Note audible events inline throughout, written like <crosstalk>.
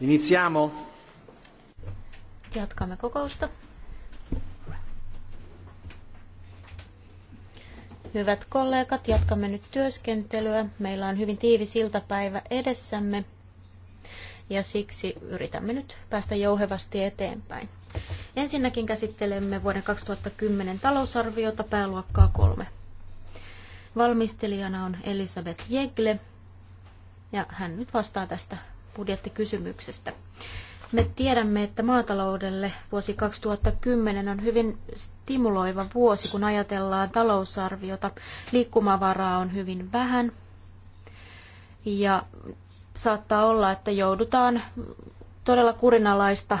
Iniziamo. Jatkamme kokousta. Hyvät kollegat, jatkamme nyt työskentelyä. Meillä on hyvin tiivis iltapäivä edessämme ja siksi yritämme nyt päästä jouhevasti eteenpäin. Ensinnäkin käsittelemme vuoden 2010 talousarviota pääluokkaa kolme. Valmistelijana on Elisabeth Jegle ja hän nyt vastaa tästä budjettikysymyksestä. Me tiedämme, että maataloudelle vuosi 2010 on hyvin stimuloiva vuosi, kun ajatellaan talousarviota. Liikkumavaraa on hyvin vähän ja saattaa olla, että joudutaan todella kurinalaista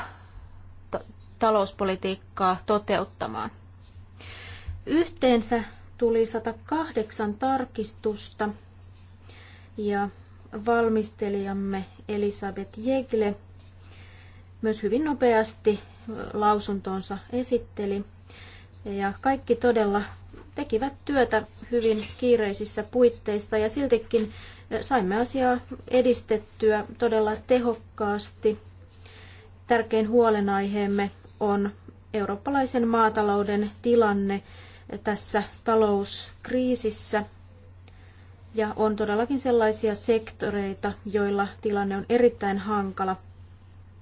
talouspolitiikkaa toteuttamaan. Yhteensä tuli 108 tarkistusta ja valmistelijamme Elisabeth Jegle myös hyvin nopeasti lausuntonsa esitteli. Ja kaikki todella tekivät työtä hyvin kiireisissä puitteissa ja siltikin saimme asiaa edistettyä todella tehokkaasti. Tärkein huolenaiheemme on eurooppalaisen maatalouden tilanne tässä talouskriisissä – ja on todellakin sellaisia sektoreita, joilla tilanne on erittäin hankala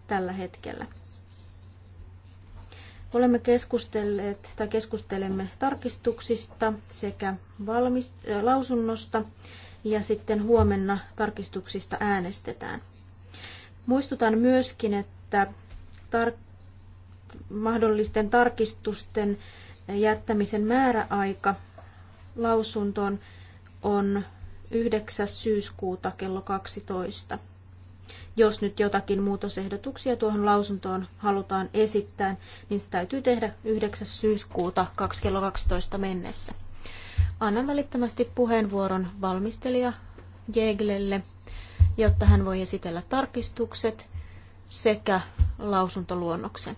tällä hetkellä. Olemme keskustelleet tai keskustelemme tarkistuksista sekä valmist- lausunnosta ja sitten huomenna tarkistuksista äänestetään. Muistutan myöskin, että tar- mahdollisten tarkistusten jättämisen määräaika lausuntoon on 9. syyskuuta kello 12. Jos nyt jotakin muutosehdotuksia tuohon lausuntoon halutaan esittää, niin se täytyy tehdä 9. syyskuuta 2 kello 12 mennessä. Annan välittömästi puheenvuoron valmistelija Jeglelle, jotta hän voi esitellä tarkistukset sekä lausuntoluonnoksen.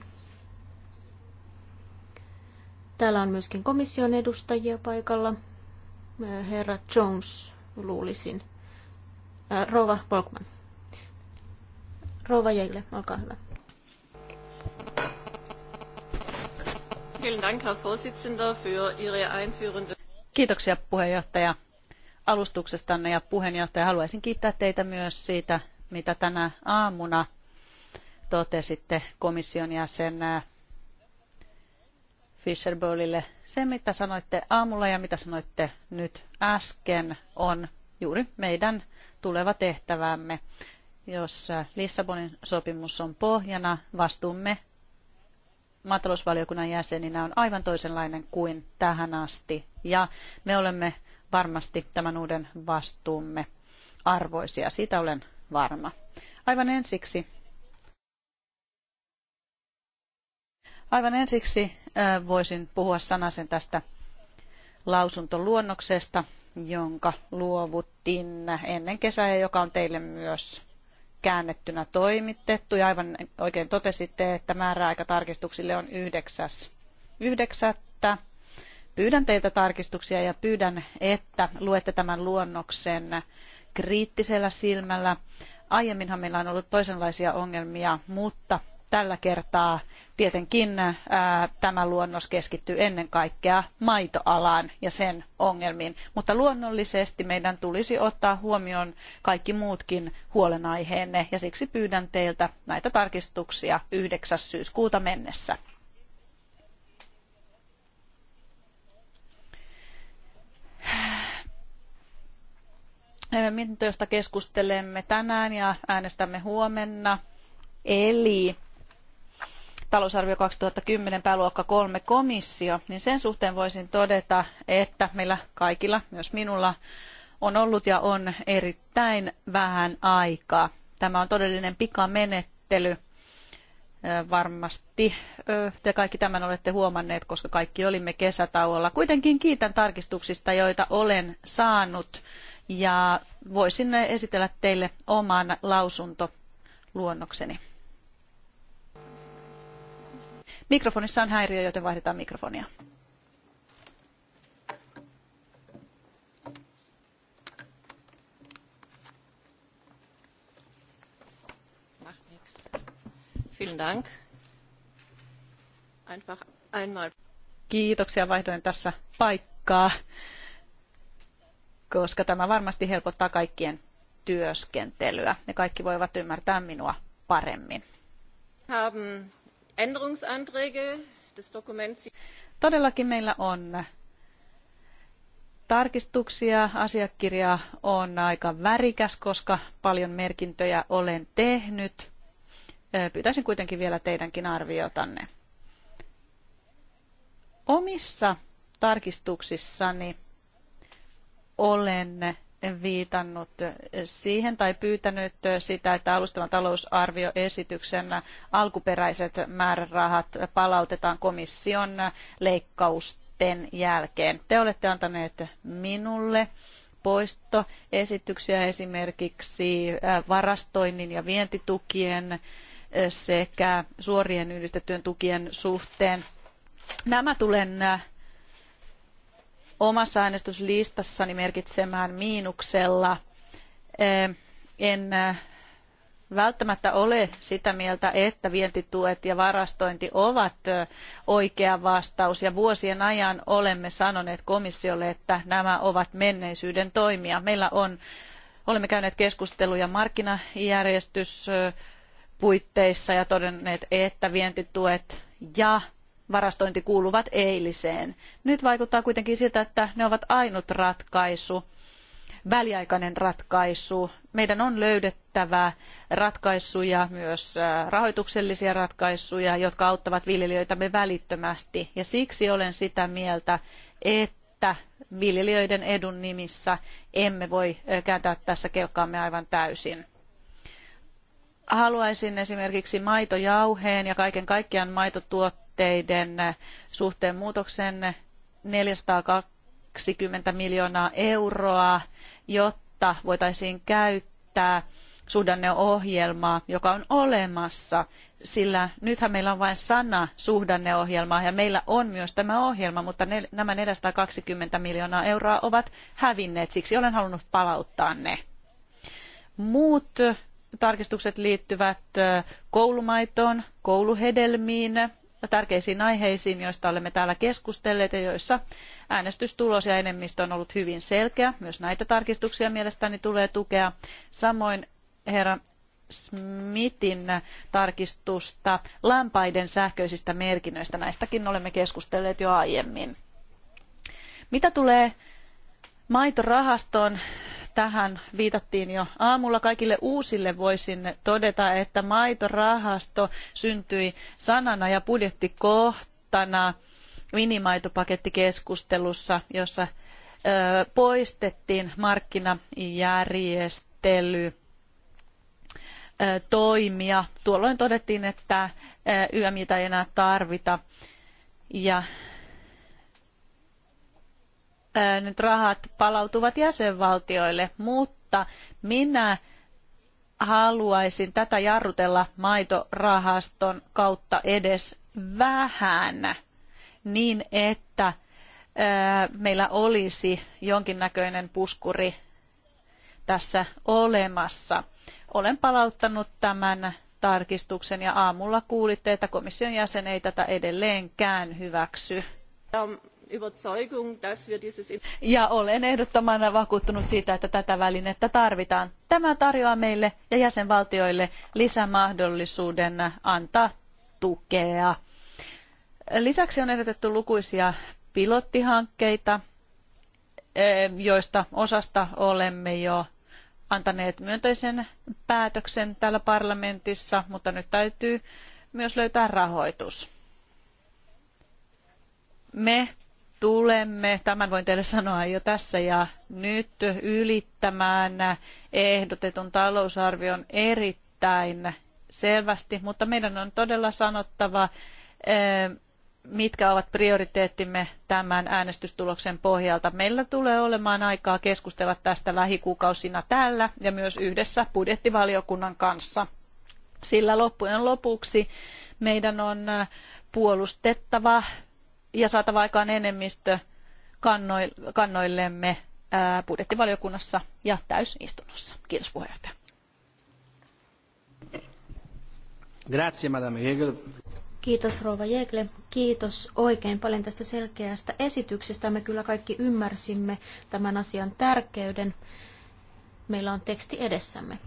Täällä on myöskin komission edustajia paikalla. Herra Jones luulisin. Äh, Rova Polkman. Rova Jäile, olkaa hyvä. Kiitoksia puheenjohtaja alustuksestanne ja puheenjohtaja. Haluaisin kiittää teitä myös siitä, mitä tänä aamuna totesitte komission jäsen äh, Bowlille. Se, mitä sanoitte aamulla ja mitä sanoitte nyt äsken, on juuri meidän tuleva tehtävämme. Jos äh, Lissabonin sopimus on pohjana, vastuumme maatalousvaliokunnan jäseninä on aivan toisenlainen kuin tähän asti. Ja me olemme varmasti tämän uuden vastuumme arvoisia. Siitä olen varma. Aivan ensiksi Aivan ensiksi voisin puhua sanasen tästä lausuntoluonnoksesta, jonka luovuttiin ennen kesää ja joka on teille myös käännettynä toimitettu. Ja aivan oikein totesitte, että määräaika tarkistuksille on 9.9. Pyydän teiltä tarkistuksia ja pyydän, että luette tämän luonnoksen kriittisellä silmällä. Aiemminhan meillä on ollut toisenlaisia ongelmia, mutta Tällä kertaa tietenkin tämä luonnos keskittyy ennen kaikkea maitoalaan ja sen ongelmiin, mutta luonnollisesti meidän tulisi ottaa huomioon kaikki muutkin huolenaiheenne ja siksi pyydän teiltä näitä tarkistuksia 9. syyskuuta mennessä. Mietintö, josta keskustelemme tänään ja äänestämme huomenna, eli talousarvio 2010 pääluokka 3 komissio, niin sen suhteen voisin todeta, että meillä kaikilla, myös minulla, on ollut ja on erittäin vähän aikaa. Tämä on todellinen pikamenettely. Varmasti te kaikki tämän olette huomanneet, koska kaikki olimme kesätauolla. Kuitenkin kiitän tarkistuksista, joita olen saanut ja voisin esitellä teille oman lausuntoluonnokseni. Mikrofonissa on häiriö, joten vaihdetaan mikrofonia. Kiitoksia, vaihdoin tässä paikkaa, koska tämä varmasti helpottaa kaikkien työskentelyä Ne kaikki voivat ymmärtää minua paremmin. Todellakin meillä on tarkistuksia. Asiakirja on aika värikäs, koska paljon merkintöjä olen tehnyt. Pyytäisin kuitenkin vielä teidänkin arviotanne. Omissa tarkistuksissani olen viitannut siihen tai pyytänyt sitä, että alustavan talousarvioesityksen alkuperäiset määrärahat palautetaan komission leikkausten jälkeen. Te olette antaneet minulle poistoesityksiä esimerkiksi äh, varastoinnin ja vientitukien äh, sekä suorien yhdistettyjen tukien suhteen. Nämä tulen äh, omassa äänestyslistassani merkitsemään miinuksella. Eh, en eh, välttämättä ole sitä mieltä, että vientituet ja varastointi ovat eh, oikea vastaus. Ja vuosien ajan olemme sanoneet komissiolle, että nämä ovat menneisyyden toimia. Meillä on, olemme käyneet keskusteluja markkinajärjestyspuitteissa ja todenneet, että vientituet ja varastointi kuuluvat eiliseen. Nyt vaikuttaa kuitenkin siltä, että ne ovat ainut ratkaisu, väliaikainen ratkaisu. Meidän on löydettävä ratkaisuja, myös rahoituksellisia ratkaisuja, jotka auttavat viljelijöitämme välittömästi. Ja siksi olen sitä mieltä, että viljelijöiden edun nimissä emme voi kääntää tässä kelkkaamme aivan täysin haluaisin esimerkiksi maitojauheen ja kaiken kaikkiaan maitotuotteen tuotteiden suhteen muutoksen 420 miljoonaa euroa, jotta voitaisiin käyttää suhdanneohjelmaa, joka on olemassa, sillä nythän meillä on vain sana suhdanneohjelma ja meillä on myös tämä ohjelma, mutta ne, nämä 420 miljoonaa euroa ovat hävinneet, siksi olen halunnut palauttaa ne. Muut tarkistukset liittyvät koulumaitoon, kouluhedelmiin, tärkeisiin aiheisiin, joista olemme täällä keskustelleet ja joissa äänestystulos ja enemmistö on ollut hyvin selkeä. Myös näitä tarkistuksia mielestäni tulee tukea. Samoin herra Smithin tarkistusta lampaiden sähköisistä merkinnöistä. Näistäkin olemme keskustelleet jo aiemmin. Mitä tulee maitorahastoon, tähän viitattiin jo aamulla. Kaikille uusille voisin todeta, että maitorahasto syntyi sanana ja budjettikohtana minimaitopakettikeskustelussa, jossa poistettiin markkinajärjestely toimia. Tuolloin todettiin, että YMItä ei enää tarvita. Ja nyt rahat palautuvat jäsenvaltioille, mutta minä haluaisin tätä jarrutella maitorahaston kautta edes vähän niin, että meillä olisi jonkinnäköinen puskuri tässä olemassa. Olen palauttanut tämän tarkistuksen ja aamulla kuulitte, että komission jäsen ei tätä edelleenkään hyväksy. Ja olen ehdottoman vakuuttunut siitä, että tätä välinettä tarvitaan. Tämä tarjoaa meille ja jäsenvaltioille lisämahdollisuuden antaa tukea. Lisäksi on ehdotettu lukuisia pilottihankkeita, e, joista osasta olemme jo antaneet myönteisen päätöksen täällä parlamentissa, mutta nyt täytyy myös löytää rahoitus. Me tulemme, tämän voin teille sanoa jo tässä ja nyt, ylittämään ehdotetun talousarvion erittäin selvästi, mutta meidän on todella sanottava, eh, mitkä ovat prioriteettimme tämän äänestystuloksen pohjalta. Meillä tulee olemaan aikaa keskustella tästä lähikuukausina täällä ja myös yhdessä budjettivaliokunnan kanssa. Sillä loppujen lopuksi meidän on puolustettava ja saatava aikaan enemmistö kannoillemme budjettivaliokunnassa ja täysistunnossa. Kiitos puheenjohtaja. Grazie, Madame Hegel. Kiitos Rouva Jegle. Kiitos oikein paljon tästä selkeästä esityksestä. Me kyllä kaikki ymmärsimme tämän asian tärkeyden. Meillä on teksti edessämme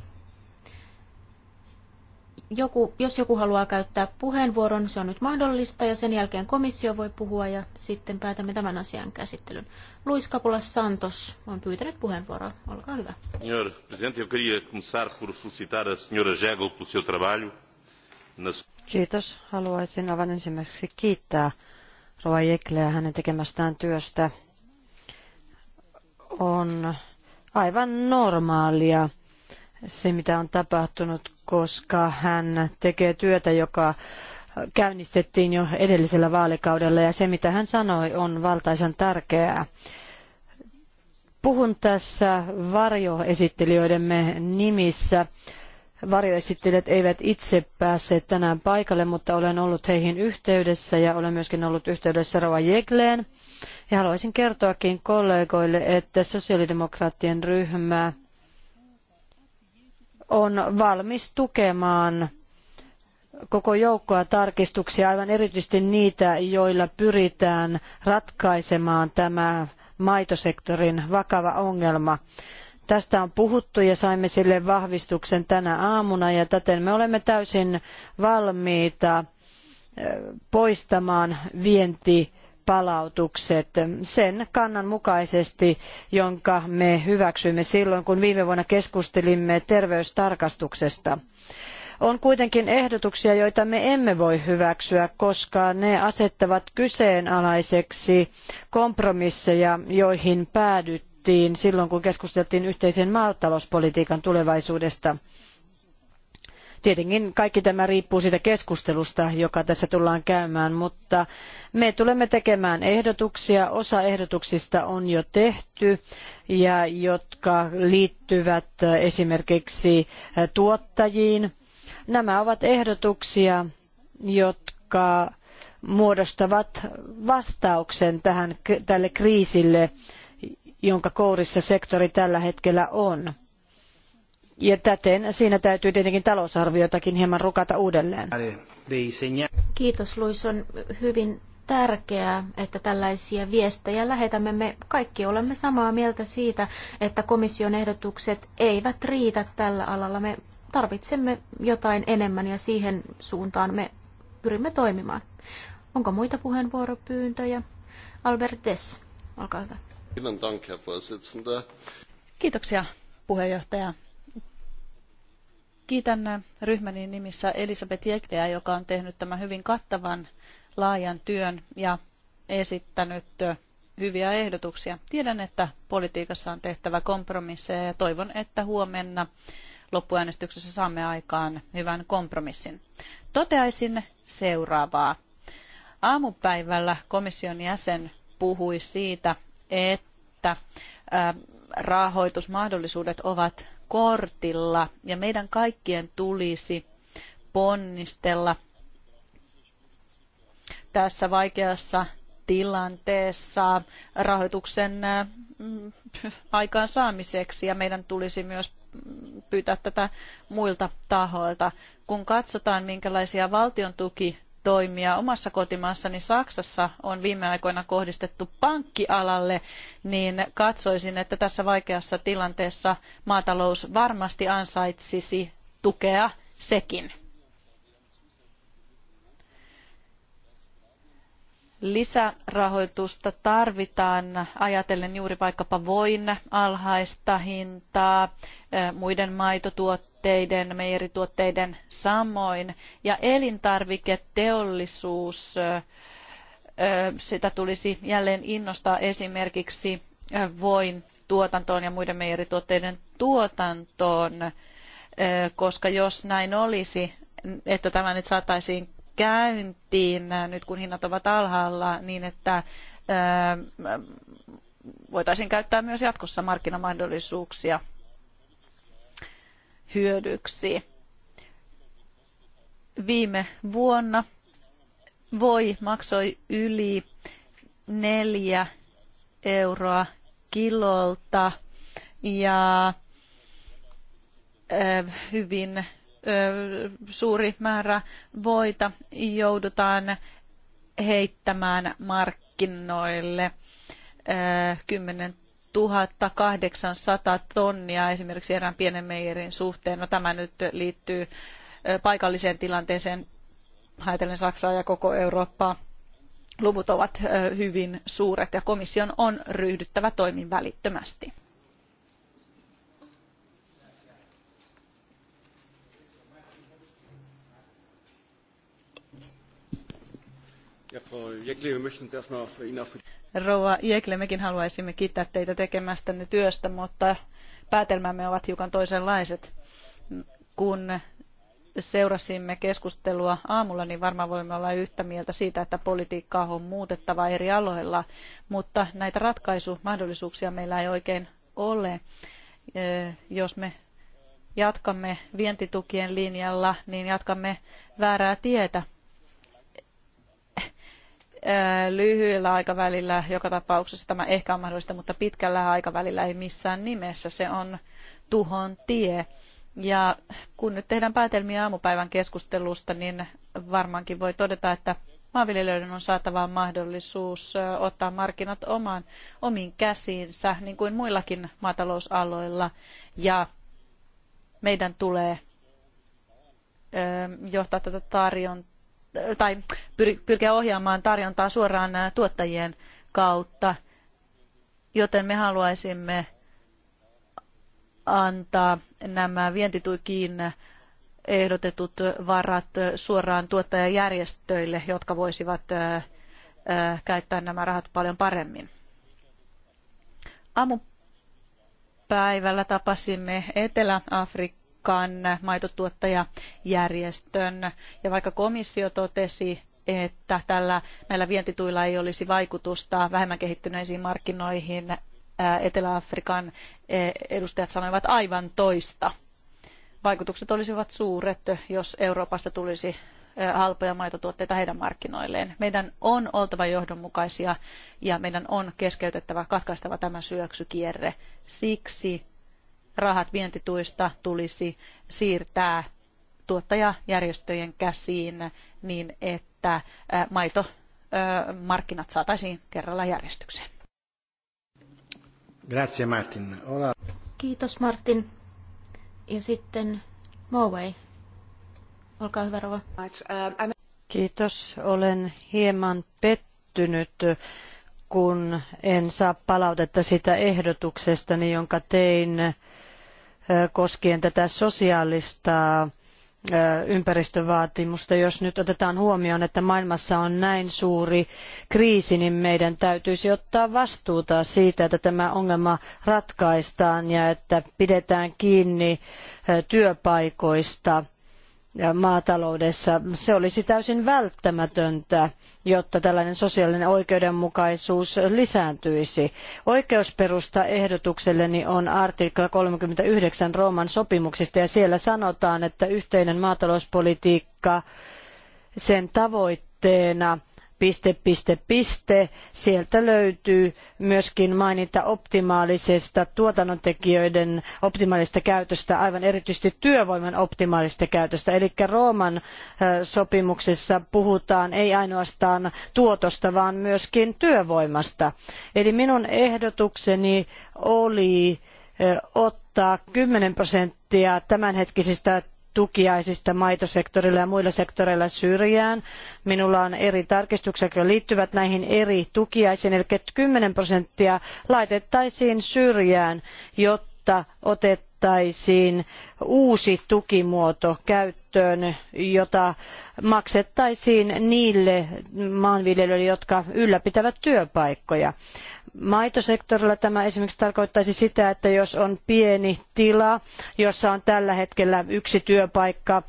joku, jos joku haluaa käyttää puheenvuoron, se on nyt mahdollista ja sen jälkeen komissio voi puhua ja sitten päätämme tämän asian käsittelyn. Luis Capula Santos on pyytänyt puheenvuoroa. Olkaa hyvä. Senhor presidente, eu por felicitar a Kiitos. Haluaisin aivan ensimmäiseksi kiittää Roa Jekleä hänen tekemästään työstä. On aivan normaalia se, mitä on tapahtunut, koska hän tekee työtä, joka käynnistettiin jo edellisellä vaalikaudella ja se mitä hän sanoi on valtaisan tärkeää. Puhun tässä varjoesittelijöidemme nimissä. Varjoesittelijät eivät itse päässeet tänään paikalle, mutta olen ollut heihin yhteydessä ja olen myöskin ollut yhteydessä Roa Jegleen. Ja haluaisin kertoakin kollegoille, että sosiaalidemokraattien ryhmä on valmis tukemaan koko joukkoa tarkistuksia, aivan erityisesti niitä, joilla pyritään ratkaisemaan tämä maitosektorin vakava ongelma. Tästä on puhuttu ja saimme sille vahvistuksen tänä aamuna ja täten me olemme täysin valmiita eh, poistamaan vienti palautukset sen kannan mukaisesti, jonka me hyväksyimme silloin, kun viime vuonna keskustelimme terveystarkastuksesta. On kuitenkin ehdotuksia, joita me emme voi hyväksyä, koska ne asettavat kyseenalaiseksi kompromisseja, joihin päädyttiin silloin, kun keskusteltiin yhteisen maatalouspolitiikan tulevaisuudesta. Tietenkin kaikki tämä riippuu siitä keskustelusta, joka tässä tullaan käymään, mutta me tulemme tekemään ehdotuksia. Osa ehdotuksista on jo tehty ja jotka liittyvät esimerkiksi tuottajiin. Nämä ovat ehdotuksia, jotka muodostavat vastauksen tähän, tälle kriisille, jonka kourissa sektori tällä hetkellä on ja täten siinä täytyy tietenkin talousarviotakin hieman rukata uudelleen. Kiitos Luis, on hyvin tärkeää, että tällaisia viestejä lähetämme. Me kaikki olemme samaa mieltä siitä, että komission ehdotukset eivät riitä tällä alalla. Me tarvitsemme jotain enemmän ja siihen suuntaan me pyrimme toimimaan. Onko muita puheenvuoropyyntöjä? Albert Des, olkaa hyvä. Kiitoksia puheenjohtaja. Kiitän ryhmäni nimissä Elisabeth Jekdeä, joka on tehnyt tämän hyvin kattavan laajan työn ja esittänyt hyviä ehdotuksia. Tiedän, että politiikassa on tehtävä kompromisseja ja toivon, että huomenna loppuäänestyksessä saamme aikaan hyvän kompromissin. Toteaisin seuraavaa. Aamupäivällä komission jäsen puhui siitä, että rahoitusmahdollisuudet ovat kortilla ja meidän kaikkien tulisi ponnistella tässä vaikeassa tilanteessa rahoituksen äh, mm, aikaansaamiseksi ja meidän tulisi myös mm, pyytää tätä muilta tahoilta. Kun katsotaan, minkälaisia valtion tuki toimia. Omassa kotimaassani Saksassa on viime aikoina kohdistettu pankkialalle, niin katsoisin, että tässä vaikeassa tilanteessa maatalous varmasti ansaitsisi tukea sekin. lisärahoitusta tarvitaan ajatellen juuri vaikkapa voin alhaista hintaa, muiden maitotuotteiden, meijerituotteiden samoin. Ja elintarviketeollisuus, sitä tulisi jälleen innostaa esimerkiksi voin tuotantoon ja muiden meijerituotteiden tuotantoon, koska jos näin olisi, että tämä nyt saataisiin käyntiin äh, nyt kun hinnat ovat alhaalla niin, että äh, voitaisiin käyttää myös jatkossa markkinamahdollisuuksia hyödyksi. Viime vuonna voi maksoi yli neljä euroa kilolta ja äh, hyvin suuri määrä voita joudutaan heittämään markkinoille. 10 1800 tonnia esimerkiksi erään pienen meijerin suhteen. No, tämä nyt liittyy paikalliseen tilanteeseen, ajatellen Saksaa ja koko Eurooppaa. Luvut ovat hyvin suuret ja komission on ryhdyttävä toimin välittömästi. Rouva Jekle, mekin haluaisimme kiittää teitä tekemästänne työstä, mutta päätelmämme ovat hiukan toisenlaiset. Kun seurasimme keskustelua aamulla, niin varmaan voimme olla yhtä mieltä siitä, että politiikkaa on muutettava eri aloilla, mutta näitä ratkaisumahdollisuuksia meillä ei oikein ole. Jos me jatkamme vientitukien linjalla, niin jatkamme väärää tietä. Äh, lyhyellä aikavälillä joka tapauksessa tämä ehkä on mahdollista, mutta pitkällä aikavälillä ei missään nimessä. Se on tuhon tie. Ja kun nyt tehdään päätelmiä aamupäivän keskustelusta, niin varmaankin voi todeta, että maanviljelijöiden on saatava mahdollisuus ottaa markkinat omaan, omiin käsiinsä, niin kuin muillakin maatalousaloilla. Ja meidän tulee johtaa tätä tarjontaa tai pyrkiä ohjaamaan tarjontaa suoraan tuottajien kautta, joten me haluaisimme antaa nämä vientitukiin ehdotetut varat suoraan tuottajajärjestöille, jotka voisivat käyttää nämä rahat paljon paremmin. Aamupäivällä tapasimme Etelä-Afrikkaan mukaan maitotuottajajärjestön. Ja vaikka komissio totesi, että tällä, näillä vientituilla ei olisi vaikutusta vähemmän kehittyneisiin markkinoihin, Etelä-Afrikan edustajat sanoivat aivan toista. Vaikutukset olisivat suuret, jos Euroopasta tulisi halpoja maitotuotteita heidän markkinoilleen. Meidän on oltava johdonmukaisia ja meidän on keskeytettävä, katkaistava tämä syöksykierre. Siksi rahat vientituista tulisi siirtää tuottajajärjestöjen käsiin niin, että maitomarkkinat markkinat saataisiin kerralla järjestykseen. Grazie Martin. Ola. Kiitos Martin. Ja sitten Moway. Olkaa hyvä Rova. Kiitos. Olen hieman pettynyt, kun en saa palautetta sitä ehdotuksesta, jonka tein koskien tätä sosiaalista ympäristövaatimusta. Jos nyt otetaan huomioon, että maailmassa on näin suuri kriisi, niin meidän täytyisi ottaa vastuuta siitä, että tämä ongelma ratkaistaan ja että pidetään kiinni työpaikoista – maataloudessa. Se olisi täysin välttämätöntä, jotta tällainen sosiaalinen oikeudenmukaisuus lisääntyisi. Oikeusperusta ehdotukselleni on artikla 39 Rooman sopimuksista ja siellä sanotaan, että yhteinen maatalouspolitiikka sen tavoitteena – piste, piste, piste. Sieltä löytyy myöskin maininta optimaalisesta tuotannontekijöiden optimaalisesta käytöstä, aivan erityisesti työvoiman optimaalisesta käytöstä. Eli Rooman sopimuksessa puhutaan ei ainoastaan tuotosta, vaan myöskin työvoimasta. Eli minun ehdotukseni oli ottaa 10 prosenttia tämänhetkisistä tukiaisista maitosektorilla ja muilla sektoreilla syrjään. Minulla on eri tarkistuksia, jotka liittyvät näihin eri tukiaisiin, eli 10 prosenttia laitettaisiin syrjään, jotta otettaisiin uusi tukimuoto käyttöön, jota maksettaisiin niille maanviljelijöille, jotka ylläpitävät työpaikkoja maitosektorilla tämä esimerkiksi tarkoittaisi sitä, että jos on pieni tila, jossa on tällä hetkellä yksi työpaikka,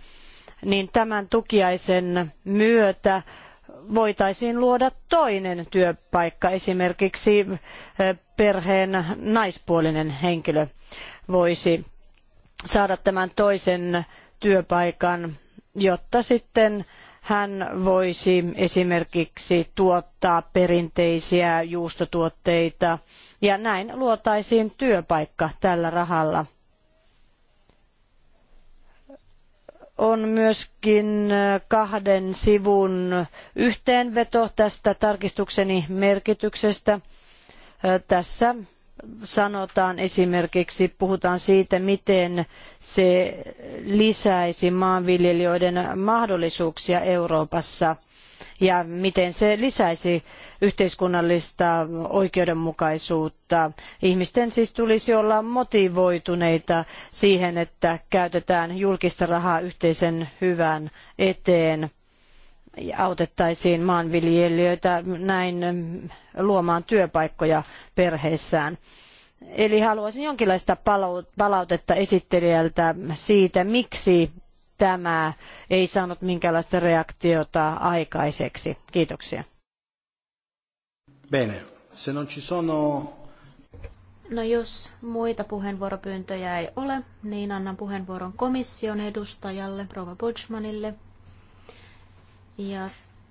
niin tämän tukiaisen myötä voitaisiin luoda toinen työpaikka, esimerkiksi eh, perheen naispuolinen henkilö voisi saada tämän toisen työpaikan, jotta sitten hän voisi esimerkiksi tuottaa perinteisiä juustotuotteita ja näin luotaisiin työpaikka tällä rahalla. On myöskin kahden sivun yhteenveto tästä tarkistukseni merkityksestä. Tässä sanotaan esimerkiksi, puhutaan siitä, miten se lisäisi maanviljelijöiden mahdollisuuksia Euroopassa ja miten se lisäisi yhteiskunnallista oikeudenmukaisuutta. Ihmisten siis tulisi olla motivoituneita siihen, että käytetään julkista rahaa yhteisen hyvän eteen autettaisiin maanviljelijöitä näin mm, luomaan työpaikkoja perheissään. Eli haluaisin jonkinlaista palautetta esittelijältä siitä, miksi tämä ei saanut minkäänlaista reaktiota aikaiseksi. Kiitoksia. Bene. Se non ci sono... No jos muita puheenvuoropyyntöjä ei ole, niin annan puheenvuoron komission edustajalle, Rova Bodgemanille. Ja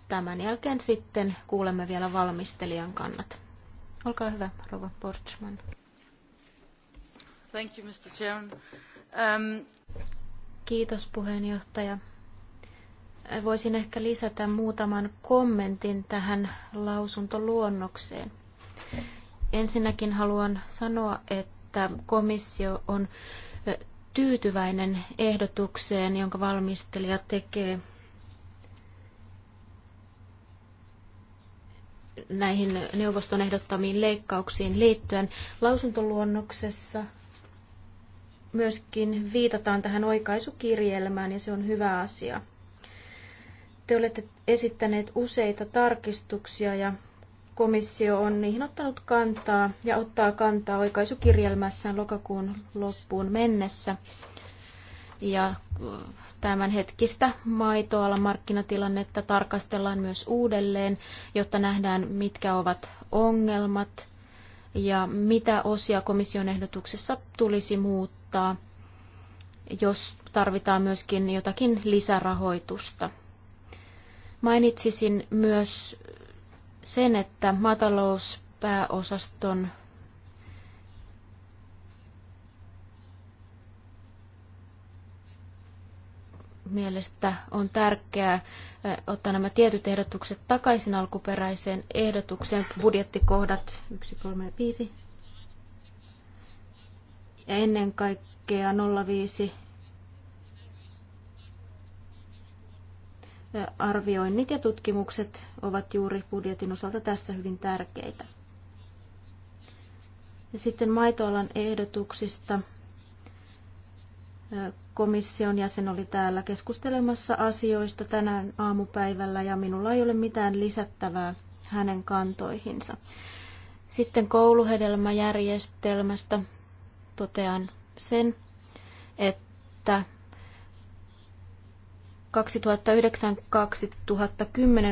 tämän jälkeen sitten kuulemme vielä valmistelijan kannat. Olkaa hyvä, Rova Portsman. Thank you, Mr. Chairman. Um... Kiitos puheenjohtaja. Voisin ehkä lisätä muutaman kommentin tähän lausuntoluonnokseen. Ensinnäkin haluan sanoa, että komissio on tyytyväinen ehdotukseen, jonka valmistelija tekee näihin neuvoston ehdottamiin leikkauksiin liittyen. Lausuntoluonnoksessa myöskin viitataan tähän oikaisukirjelmään ja se on hyvä asia. Te olette esittäneet useita tarkistuksia ja komissio on niihin ottanut kantaa ja ottaa kantaa oikaisukirjelmässään lokakuun loppuun mennessä. Ja tämänhetkistä maitoalan markkinatilannetta tarkastellaan myös uudelleen, jotta nähdään, mitkä ovat ongelmat ja mitä osia komission ehdotuksessa tulisi muuttaa, jos tarvitaan myöskin jotakin lisärahoitusta. Mainitsisin myös sen, että maatalouspääosaston mielestä on tärkeää eh, ottaa nämä tietyt ehdotukset takaisin alkuperäiseen ehdotukseen, budjettikohdat 1, 3, 5 ja ennen kaikkea 05 eh, arvioinnit ja tutkimukset ovat juuri budjetin osalta tässä hyvin tärkeitä. Ja sitten maitoalan ehdotuksista komission jäsen oli täällä keskustelemassa asioista tänään aamupäivällä ja minulla ei ole mitään lisättävää hänen kantoihinsa. Sitten kouluhedelmäjärjestelmästä totean sen, että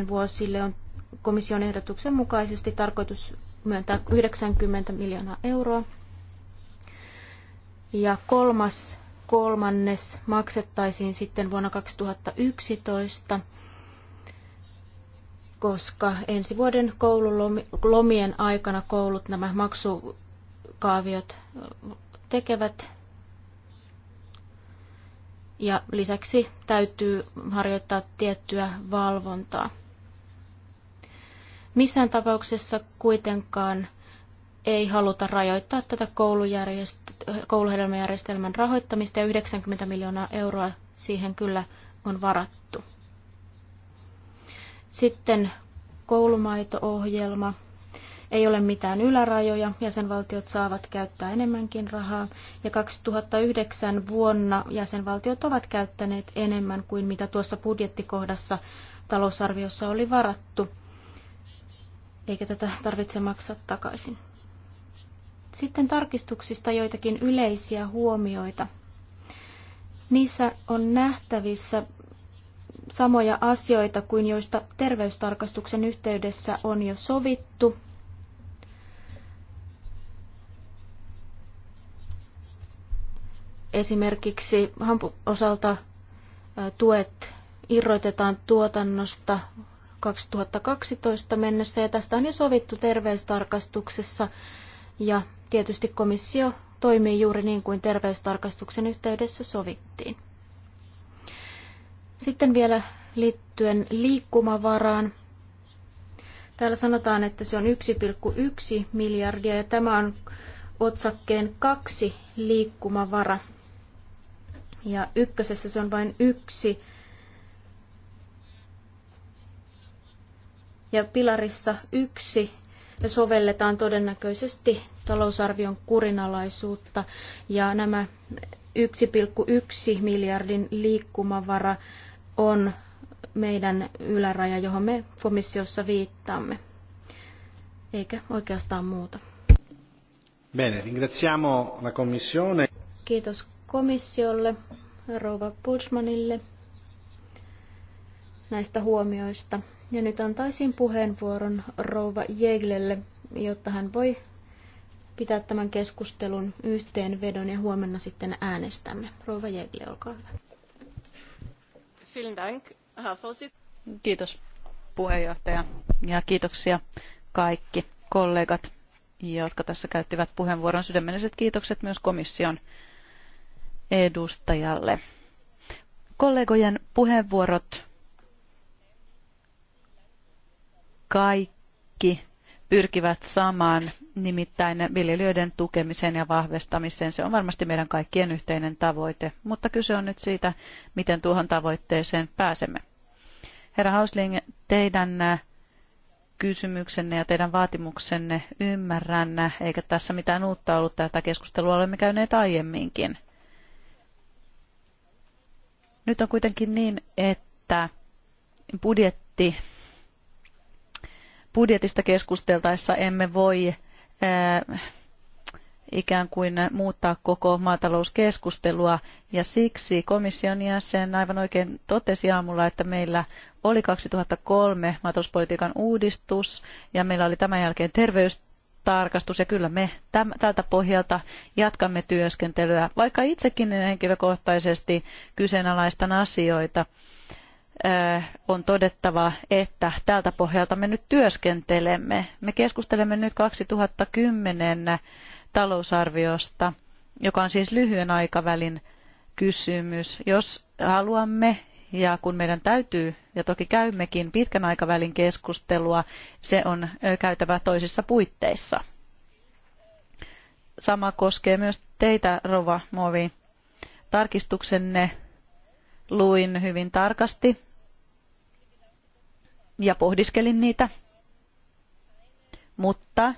2009-2010 vuosille on komission ehdotuksen mukaisesti tarkoitus myöntää 90 miljoonaa euroa. Ja kolmas kolmannes maksettaisiin sitten vuonna 2011, koska ensi vuoden koululomien aikana koulut nämä maksukaaviot tekevät. Ja lisäksi täytyy harjoittaa tiettyä valvontaa. Missään tapauksessa kuitenkaan ei haluta rajoittaa tätä kouluhedelmäjärjestelmän rahoittamista ja 90 miljoonaa euroa siihen kyllä on varattu. Sitten koulumaito-ohjelma. Ei ole mitään ylärajoja, jäsenvaltiot saavat käyttää enemmänkin rahaa ja 2009 vuonna jäsenvaltiot ovat käyttäneet enemmän kuin mitä tuossa budjettikohdassa talousarviossa oli varattu, eikä tätä tarvitse maksaa takaisin. Sitten tarkistuksista joitakin yleisiä huomioita. Niissä on nähtävissä samoja asioita kuin joista terveystarkastuksen yhteydessä on jo sovittu. Esimerkiksi hampun osalta tuet irrotetaan tuotannosta 2012 mennessä ja tästä on jo sovittu terveystarkastuksessa ja Tietysti komissio toimii juuri niin kuin terveystarkastuksen yhteydessä sovittiin. Sitten vielä liittyen liikkumavaraan. Täällä sanotaan, että se on 1,1 miljardia ja tämä on otsakkeen kaksi liikkumavara. Ja ykkösessä se on vain yksi. Ja pilarissa yksi ja sovelletaan todennäköisesti talousarvion kurinalaisuutta ja nämä 1,1 miljardin liikkumavara on meidän yläraja, johon me komissiossa viittaamme, eikä oikeastaan muuta. Bene, ringraziamo la commissione. Kiitos komissiolle, rouva Pulsmanille näistä huomioista. Ja nyt antaisin puheenvuoron rouva Jeglelle, jotta hän voi pitää tämän keskustelun yhteenvedon ja huomenna sitten äänestämme. Rouva Jegle, olkaa hyvä. Kiitos puheenjohtaja ja kiitoksia kaikki kollegat, jotka tässä käyttivät puheenvuoron. Sydämelliset kiitokset myös komission edustajalle. Kollegojen puheenvuorot kaikki pyrkivät samaan, nimittäin viljelijöiden tukemiseen ja vahvistamiseen. Se on varmasti meidän kaikkien yhteinen tavoite, mutta kyse on nyt siitä, miten tuohon tavoitteeseen pääsemme. Herra Hausling, teidän äh, kysymyksenne ja teidän vaatimuksenne ymmärrän, äh, eikä tässä mitään uutta ollut. Tätä keskustelua olemme käyneet aiemminkin. Nyt on kuitenkin niin, että budjetti budjetista keskusteltaessa emme voi eh, ikään kuin muuttaa koko maatalouskeskustelua. Ja siksi komission jäsen aivan oikein totesi aamulla, että meillä oli 2003 maatalouspolitiikan uudistus ja meillä oli tämän jälkeen terveystarkastus ja kyllä me tältä pohjalta jatkamme työskentelyä, vaikka itsekin henkilökohtaisesti kyseenalaistan asioita on todettava, että tältä pohjalta me nyt työskentelemme. Me keskustelemme nyt 2010 talousarviosta, joka on siis lyhyen aikavälin kysymys. Jos haluamme ja kun meidän täytyy, ja toki käymmekin pitkän aikavälin keskustelua, se on käytävä toisissa puitteissa. Sama koskee myös teitä, Rova Movi. Tarkistuksenne luin hyvin tarkasti ja pohdiskelin niitä. Mutta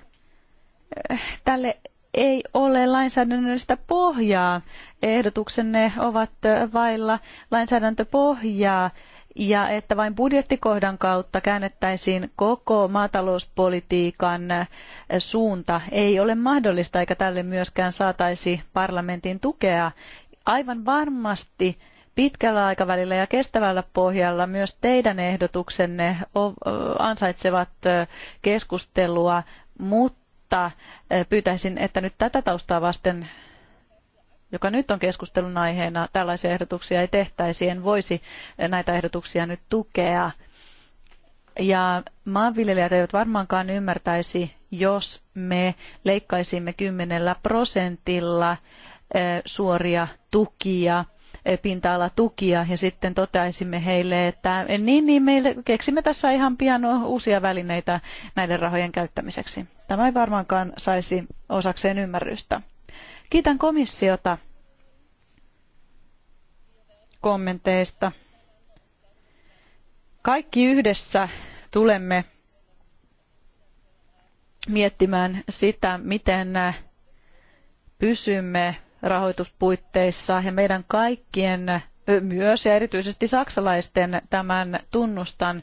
eh, tälle ei ole lainsäädännöllistä pohjaa. Ehdotuksenne ovat eh, vailla lainsäädäntöpohjaa ja että vain budjettikohdan kautta käännettäisiin koko maatalouspolitiikan eh, suunta ei ole mahdollista eikä tälle myöskään saataisi parlamentin tukea. Aivan varmasti pitkällä aikavälillä ja kestävällä pohjalla myös teidän ehdotuksenne ansaitsevat keskustelua, mutta pyytäisin, että nyt tätä taustaa vasten joka nyt on keskustelun aiheena, tällaisia ehdotuksia ei tehtäisi, en voisi näitä ehdotuksia nyt tukea. Ja maanviljelijät eivät varmaankaan ymmärtäisi, jos me leikkaisimme kymmenellä prosentilla suoria tukia – pinta-alatukia ja sitten toteaisimme heille, että niin, niin me keksimme tässä ihan pian uusia välineitä näiden rahojen käyttämiseksi. Tämä ei varmaankaan saisi osakseen ymmärrystä. Kiitän komissiota kommenteista. Kaikki yhdessä tulemme miettimään sitä, miten pysymme rahoituspuitteissa ja meidän kaikkien myös ja erityisesti saksalaisten tämän tunnustan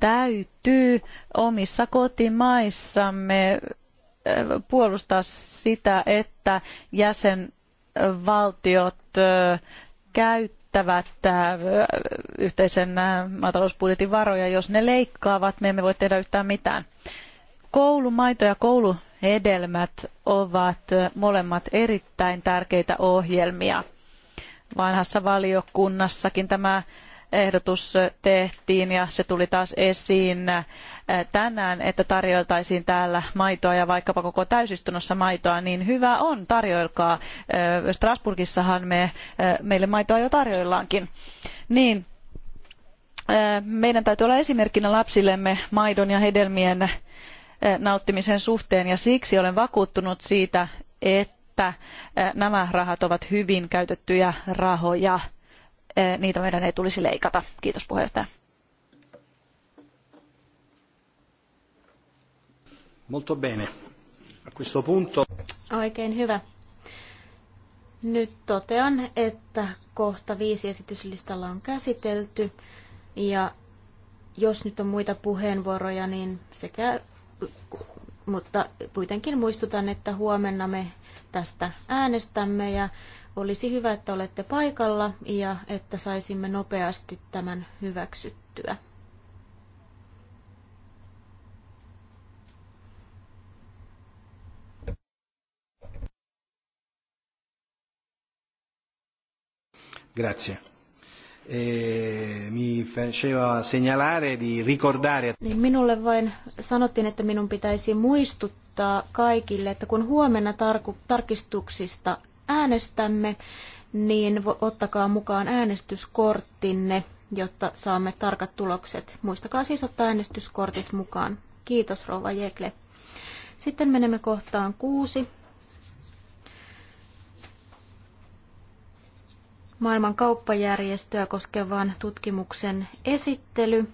täytyy omissa kotimaissamme puolustaa sitä, että jäsenvaltiot käyttävät yhteisen maatalousbudjetin varoja. Jos ne leikkaavat, me emme voi tehdä yhtään mitään. Koulumaito ja koulu hedelmät ovat molemmat erittäin tärkeitä ohjelmia. Vanhassa valiokunnassakin tämä ehdotus tehtiin ja se tuli taas esiin tänään, että tarjoiltaisiin täällä maitoa ja vaikkapa koko täysistunnossa maitoa, niin hyvä on, tarjoilkaa. Strasburgissahan me, meille maitoa jo tarjoillaankin. Niin, meidän täytyy olla esimerkkinä lapsillemme maidon ja hedelmien nauttimisen suhteen ja siksi olen vakuuttunut siitä, että nämä rahat ovat hyvin käytettyjä rahoja. Niitä meidän ei tulisi leikata. Kiitos puheenjohtaja. Molto bene. A questo punto... Oikein hyvä. Nyt totean, että kohta viisi esityslistalla on käsitelty ja jos nyt on muita puheenvuoroja, niin sekä mutta kuitenkin muistutan, että huomenna me tästä äänestämme ja olisi hyvä, että olette paikalla ja että saisimme nopeasti tämän hyväksyttyä. Grazie eh, mi faceva segnalare di ricordare. Niin minulle vain sanottiin, että minun pitäisi muistuttaa kaikille, että kun huomenna tarku, tarkistuksista äänestämme, niin ottakaa mukaan äänestyskorttinne, jotta saamme tarkat tulokset. Muistakaa siis ottaa äänestyskortit mukaan. Kiitos Rova Jekle. Sitten menemme kohtaan kuusi. maailman kauppajärjestöä koskevan tutkimuksen esittely.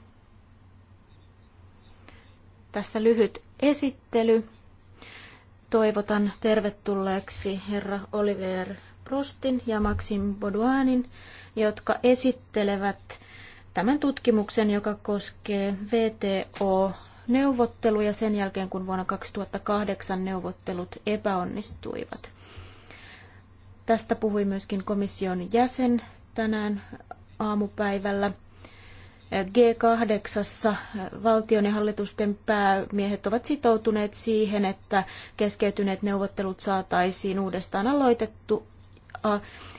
Tässä lyhyt esittely. Toivotan tervetulleeksi herra Oliver Prostin ja Maxim Boduanin, jotka esittelevät tämän tutkimuksen, joka koskee VTO-neuvotteluja sen jälkeen, kun vuonna 2008 neuvottelut epäonnistuivat. Tästä puhui myöskin komission jäsen tänään aamupäivällä. G8 valtion ja hallitusten päämiehet ovat sitoutuneet siihen, että keskeytyneet neuvottelut saataisiin uudestaan aloitettu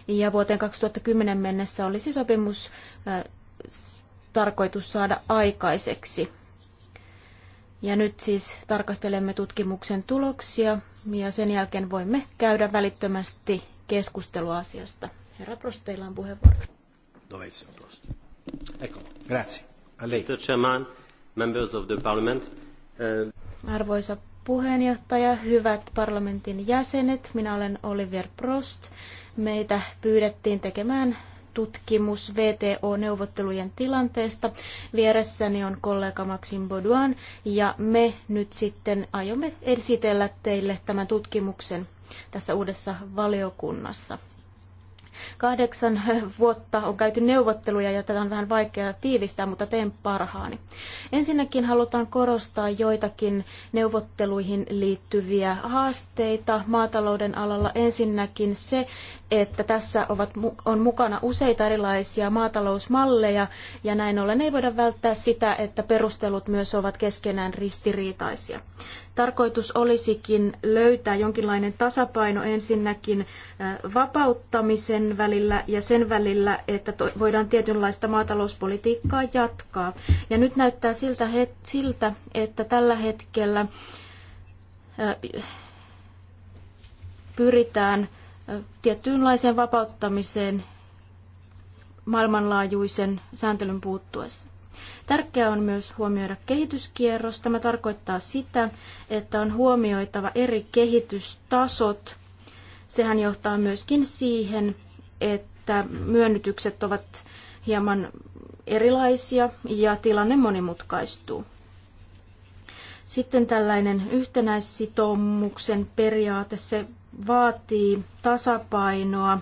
ja vuoteen 2010 mennessä olisi sopimus tarkoitus saada aikaiseksi. Ja nyt siis tarkastelemme tutkimuksen tuloksia ja sen jälkeen voimme käydä välittömästi keskustelu asiasta. Herra Prost, teillä on puheenvuoro. Dovezio Prost? Ecco, grazie. A lei. Chairman, members of the parliament. Eh, Arvoisa puheenjohtaja, hyvät parlamentin jäsenet, minä olen Oliver Prost. Meitä pyydettiin tekemään tutkimus VTO-neuvottelujen tilanteesta. Vieressäni on kollega Maxim Boduan ja me nyt sitten aiomme esitellä teille tämän tutkimuksen tässä uudessa valiokunnassa. Kahdeksan vuotta on käyty neuvotteluja ja tätä on vähän vaikea tiivistää, mutta teen parhaani. Ensinnäkin halutaan korostaa joitakin neuvotteluihin liittyviä haasteita maatalouden alalla. Ensinnäkin se, että tässä ovat, on mukana useita erilaisia maatalousmalleja ja näin ollen ei voida välttää sitä, että perustelut myös ovat keskenään ristiriitaisia. Tarkoitus olisikin löytää jonkinlainen tasapaino ensinnäkin vapauttamisen välillä ja sen välillä, että voidaan tietynlaista maatalouspolitiikkaa jatkaa. Ja nyt näyttää siltä, siltä että tällä hetkellä pyritään tiettyynlaiseen vapauttamiseen maailmanlaajuisen sääntelyn puuttuessa. Tärkeää on myös huomioida kehityskierros. Tämä tarkoittaa sitä, että on huomioitava eri kehitystasot. Sehän johtaa myöskin siihen, että myönnytykset ovat hieman erilaisia ja tilanne monimutkaistuu. Sitten tällainen yhtenäissitoumuksen periaate, se vaatii tasapainoa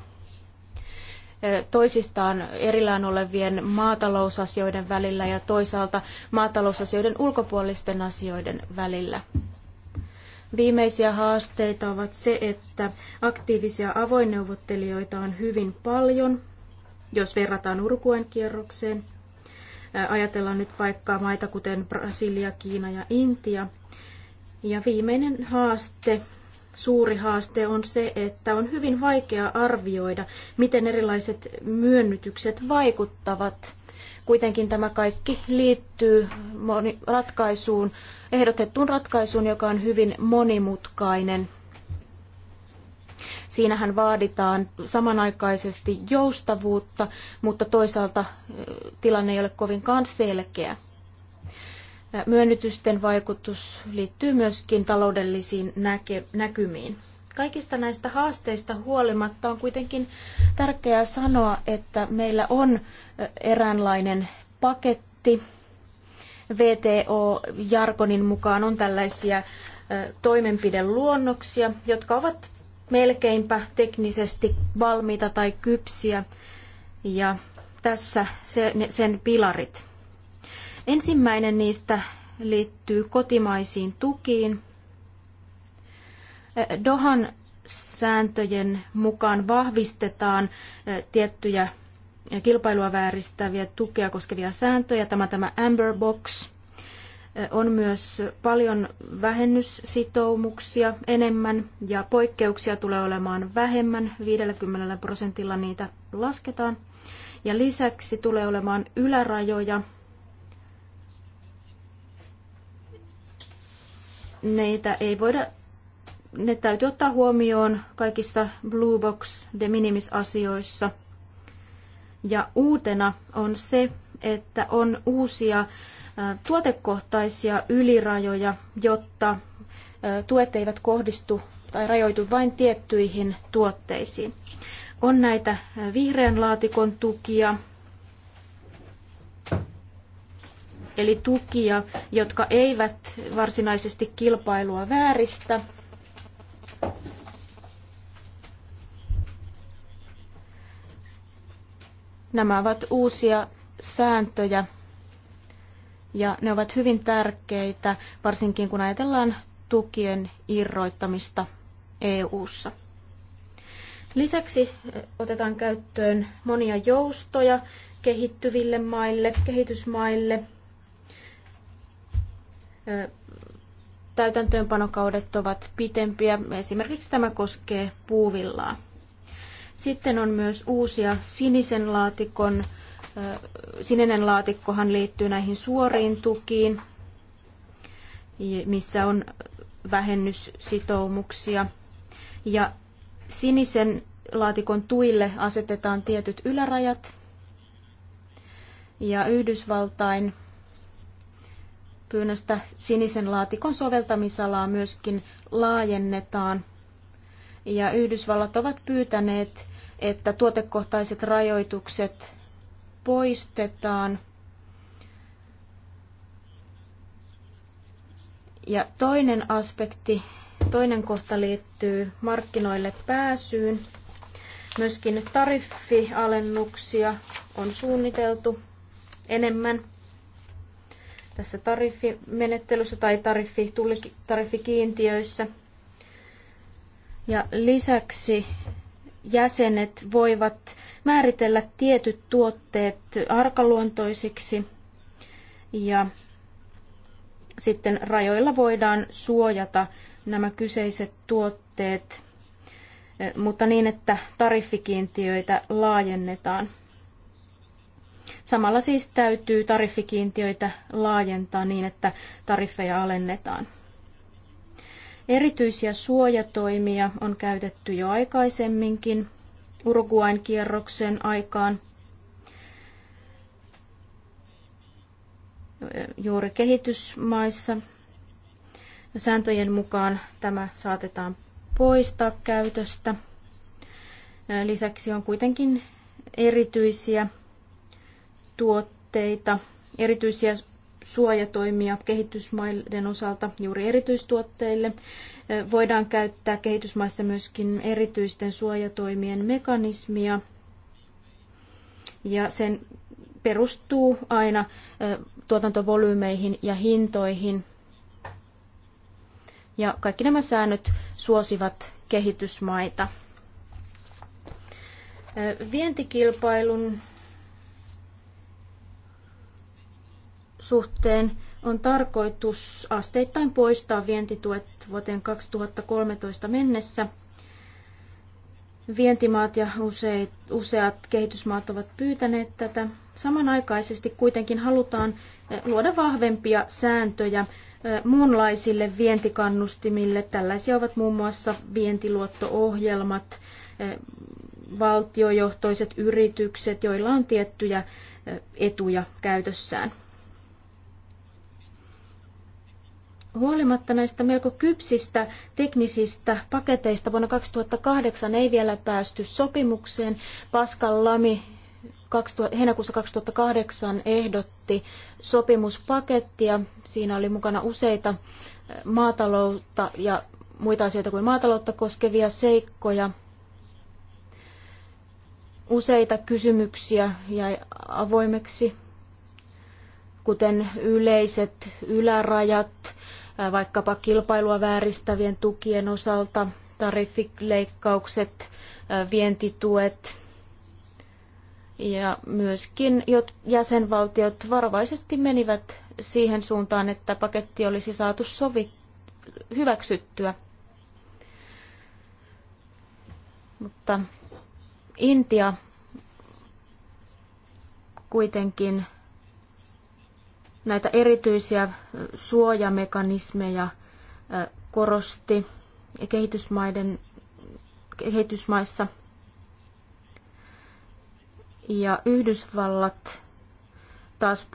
eh, toisistaan erillään olevien maatalousasioiden välillä ja toisaalta maatalousasioiden ulkopuolisten asioiden välillä. Viimeisiä haasteita ovat se, että aktiivisia avoinneuvottelijoita on hyvin paljon, jos verrataan Urkuen kierrokseen. Eh, ajatellaan nyt vaikka maita kuten Brasilia, Kiina ja Intia. Ja viimeinen haaste suuri haaste on se, että on hyvin vaikea arvioida, miten erilaiset myönnytykset vaikuttavat. Kuitenkin tämä kaikki liittyy ratkaisuun, ehdotettuun ratkaisuun, joka on hyvin monimutkainen. Siinähän vaaditaan samanaikaisesti joustavuutta, mutta toisaalta tilanne ei ole kovinkaan selkeä myönnytysten vaikutus liittyy myöskin taloudellisiin näke- näkymiin. Kaikista näistä haasteista huolimatta on kuitenkin tärkeää sanoa, että meillä on eräänlainen paketti. VTO-jargonin mukaan on tällaisia toimenpideluonnoksia, jotka ovat melkeinpä teknisesti valmiita tai kypsiä. Ja tässä sen pilarit Ensimmäinen niistä liittyy kotimaisiin tukiin. Dohan sääntöjen mukaan vahvistetaan tiettyjä kilpailua vääristäviä tukea koskevia sääntöjä. Tämä, tämä Amber Box on myös paljon vähennyssitoumuksia enemmän ja poikkeuksia tulee olemaan vähemmän. 50 prosentilla niitä lasketaan. Ja lisäksi tulee olemaan ylärajoja Neitä ei voida, ne täytyy ottaa huomioon kaikissa Blue Box de minimis asioissa. Ja uutena on se, että on uusia tuotekohtaisia ylirajoja, jotta tuet eivät kohdistu tai rajoitu vain tiettyihin tuotteisiin. On näitä vihreän laatikon tukia, eli tukia, jotka eivät varsinaisesti kilpailua vääristä. Nämä ovat uusia sääntöjä ja ne ovat hyvin tärkeitä, varsinkin kun ajatellaan tukien irroittamista EU:ssa. Lisäksi otetaan käyttöön monia joustoja kehittyville maille, kehitysmaille – täytäntöönpanokaudet ovat pitempiä. Esimerkiksi tämä koskee puuvillaa. Sitten on myös uusia sinisen laatikon. Sininen laatikkohan liittyy näihin suoriin tukiin, missä on vähennyssitoumuksia. Ja sinisen laatikon tuille asetetaan tietyt ylärajat. Ja Yhdysvaltain pyynnöstä sinisen laatikon soveltamisalaa myöskin laajennetaan. Ja Yhdysvallat ovat pyytäneet, että tuotekohtaiset rajoitukset poistetaan. Ja toinen aspekti, toinen kohta liittyy markkinoille pääsyyn. Myöskin tariffialennuksia on suunniteltu enemmän tässä tariffimenettelyssä tai tariffi, tariffikiintiöissä. Ja lisäksi jäsenet voivat määritellä tietyt tuotteet arkaluontoisiksi ja sitten rajoilla voidaan suojata nämä kyseiset tuotteet, eh, mutta niin, että tariffikiintiöitä laajennetaan. Samalla siis täytyy tariffikiintiöitä laajentaa niin, että tariffeja alennetaan. Erityisiä suojatoimia on käytetty jo aikaisemminkin Uruguain kierroksen aikaan. Juuri kehitysmaissa sääntöjen mukaan tämä saatetaan poistaa käytöstä. Lisäksi on kuitenkin erityisiä tuotteita, erityisiä suojatoimia kehitysmaiden osalta juuri erityistuotteille. Voidaan käyttää kehitysmaissa myöskin erityisten suojatoimien mekanismia ja sen perustuu aina tuotantovolyymeihin ja hintoihin. Ja kaikki nämä säännöt suosivat kehitysmaita. Vientikilpailun suhteen on tarkoitus asteittain poistaa vientituet vuoteen 2013 mennessä. Vientimaat ja useat, useat kehitysmaat ovat pyytäneet tätä. Samanaikaisesti kuitenkin halutaan eh, luoda vahvempia sääntöjä eh, muunlaisille vientikannustimille. Tällaisia ovat muun muassa vientiluotto-ohjelmat, eh, valtiojohtoiset yritykset, joilla on tiettyjä etuja käytössään. Huolimatta näistä melko kypsistä teknisistä paketeista vuonna 2008 ei vielä päästy sopimukseen. Pascal Lamy 2000, heinäkuussa 2008 ehdotti sopimuspakettia. Siinä oli mukana useita eh, maataloutta ja muita asioita kuin maataloutta koskevia seikkoja, useita kysymyksiä jäi avoimeksi, kuten yleiset ylärajat, vaikkapa kilpailua vääristävien tukien osalta, tariffileikkaukset, vientituet ja myöskin jäsenvaltiot varovaisesti menivät siihen suuntaan, että paketti olisi saatu sovi, hyväksyttyä. Mutta Intia kuitenkin näitä erityisiä suojamekanismeja korosti kehitysmaiden, kehitysmaissa. Ja Yhdysvallat taas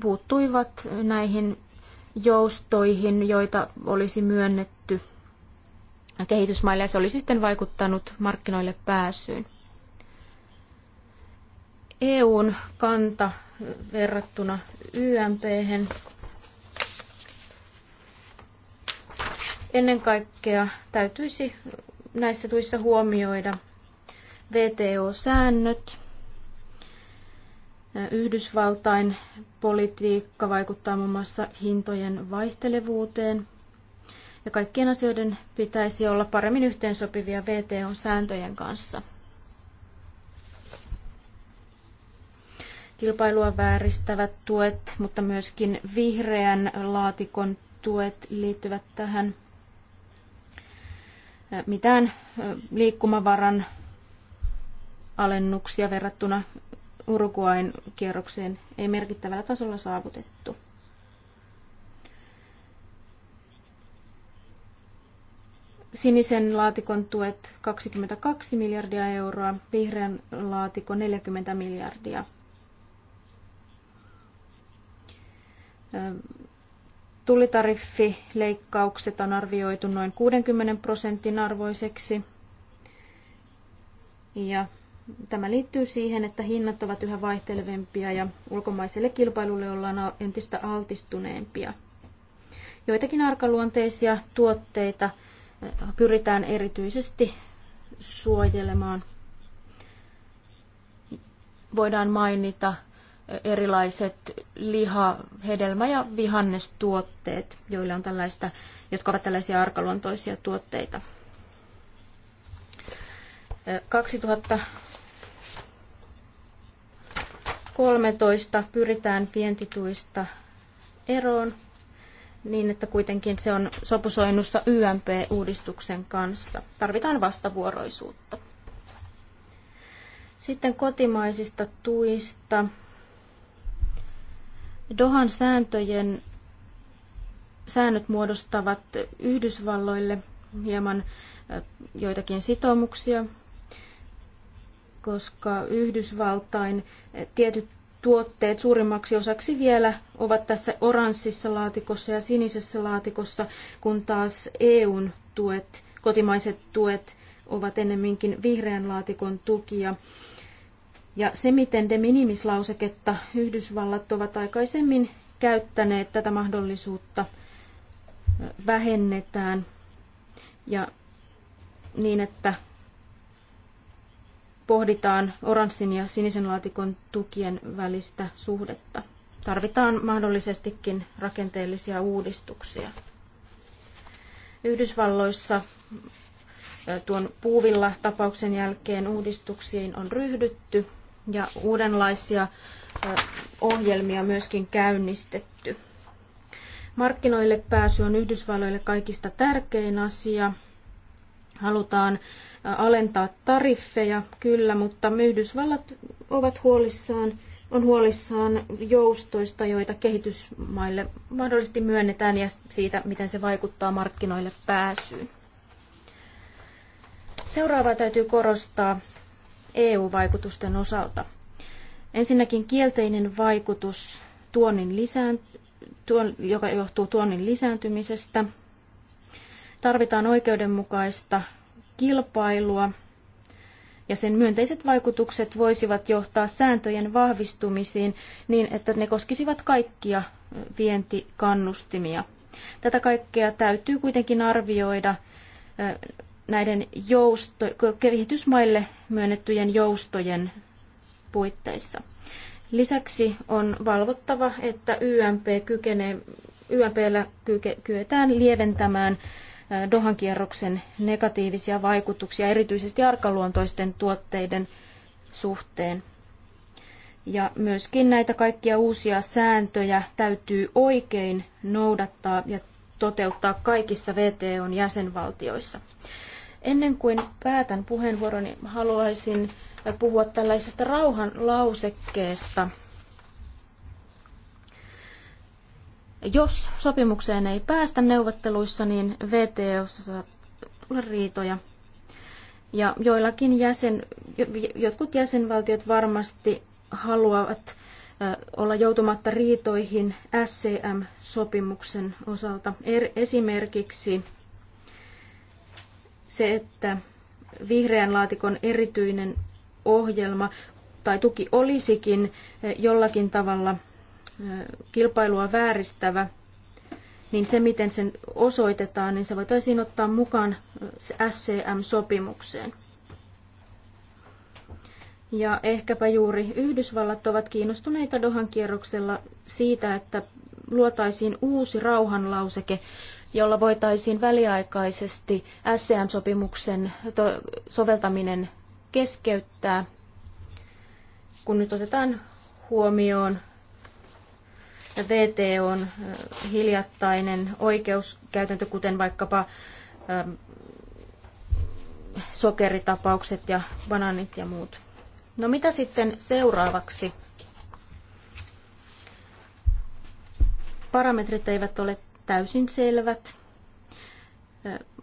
puuttuivat näihin joustoihin, joita olisi myönnetty kehitysmaille, ja se olisi sitten vaikuttanut markkinoille pääsyyn. EUn kanta verrattuna YMP. -hän. Ennen kaikkea täytyisi näissä tuissa huomioida VTO-säännöt. Yhdysvaltain politiikka vaikuttaa muun mm. muassa hintojen vaihtelevuuteen. Ja kaikkien asioiden pitäisi olla paremmin yhteensopivia VTO-sääntöjen kanssa. kilpailua vääristävät tuet, mutta myöskin vihreän laatikon tuet liittyvät tähän. Mitään liikkumavaran alennuksia verrattuna Uruguain kierrokseen ei merkittävällä tasolla saavutettu. Sinisen laatikon tuet 22 miljardia euroa, vihreän laatikon 40 miljardia Tullitariffileikkaukset on arvioitu noin 60 prosentin arvoiseksi. Ja tämä liittyy siihen, että hinnat ovat yhä vaihtelevempia ja ulkomaiselle kilpailulle ollaan entistä altistuneempia. Joitakin arkaluonteisia tuotteita pyritään erityisesti suojelemaan. Voidaan mainita erilaiset liha-, hedelmä- ja vihannestuotteet, joilla on tällaista, jotka ovat tällaisia arkaluontoisia tuotteita. 2013 pyritään vientituista eroon niin, että kuitenkin se on sopusoinnussa YMP-uudistuksen kanssa. Tarvitaan vastavuoroisuutta. Sitten kotimaisista tuista. Dohan sääntöjen säännöt muodostavat Yhdysvalloille hieman äh, joitakin sitoumuksia, koska Yhdysvaltain äh, tietyt tuotteet suurimmaksi osaksi vielä ovat tässä oranssissa laatikossa ja sinisessä laatikossa, kun taas EUn tuet, kotimaiset tuet ovat ennemminkin vihreän laatikon tukia. Ja se, miten de minimislauseketta Yhdysvallat ovat aikaisemmin käyttäneet tätä mahdollisuutta, vähennetään ja niin, että pohditaan oranssin ja sinisen laatikon tukien välistä suhdetta. Tarvitaan mahdollisestikin rakenteellisia uudistuksia. Yhdysvalloissa tuon puuvilla tapauksen jälkeen uudistuksiin on ryhdytty ja uudenlaisia ohjelmia myöskin käynnistetty. Markkinoille pääsy on Yhdysvalloille kaikista tärkein asia. Halutaan alentaa tariffeja, kyllä, mutta Yhdysvallat ovat huolissaan, on huolissaan joustoista, joita kehitysmaille mahdollisesti myönnetään ja siitä, miten se vaikuttaa markkinoille pääsyyn. Seuraavaa täytyy korostaa. EU-vaikutusten osalta. Ensinnäkin kielteinen vaikutus, tuonnin lisään, tuon, joka johtuu tuonnin lisääntymisestä. Tarvitaan oikeudenmukaista kilpailua ja sen myönteiset vaikutukset voisivat johtaa sääntöjen vahvistumisiin niin, että ne koskisivat kaikkia vientikannustimia. Tätä kaikkea täytyy kuitenkin arvioida näiden jousto, kehitysmaille myönnettyjen joustojen puitteissa. Lisäksi on valvottava, että YMP kykenee, YMPllä kyetään lieventämään Dohan kierroksen negatiivisia vaikutuksia, erityisesti arkaluontoisten tuotteiden suhteen. Ja myöskin näitä kaikkia uusia sääntöjä täytyy oikein noudattaa ja toteuttaa kaikissa VTOn jäsenvaltioissa. Ennen kuin päätän puheenvuoroni, haluaisin puhua tällaisesta rauhan lausekkeesta. Jos sopimukseen ei päästä neuvotteluissa, niin VTOssa saa tulla riitoja. Ja joillakin jäsen, jotkut jäsenvaltiot varmasti haluavat olla joutumatta riitoihin SCM-sopimuksen osalta. Er, esimerkiksi se, että vihreän laatikon erityinen ohjelma tai tuki olisikin eh, jollakin tavalla eh, kilpailua vääristävä, niin se, miten sen osoitetaan, niin se voitaisiin ottaa mukaan eh, SCM-sopimukseen. Ja ehkäpä juuri Yhdysvallat ovat kiinnostuneita Dohan kierroksella siitä, että luotaisiin uusi rauhanlauseke jolla voitaisiin väliaikaisesti SCM-sopimuksen soveltaminen keskeyttää, kun nyt otetaan huomioon VTOn hiljattainen oikeuskäytäntö, kuten vaikkapa sokeritapaukset ja banaanit ja muut. No mitä sitten seuraavaksi? Parametrit eivät ole täysin selvät.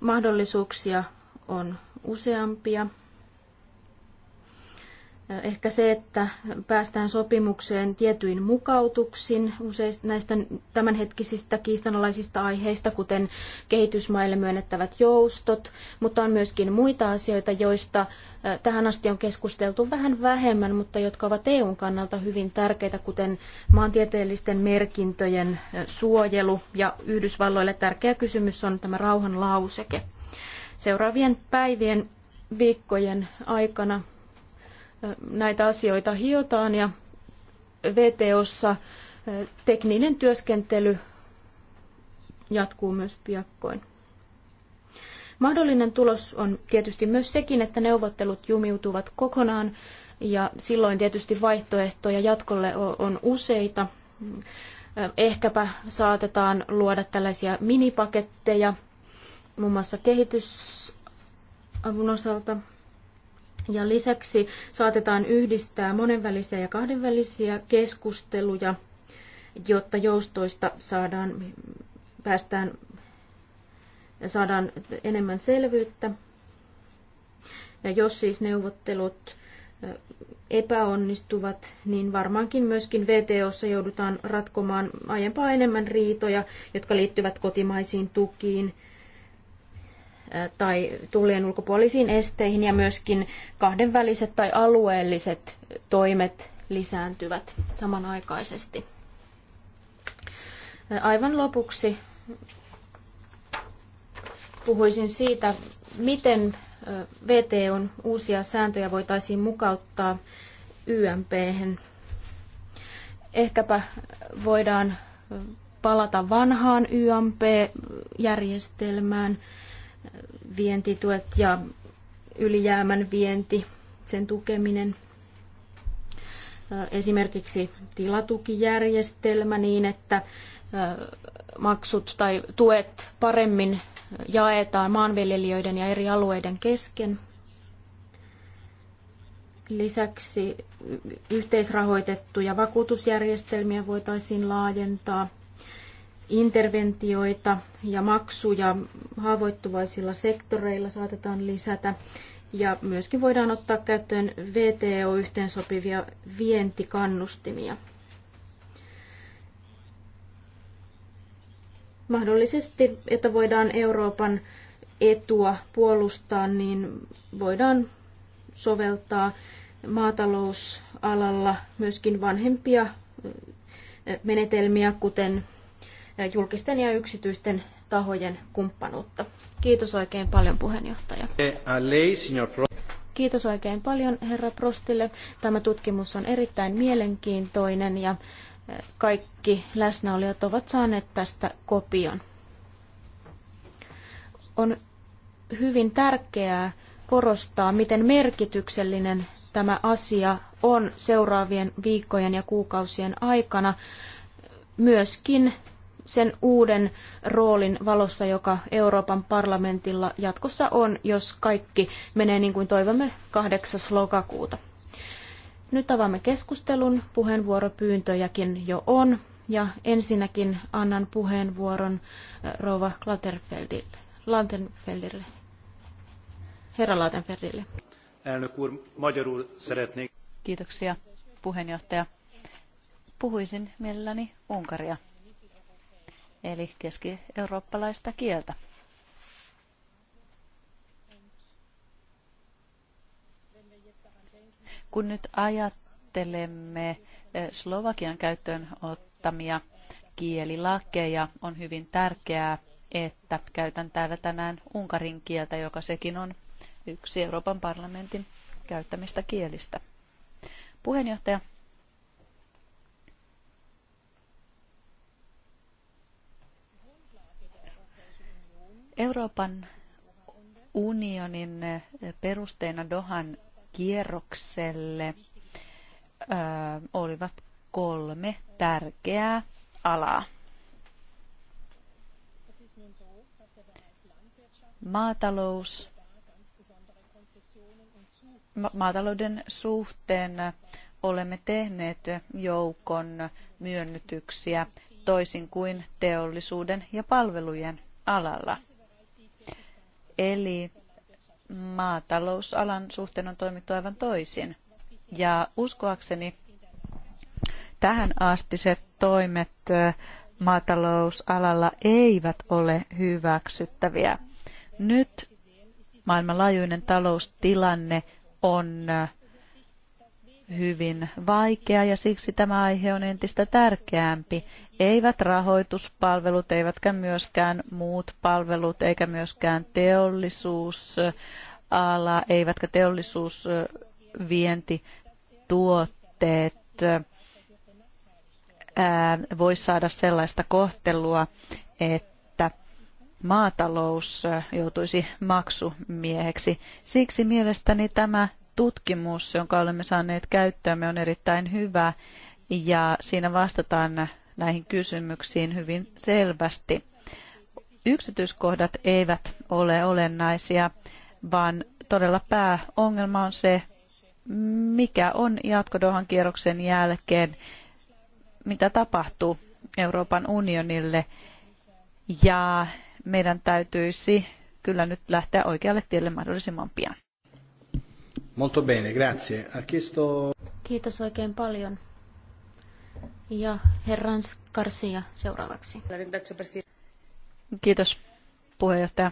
Mahdollisuuksia on useampia. Ehkä se, että päästään sopimukseen tietyin mukautuksin useista näistä tämänhetkisistä kiistanalaisista aiheista, kuten kehitysmaille myönnettävät joustot, mutta on myöskin muita asioita, joista tähän asti on keskusteltu vähän vähemmän, mutta jotka ovat EUn kannalta hyvin tärkeitä, kuten maantieteellisten merkintöjen suojelu ja Yhdysvalloille tärkeä kysymys on tämä rauhan lauseke. Seuraavien päivien viikkojen aikana näitä asioita hiotaan ja VTOssa tekninen työskentely jatkuu myös piakkoin. Mahdollinen tulos on tietysti myös sekin, että neuvottelut jumiutuvat kokonaan ja silloin tietysti vaihtoehtoja jatkolle on useita. Ehkäpä saatetaan luoda tällaisia minipaketteja muun muassa kehitysavun osalta – ja lisäksi saatetaan yhdistää monenvälisiä ja kahdenvälisiä keskusteluja, jotta joustoista saadaan, päästään, saadaan enemmän selvyyttä. Ja jos siis neuvottelut epäonnistuvat, niin varmaankin myöskin VTOssa joudutaan ratkomaan aiempaa enemmän riitoja, jotka liittyvät kotimaisiin tukiin, tai tullien ulkopuolisiin esteihin ja myöskin kahdenväliset tai alueelliset toimet lisääntyvät samanaikaisesti. Aivan lopuksi puhuisin siitä, miten VTOn uusia sääntöjä voitaisiin mukauttaa YMP. -hän. Ehkäpä voidaan palata vanhaan YMP-järjestelmään vientituet ja ylijäämän vienti, sen tukeminen. Esimerkiksi tilatukijärjestelmä niin, että maksut tai tuet paremmin jaetaan maanviljelijöiden ja eri alueiden kesken. Lisäksi yhteisrahoitettuja vakuutusjärjestelmiä voitaisiin laajentaa – interventioita ja maksuja haavoittuvaisilla sektoreilla saatetaan lisätä. Ja myöskin voidaan ottaa käyttöön VTO-yhteensopivia vientikannustimia. Mahdollisesti, että voidaan Euroopan etua puolustaa, niin voidaan soveltaa maatalousalalla myöskin vanhempia menetelmiä, kuten julkisten ja yksityisten tahojen kumppanuutta. Kiitos oikein paljon puheenjohtaja. Eh, Kiitos oikein paljon herra Prostille. Tämä tutkimus on erittäin mielenkiintoinen ja kaikki läsnäolijat ovat saaneet tästä kopion. On hyvin tärkeää korostaa, miten merkityksellinen tämä asia on seuraavien viikkojen ja kuukausien aikana myöskin sen uuden roolin valossa, joka Euroopan parlamentilla jatkossa on, jos kaikki menee niin kuin toivomme 8. lokakuuta. Nyt avaamme keskustelun, puheenvuoropyyntöjäkin jo on, ja ensinnäkin annan puheenvuoron Rova Klaterfeldille. Lantenfeldille. Herra Lantenfeldille. Kiitoksia, puheenjohtaja. Puhuisin mielelläni Unkaria eli keski-eurooppalaista kieltä. Kun nyt ajattelemme eh, Slovakian käyttöön ottamia kielilakeja, on hyvin tärkeää, että käytän täällä tänään unkarin kieltä, joka sekin on yksi Euroopan parlamentin käyttämistä kielistä. Puheenjohtaja, Euroopan unionin perusteena Dohan kierrokselle olivat kolme tärkeää alaa. Maatalous, ma- maatalouden suhteen olemme tehneet joukon myönnytyksiä toisin kuin teollisuuden ja palvelujen alalla. Eli maatalousalan suhteen on toimittu aivan toisin. Ja uskoakseni tähän asti se toimet maatalousalalla eivät ole hyväksyttäviä. Nyt maailmanlaajuinen taloustilanne on hyvin vaikea ja siksi tämä aihe on entistä tärkeämpi. Eivät rahoituspalvelut, eivätkä myöskään muut palvelut, eikä myöskään teollisuusala, eivätkä teollisuusvientituotteet voi saada sellaista kohtelua, että maatalous joutuisi maksumieheksi. Siksi mielestäni tämä tutkimus, jonka olemme saaneet käyttöömme, on erittäin hyvä ja siinä vastataan näihin kysymyksiin hyvin selvästi. Yksityiskohdat eivät ole olennaisia, vaan todella pääongelma on se, mikä on jatkodohan kierroksen jälkeen, mitä tapahtuu Euroopan unionille. Ja meidän täytyisi kyllä nyt lähteä oikealle tielle mahdollisimman pian. Molto bene, grazie. Ha chiesto... Kiitos oikein paljon. Ja herrans Garcia seuraavaksi. Kiitos puheenjohtaja.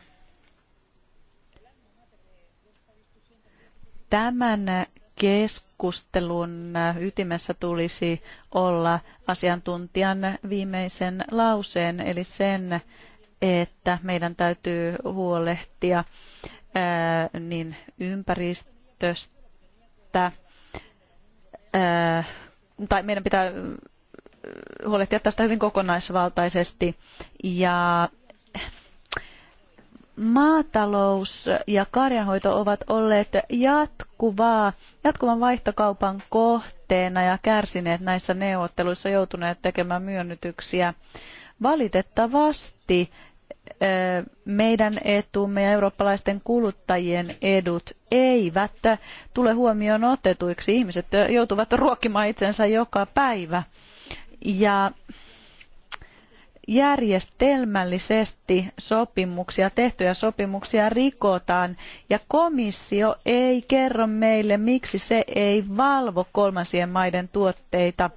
Tämän keskustelun ytimessä tulisi olla asiantuntijan viimeisen lauseen, eli sen, että meidän täytyy huolehtia niin ympäristö käytöstä, tai meidän pitää huolehtia tästä hyvin kokonaisvaltaisesti. Ja maatalous ja karjanhoito ovat olleet jatkuvaa, jatkuvan vaihtokaupan kohteena ja kärsineet näissä neuvotteluissa, joutuneet tekemään myönnytyksiä. Valitettavasti meidän etumme ja eurooppalaisten kuluttajien edut eivät tule huomioon otetuiksi. Ihmiset joutuvat ruokkimaan itsensä joka päivä. Ja järjestelmällisesti sopimuksia, tehtyjä sopimuksia rikotaan ja komissio ei kerro meille, miksi se ei valvo kolmansien maiden tuotteita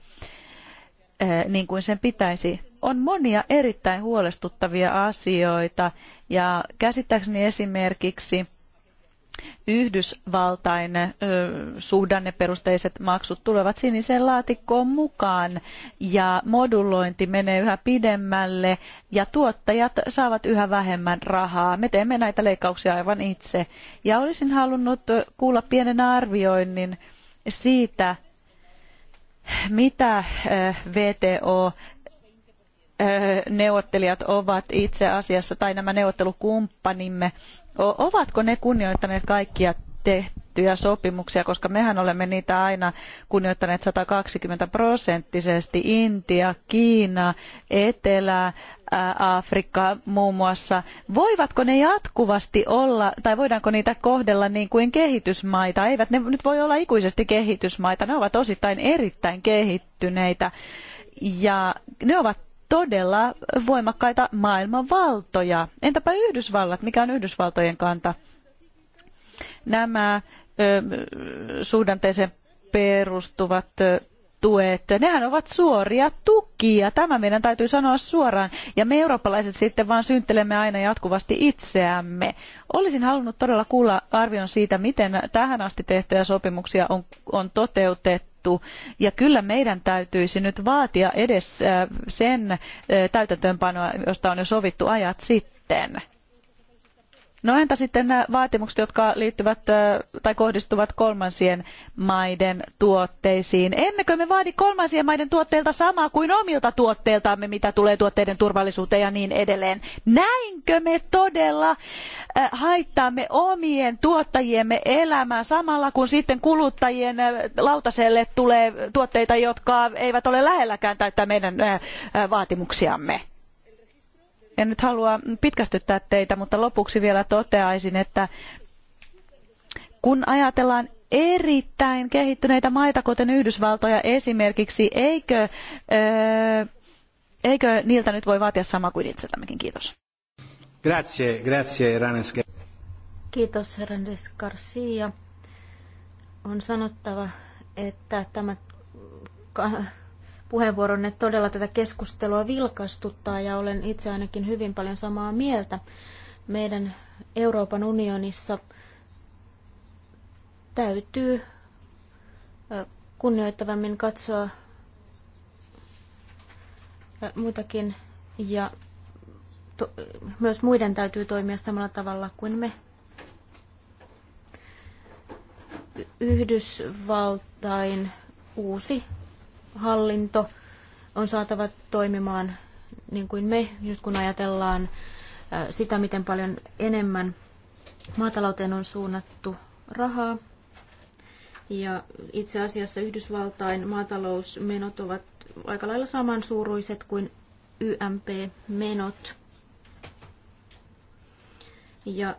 niin kuin sen pitäisi on monia erittäin huolestuttavia asioita ja käsittääkseni esimerkiksi Yhdysvaltain suhdanneperusteiset maksut tulevat siniseen laatikkoon mukaan ja modulointi menee yhä pidemmälle ja tuottajat saavat yhä vähemmän rahaa. Me teemme näitä leikkauksia aivan itse ja olisin halunnut kuulla pienen arvioinnin siitä, mitä VTO neuvottelijat ovat itse asiassa, tai nämä neuvottelukumppanimme, ovatko ne kunnioittaneet kaikkia tehtyjä sopimuksia, koska mehän olemme niitä aina kunnioittaneet 120 prosenttisesti. Intia, Kiina, Etelä, Afrikka muun muassa. Voivatko ne jatkuvasti olla, tai voidaanko niitä kohdella niin kuin kehitysmaita? Eivät ne nyt voi olla ikuisesti kehitysmaita, ne ovat osittain erittäin kehittyneitä. Ja ne ovat todella voimakkaita maailmanvaltoja. Entäpä Yhdysvallat, mikä on Yhdysvaltojen kanta? Nämä ö, suhdanteeseen perustuvat tuet, nehän ovat suoria tukia. Tämä meidän täytyy sanoa suoraan. Ja me eurooppalaiset sitten vaan synttelemme aina jatkuvasti itseämme. Olisin halunnut todella kuulla arvion siitä, miten tähän asti tehtyjä sopimuksia on, on toteutettu sovittu. Ja kyllä meidän täytyisi nyt vaatia edes äh, sen äh, täytäntöönpanoa, josta on jo sovittu ajat sitten. No entä sitten nämä vaatimukset, jotka liittyvät tai kohdistuvat kolmansien maiden tuotteisiin? Emmekö me vaadi kolmansien maiden tuotteilta samaa kuin omilta tuotteiltamme, mitä tulee tuotteiden turvallisuuteen ja niin edelleen? Näinkö me todella haittaamme omien tuottajiemme elämää samalla kun sitten kuluttajien lautaselle tulee tuotteita, jotka eivät ole lähelläkään täyttää meidän vaatimuksiamme? en nyt halua pitkästyttää teitä, mutta lopuksi vielä toteaisin, että kun ajatellaan erittäin kehittyneitä maita, kuten Yhdysvaltoja esimerkiksi, eikö, öö, eikö niiltä nyt voi vaatia sama kuin itseltämmekin? Kiitos. Grazie, grazie Kiitos Ranes Garcia. On sanottava, että tämä puheenvuoronne todella tätä keskustelua vilkastuttaa ja olen itse ainakin hyvin paljon samaa mieltä. Meidän Euroopan unionissa täytyy kunnioittavammin katsoa muitakin ja to, myös muiden täytyy toimia samalla tavalla kuin me. Yhdysvaltain uusi hallinto on saatava toimimaan niin kuin me, nyt kun ajatellaan sitä, miten paljon enemmän maatalouteen on suunnattu rahaa. Ja itse asiassa Yhdysvaltain maatalousmenot ovat aika lailla samansuuruiset kuin YMP-menot. Ja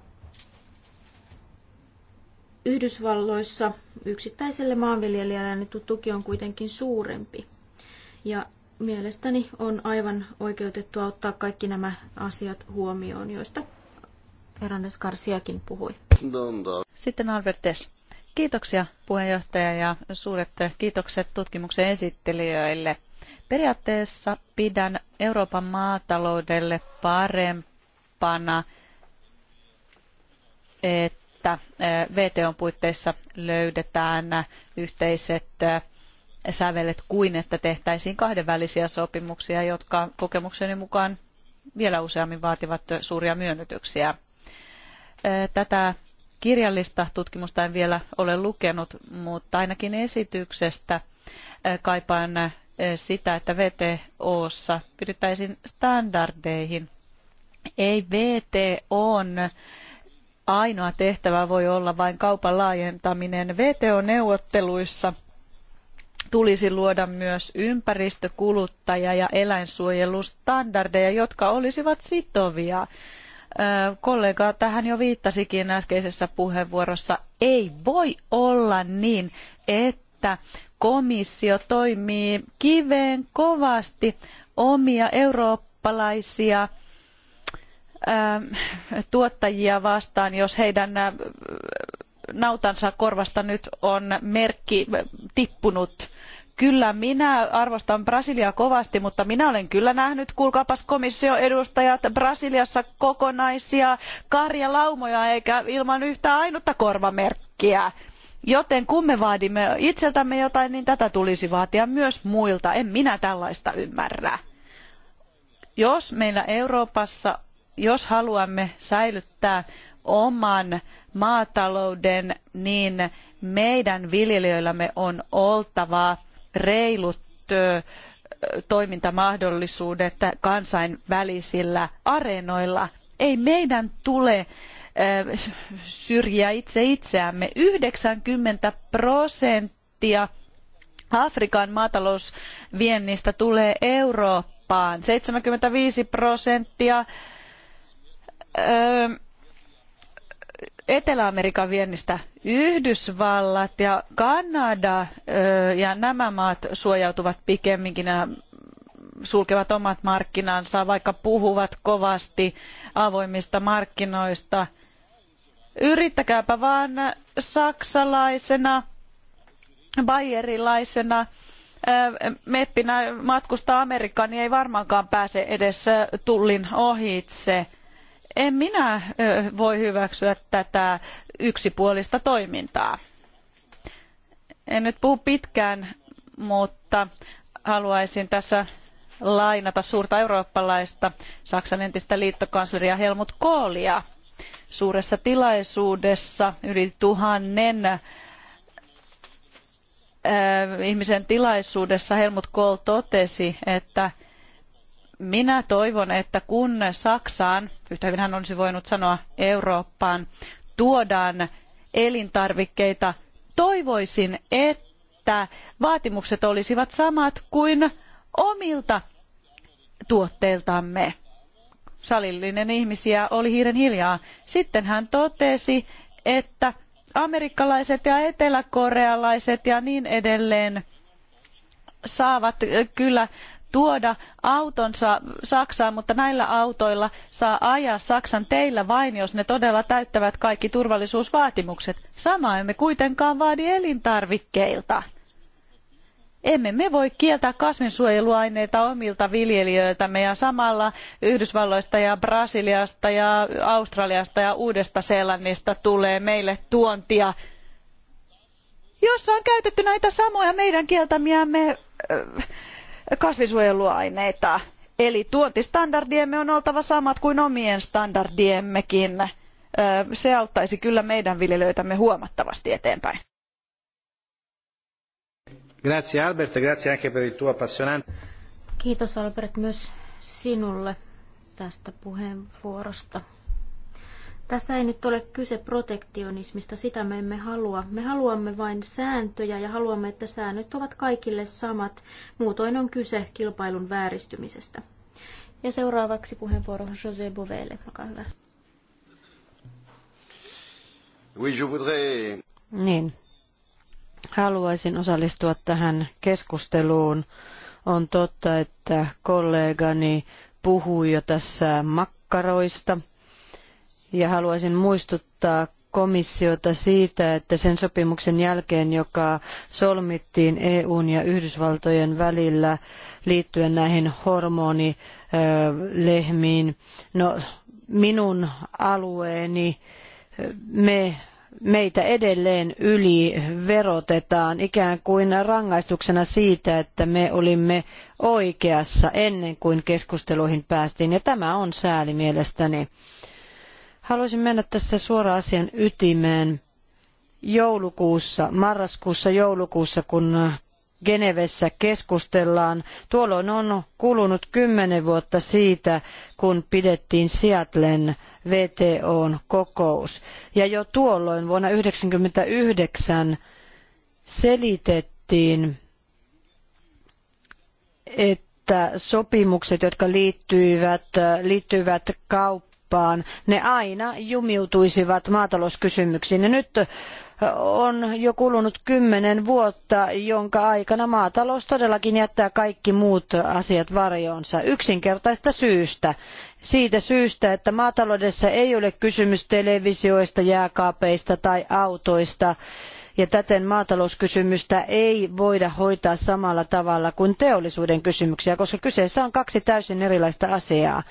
Yhdysvalloissa yksittäiselle maanviljelijälle tuki on kuitenkin suurempi. Ja mielestäni on aivan oikeutettua ottaa kaikki nämä asiat huomioon, joista Hernandez Garciakin puhui. Sitten Albertes. Kiitoksia puheenjohtaja ja suuret kiitokset tutkimuksen esittelijöille. Periaatteessa pidän Euroopan maataloudelle parempana, että että VTOn puitteissa löydetään yhteiset sävelet kuin että tehtäisiin kahdenvälisiä sopimuksia, jotka kokemukseni mukaan vielä useammin vaativat suuria myönnytyksiä. Tätä kirjallista tutkimusta en vielä ole lukenut, mutta ainakin esityksestä kaipaan sitä, että VTOssa pyrittäisiin standardeihin. Ei VTOn ainoa tehtävä voi olla vain kaupan laajentaminen. VTO-neuvotteluissa tulisi luoda myös ympäristö-, kuluttaja- ja eläinsuojelustandardeja, jotka olisivat sitovia. Kollega tähän jo viittasikin äskeisessä puheenvuorossa. Ei voi olla niin, että komissio toimii kiveen kovasti omia eurooppalaisia – Ähm, tuottajia vastaan, jos heidän äh, nautansa korvasta nyt on merkki äh, tippunut. Kyllä minä arvostan Brasiliaa kovasti, mutta minä olen kyllä nähnyt, kuulkaapas komission edustajat, Brasiliassa kokonaisia karjalaumoja eikä ilman yhtä ainutta korvamerkkiä. Joten kun me vaadimme itseltämme jotain, niin tätä tulisi vaatia myös muilta. En minä tällaista ymmärrä. Jos meillä Euroopassa jos haluamme säilyttää oman maatalouden, niin meidän viljelijöillämme on oltava reilut toimintamahdollisuudet kansainvälisillä areenoilla. Ei meidän tule syrjiä itse itseämme. 90 prosenttia Afrikan maatalousviennistä tulee Eurooppaan, 75 prosenttia Öö, Etelä-Amerikan viennistä Yhdysvallat ja Kanada öö, ja nämä maat suojautuvat pikemminkin ja sulkevat omat markkinansa, vaikka puhuvat kovasti avoimista markkinoista. Yrittäkääpä vaan saksalaisena, bayerilaisena öö, meppinä matkustaa Amerikkaan, niin ei varmaankaan pääse edes tullin ohitse en minä voi hyväksyä tätä yksipuolista toimintaa. En nyt puhu pitkään, mutta haluaisin tässä lainata suurta eurooppalaista Saksan entistä liittokansleria Helmut Kohlia suuressa tilaisuudessa yli tuhannen ihmisen tilaisuudessa Helmut Kohl totesi, että minä toivon, että kun Saksaan, yhtä hyvin hän olisi voinut sanoa Eurooppaan, tuodaan elintarvikkeita, toivoisin, että vaatimukset olisivat samat kuin omilta tuotteiltamme. Salillinen ihmisiä oli hiiren hiljaa. Sitten hän totesi, että amerikkalaiset ja eteläkorealaiset ja niin edelleen saavat kyllä tuoda autonsa Saksaan, mutta näillä autoilla saa ajaa Saksan teillä vain, jos ne todella täyttävät kaikki turvallisuusvaatimukset. Samaa emme kuitenkaan vaadi elintarvikkeilta. Emme me voi kieltää kasvinsuojeluaineita omilta viljelijöiltämme ja samalla Yhdysvalloista ja Brasiliasta ja Australiasta ja Uudesta-Seelannista tulee meille tuontia, jossa on käytetty näitä samoja meidän kieltämiämme äh, kasvinsuojeluaineita. Eli tuontistandardiemme on oltava samat kuin omien standardiemmekin. Se auttaisi kyllä meidän viljelijöitämme huomattavasti eteenpäin. Grazie Albert, grazie anche per il tuo appassionante. Kiitos Albert myös sinulle tästä puheenvuorosta. Tässä ei nyt ole kyse protektionismista, sitä me emme halua. Me haluamme vain sääntöjä ja haluamme, että säännöt ovat kaikille samat. Muutoin on kyse kilpailun vääristymisestä. Ja seuraavaksi puheenvuoro José Bovelle, olkaa hyvä. Oui, je voudrais... Niin. Haluaisin osallistua tähän keskusteluun. On totta, että kollegani puhui jo tässä makkaroista – ja haluaisin muistuttaa komissiota siitä, että sen sopimuksen jälkeen, joka solmittiin EUn ja Yhdysvaltojen välillä liittyen näihin hormonilehmiin, no minun alueeni me meitä edelleen yliverotetaan ikään kuin rangaistuksena siitä, että me olimme oikeassa ennen kuin keskusteluihin päästiin. Ja tämä on sääli mielestäni. Haluaisin mennä tässä suoraan asian ytimeen. Joulukuussa, marraskuussa, joulukuussa, kun Genevessä keskustellaan. Tuolloin on kulunut kymmenen vuotta siitä, kun pidettiin Seattlen VTOn kokous. Ja jo tuolloin vuonna 1999 selitettiin, että sopimukset, jotka liittyivät, liittyivät kaup kauppaan, ne aina jumiutuisivat maatalouskysymyksiin. Ja nyt on jo kulunut kymmenen vuotta, jonka aikana maatalous todellakin jättää kaikki muut asiat varjoonsa yksinkertaista syystä. Siitä syystä, että maataloudessa ei ole kysymys televisioista, jääkaapeista tai autoista, ja täten maatalouskysymystä ei voida hoitaa samalla tavalla kuin teollisuuden kysymyksiä, koska kyseessä on kaksi täysin erilaista asiaa.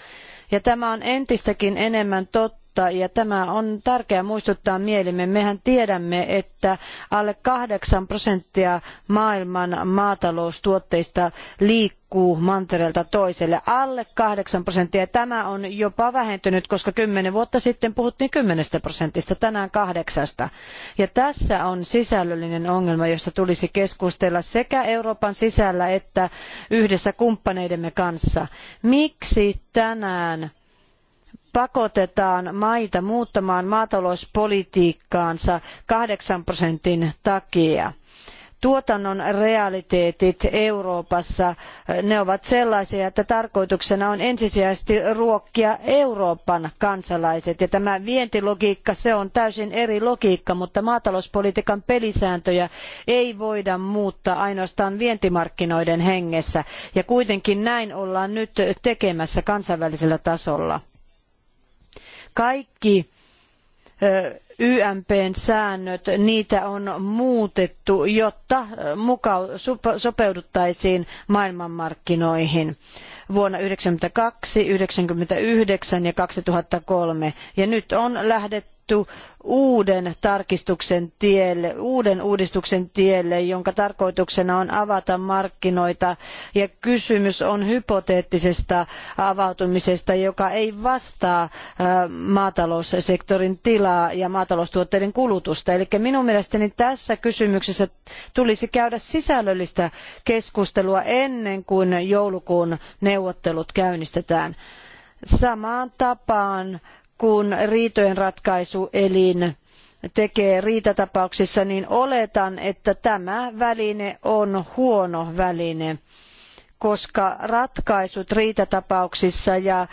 Ja tämä on entistäkin enemmän totta kautta ja tämä on tärkeää muistuttaa mielimme. Mehän tiedämme, että alle kahdeksan prosenttia maailman maataloustuotteista liikkuu mantereelta toiselle. Alle kahdeksan prosenttia. Tämä on jopa vähentynyt, koska kymmenen vuotta sitten puhuttiin kymmenestä prosentista, tänään kahdeksasta. Ja tässä on sisällöllinen ongelma, josta tulisi keskustella sekä Euroopan sisällä että yhdessä kumppaneidemme kanssa. Miksi tänään pakotetaan maita muuttamaan maatalouspolitiikkaansa kahdeksan prosentin takia tuotannon realiteetit Euroopassa, ne ovat sellaisia, että tarkoituksena on ensisijaisesti ruokkia Euroopan kansalaiset. Ja tämä vientilogiikka, se on täysin eri logiikka, mutta maatalouspolitiikan pelisääntöjä ei voida muuttaa ainoastaan vientimarkkinoiden hengessä. Ja kuitenkin näin ollaan nyt tekemässä kansainvälisellä tasolla. Kaikki YMPn säännöt, niitä on muutettu, jotta sopeuduttaisiin maailmanmarkkinoihin vuonna 1992, 1999 ja 2003. Ja nyt on lähdetty uuden tarkistuksen tielle, uuden uudistuksen tielle, jonka tarkoituksena on avata markkinoita. Ja kysymys on hypoteettisesta avautumisesta, joka ei vastaa äh, maataloussektorin tilaa ja maataloustuotteiden kulutusta. Eli minun mielestäni tässä kysymyksessä tulisi käydä sisällöllistä keskustelua ennen kuin joulukuun neuvottelut käynnistetään. Samaan tapaan kun riitojen ratkaisuelin tekee riitatapauksissa, niin oletan, että tämä väline on huono väline koska ratkaisut riitatapauksissa ja äh,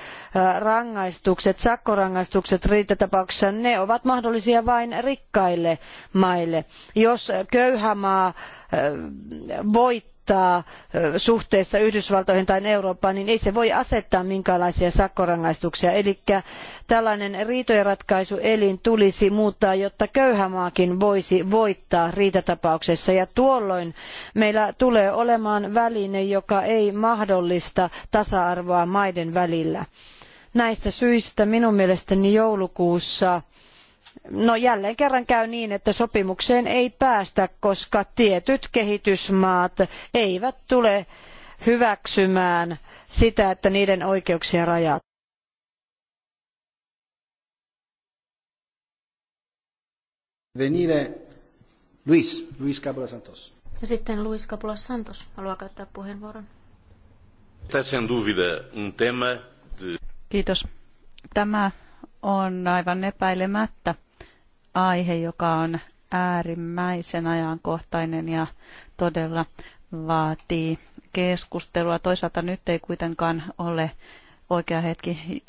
rangaistukset, sakkorangaistukset riitatapauksissa, ne ovat mahdollisia vain rikkaille maille. Jos köyhä maa äh, voittaa, ottaa suhteessa Yhdysvaltoihin tai Eurooppaan, niin ei se voi asettaa minkäänlaisia sakkorangaistuksia. Eli tällainen riitojenratkaisuelin tulisi muuttaa, jotta köyhämaakin voisi voittaa riitatapauksessa. Ja tuolloin meillä tulee olemaan väline, joka ei mahdollista tasa-arvoa maiden välillä. Näistä syistä minun mielestäni joulukuussa No jälleen kerran käy niin, että sopimukseen ei päästä, koska tietyt kehitysmaat eivät tule hyväksymään sitä, että niiden oikeuksia rajat. Venire Luis, Luis Cabula Santos. Ja sitten Luis Cabula Santos haluaa käyttää puheenvuoron. Kiitos. Tämä on aivan epäilemättä aihe, joka on äärimmäisen ajankohtainen ja todella vaatii keskustelua. Toisaalta nyt ei kuitenkaan ole oikea hetki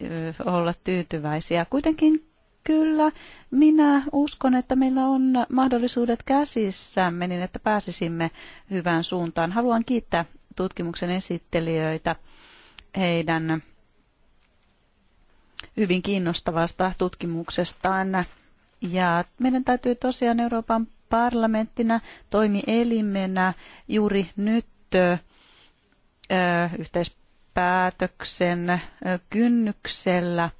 olla tyytyväisiä. Kuitenkin kyllä minä uskon, että meillä on mahdollisuudet käsissämme niin, että pääsisimme hyvään suuntaan. Haluan kiittää tutkimuksen esittelijöitä heidän hyvin kiinnostavasta tutkimuksestaan ja meidän täytyy tosiaan Euroopan parlamenttina, toimielimenä juuri nyt ö, yhteispäätöksen kynnyksellä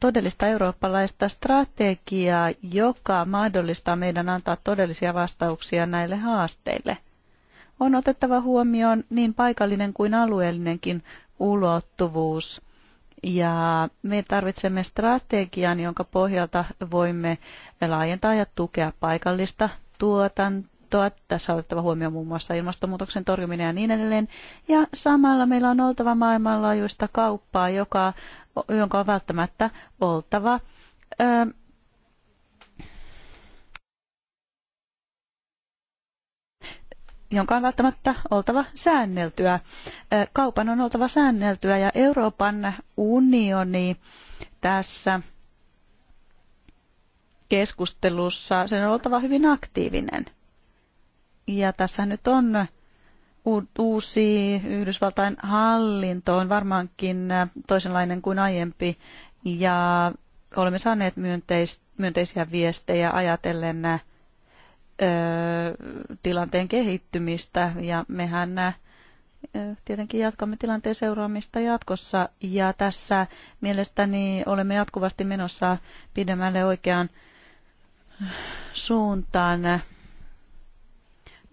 todellista eurooppalaista strategiaa, joka mahdollistaa meidän antaa todellisia vastauksia näille haasteille. On otettava huomioon niin paikallinen kuin alueellinenkin ulottuvuus – ja me tarvitsemme strategian, jonka pohjalta voimme laajentaa ja tukea paikallista tuotantoa. Tässä on otettava huomioon muun muassa ilmastonmuutoksen torjuminen ja niin edelleen. Ja samalla meillä on oltava maailmanlaajuista kauppaa, joka, jonka on välttämättä oltava ö, jonka on välttämättä oltava säänneltyä. Kaupan on oltava säänneltyä ja Euroopan unioni tässä keskustelussa, sen on oltava hyvin aktiivinen. Ja tässä nyt on uusi Yhdysvaltain hallinto on varmaankin toisenlainen kuin aiempi ja olemme saaneet myönteis, myönteisiä viestejä ajatellen tilanteen kehittymistä ja mehän tietenkin jatkamme tilanteen seuraamista jatkossa ja tässä mielestäni olemme jatkuvasti menossa pidemmälle oikeaan suuntaan.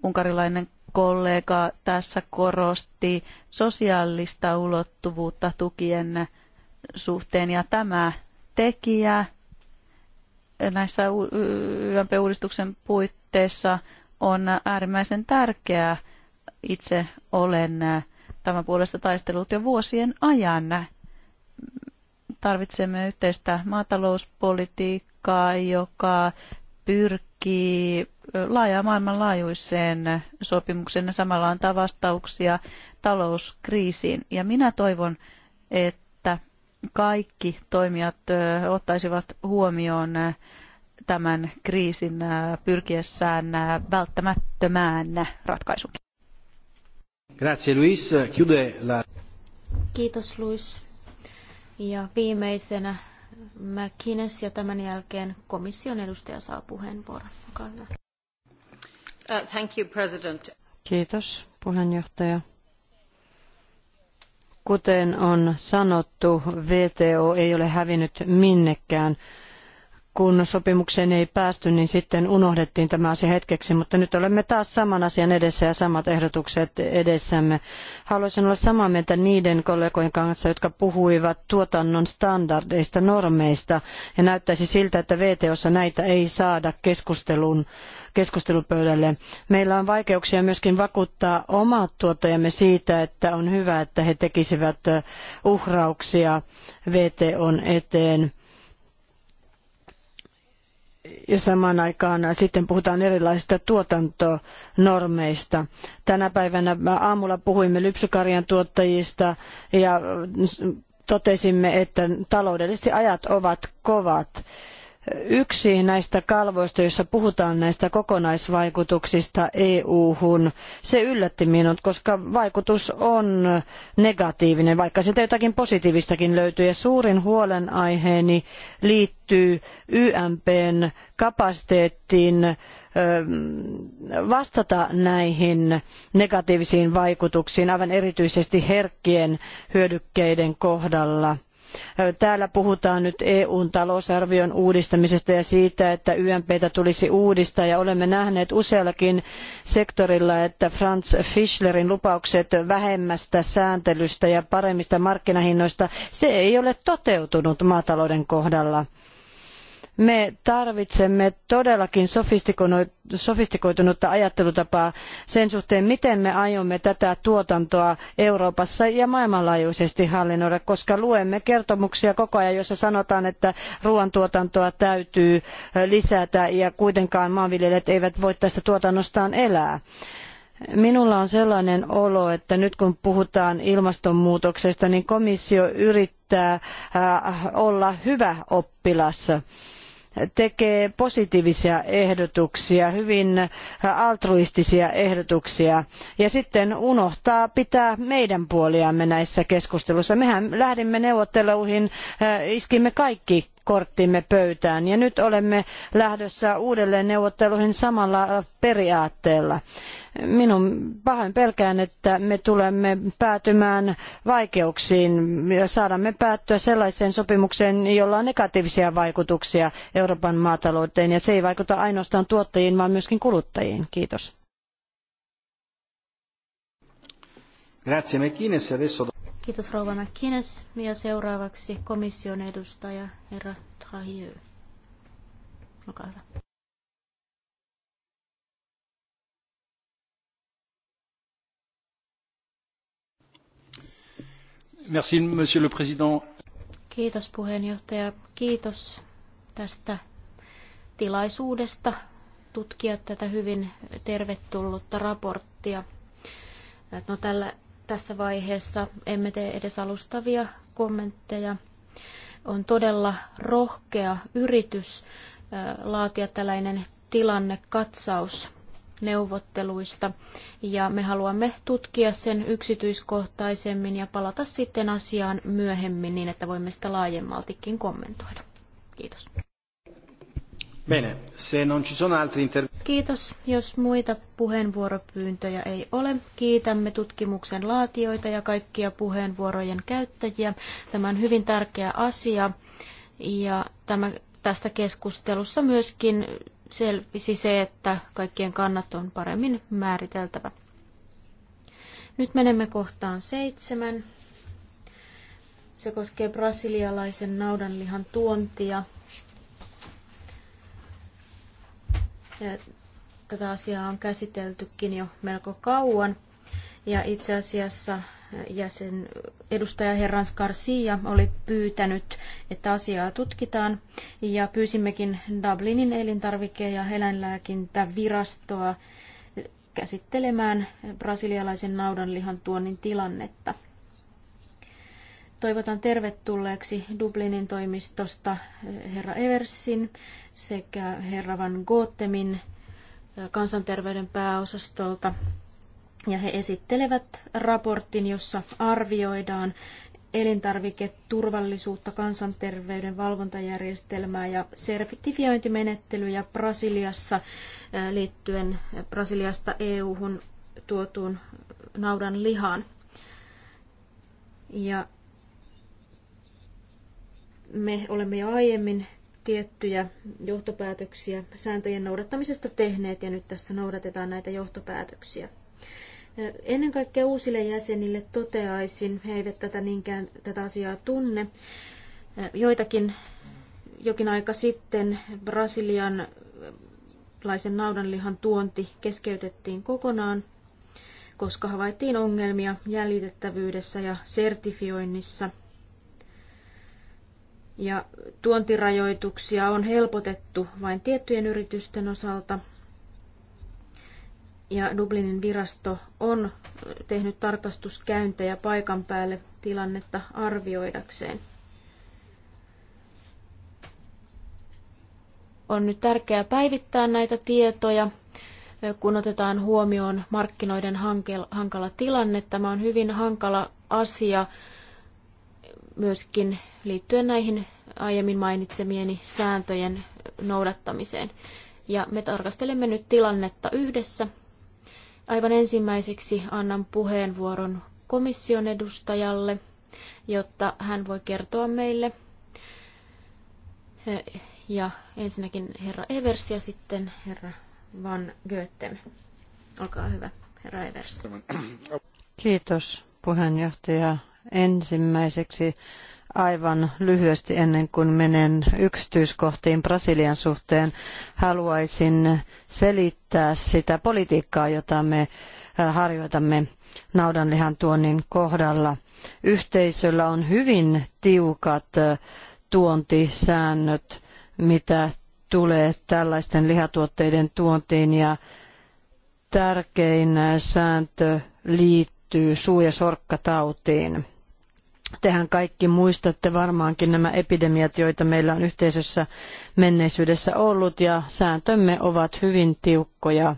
Unkarilainen kollega tässä korosti sosiaalista ulottuvuutta tukien suhteen ja tämä tekijä näissä YMP-uudistuksen puitteissa suhteessa on äärimmäisen tärkeää. Itse olen tämän puolesta taistellut jo vuosien ajan. Tarvitsemme yhteistä maatalouspolitiikkaa, joka pyrkii laaja maailmanlaajuiseen sopimukseen ja samalla antaa vastauksia talouskriisiin. Ja minä toivon, että kaikki toimijat ottaisivat huomioon tämän kriisin äh, pyrkiessään äh, välttämättömään ratkaisuun. Grazie Luis. Chiude la... Kiitos Luis. Ja viimeisenä McInnes ja tämän jälkeen komission edustaja saa puheenvuoron. Olkaa Uh, thank you, President. Kiitos puheenjohtaja. Kuten on sanottu, VTO ei ole hävinnyt minnekään kun sopimukseen ei päästy, niin sitten unohdettiin tämä asia hetkeksi, mutta nyt olemme taas saman asian edessä ja samat ehdotukset edessämme. Haluaisin olla samaa mieltä niiden kollegojen kanssa, jotka puhuivat tuotannon standardeista, normeista, ja näyttäisi siltä, että VTOssa näitä ei saada keskustelun keskustelupöydälle. Meillä on vaikeuksia myöskin vakuuttaa omat tuottajamme siitä, että on hyvä, että he tekisivät uhrauksia VTOn eteen ja samaan aikaan sitten puhutaan erilaisista tuotantonormeista. Tänä päivänä aamulla puhuimme lypsykarjan tuottajista ja totesimme, että taloudellisesti ajat ovat kovat Yksi näistä kalvoista, joissa puhutaan näistä kokonaisvaikutuksista EU-hun, se yllätti minut, koska vaikutus on negatiivinen, vaikka sitä jotakin positiivistakin löytyy. Ja suurin huolenaiheeni liittyy YMPn kapasiteettiin vastata näihin negatiivisiin vaikutuksiin, aivan erityisesti herkkien hyödykkeiden kohdalla – Täällä puhutaan nyt EUn talousarvion uudistamisesta ja siitä, että YMPtä tulisi uudistaa ja olemme nähneet useallakin sektorilla, että Franz Fischlerin lupaukset vähemmästä sääntelystä ja paremmista markkinahinnoista, se ei ole toteutunut maatalouden kohdalla. Me tarvitsemme todellakin sofistikoitunutta ajattelutapaa sen suhteen, miten me aiomme tätä tuotantoa Euroopassa ja maailmanlaajuisesti hallinnoida, koska luemme kertomuksia koko ajan, jossa sanotaan, että ruoantuotantoa täytyy lisätä ja kuitenkaan maanviljelijät eivät voi tästä tuotannostaan elää. Minulla on sellainen olo, että nyt kun puhutaan ilmastonmuutoksesta, niin komissio yrittää olla hyvä oppilas tekee positiivisia ehdotuksia, hyvin altruistisia ehdotuksia ja sitten unohtaa pitää meidän puoliamme näissä keskusteluissa. Mehän lähdimme neuvotteluihin, äh, iskimme kaikki korttimme pöytään. Ja nyt olemme lähdössä uudelleen neuvotteluihin samalla periaatteella. Minun pahoin pelkään, että me tulemme päätymään vaikeuksiin ja saadamme päättyä sellaiseen sopimukseen, jolla on negatiivisia vaikutuksia Euroopan maatalouteen. Ja se ei vaikuta ainoastaan tuottajiin, vaan myöskin kuluttajiin. Kiitos. Grazie, Kiitos rouva McKinnes ja seuraavaksi komission edustaja herra Trahieu. Olkaa hyvä. Merci, monsieur le président. Kiitos puheenjohtaja. Kiitos tästä tilaisuudesta tutkia tätä hyvin tervetullutta raporttia. No, tällä tässä vaiheessa. Emme tee edes alustavia kommentteja. On todella rohkea yritys laatia tällainen tilannekatsaus neuvotteluista ja me haluamme tutkia sen yksityiskohtaisemmin ja palata sitten asiaan myöhemmin niin, että voimme sitä laajemmaltikin kommentoida. Kiitos. Bene, se non ci sono altri inter... Kiitos, jos muita puheenvuoropyyntöjä ei ole. Kiitämme tutkimuksen laatijoita ja kaikkia puheenvuorojen käyttäjiä. Tämä on hyvin tärkeä asia ja tämä, tästä keskustelussa myöskin selvisi se, että kaikkien kannat on paremmin määriteltävä. Nyt menemme kohtaan seitsemän. Se koskee brasilialaisen naudanlihan tuontia Tätä asiaa on käsiteltykin jo melko kauan. Ja itse asiassa jäsen edustaja Herrans Garcia oli pyytänyt, että asiaa tutkitaan. Ja pyysimmekin Dublinin elintarvike- ja eläinlääkintävirastoa käsittelemään brasilialaisen naudanlihan tuonnin tilannetta. Toivotan tervetulleeksi Dublinin toimistosta eh, herra Eversin sekä herra Van Gotemin eh, kansanterveyden pääosastolta. Ja he esittelevät raportin, jossa arvioidaan elintarviketurvallisuutta, kansanterveyden valvontajärjestelmää ja sertifiointimenettelyjä Brasiliassa eh, liittyen Brasiliasta EU-hun tuotuun naudan lihaan. Ja me olemme jo aiemmin tiettyjä johtopäätöksiä sääntöjen noudattamisesta tehneet ja nyt tässä noudatetaan näitä johtopäätöksiä. Ennen kaikkea uusille jäsenille toteaisin, he eivät tätä niinkään tätä asiaa tunne. Joitakin jokin aika sitten Brasilian laisen naudanlihan tuonti keskeytettiin kokonaan, koska havaittiin ongelmia jäljitettävyydessä ja sertifioinnissa – ja tuontirajoituksia on helpotettu vain tiettyjen yritysten osalta. Ja Dublinin virasto on tehnyt tarkastuskäyntejä paikan päälle tilannetta arvioidakseen. On nyt tärkeää päivittää näitä tietoja, kun otetaan huomioon markkinoiden hankala tilanne. Tämä on hyvin hankala asia myöskin liittyen näihin aiemmin mainitsemieni sääntöjen noudattamiseen. Ja me tarkastelemme nyt tilannetta yhdessä. Aivan ensimmäiseksi annan puheenvuoron komission edustajalle, jotta hän voi kertoa meille. Ja ensinnäkin herra Evers ja sitten herra Van Goethem. Olkaa hyvä, herra Evers. Kiitos puheenjohtaja Ensimmäiseksi aivan lyhyesti ennen kuin menen yksityiskohtiin Brasilian suhteen, haluaisin selittää sitä politiikkaa, jota me äh, harjoitamme naudanlihan tuonnin kohdalla. Yhteisöllä on hyvin tiukat äh, tuontisäännöt, mitä tulee tällaisten lihatuotteiden tuontiin ja tärkein sääntö liittyy suu- ja sorkkatautiin. Tehän kaikki muistatte varmaankin nämä epidemiat, joita meillä on yhteisössä menneisyydessä ollut, ja sääntömme ovat hyvin tiukkoja,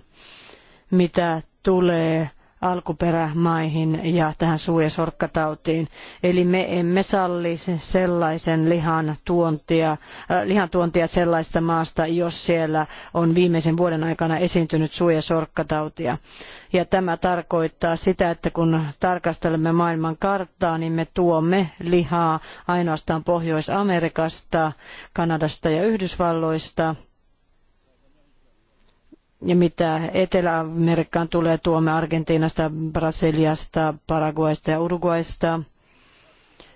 mitä tulee alkuperämaihin ja tähän suu- ja sorkkatautiin. Eli me emme salli sellaisen lihan tuontia, äh, lihan tuontia sellaista maasta, jos siellä on viimeisen vuoden aikana esiintynyt suu- ja sorkkatautia. Ja tämä tarkoittaa sitä, että kun tarkastelemme maailman karttaa, niin me tuomme lihaa ainoastaan Pohjois-Amerikasta, Kanadasta ja Yhdysvalloista – ja mitä Etelä-Amerikkaan tulee, tuomme Argentiinasta, Brasiliasta, Paraguaista ja Uruguaista.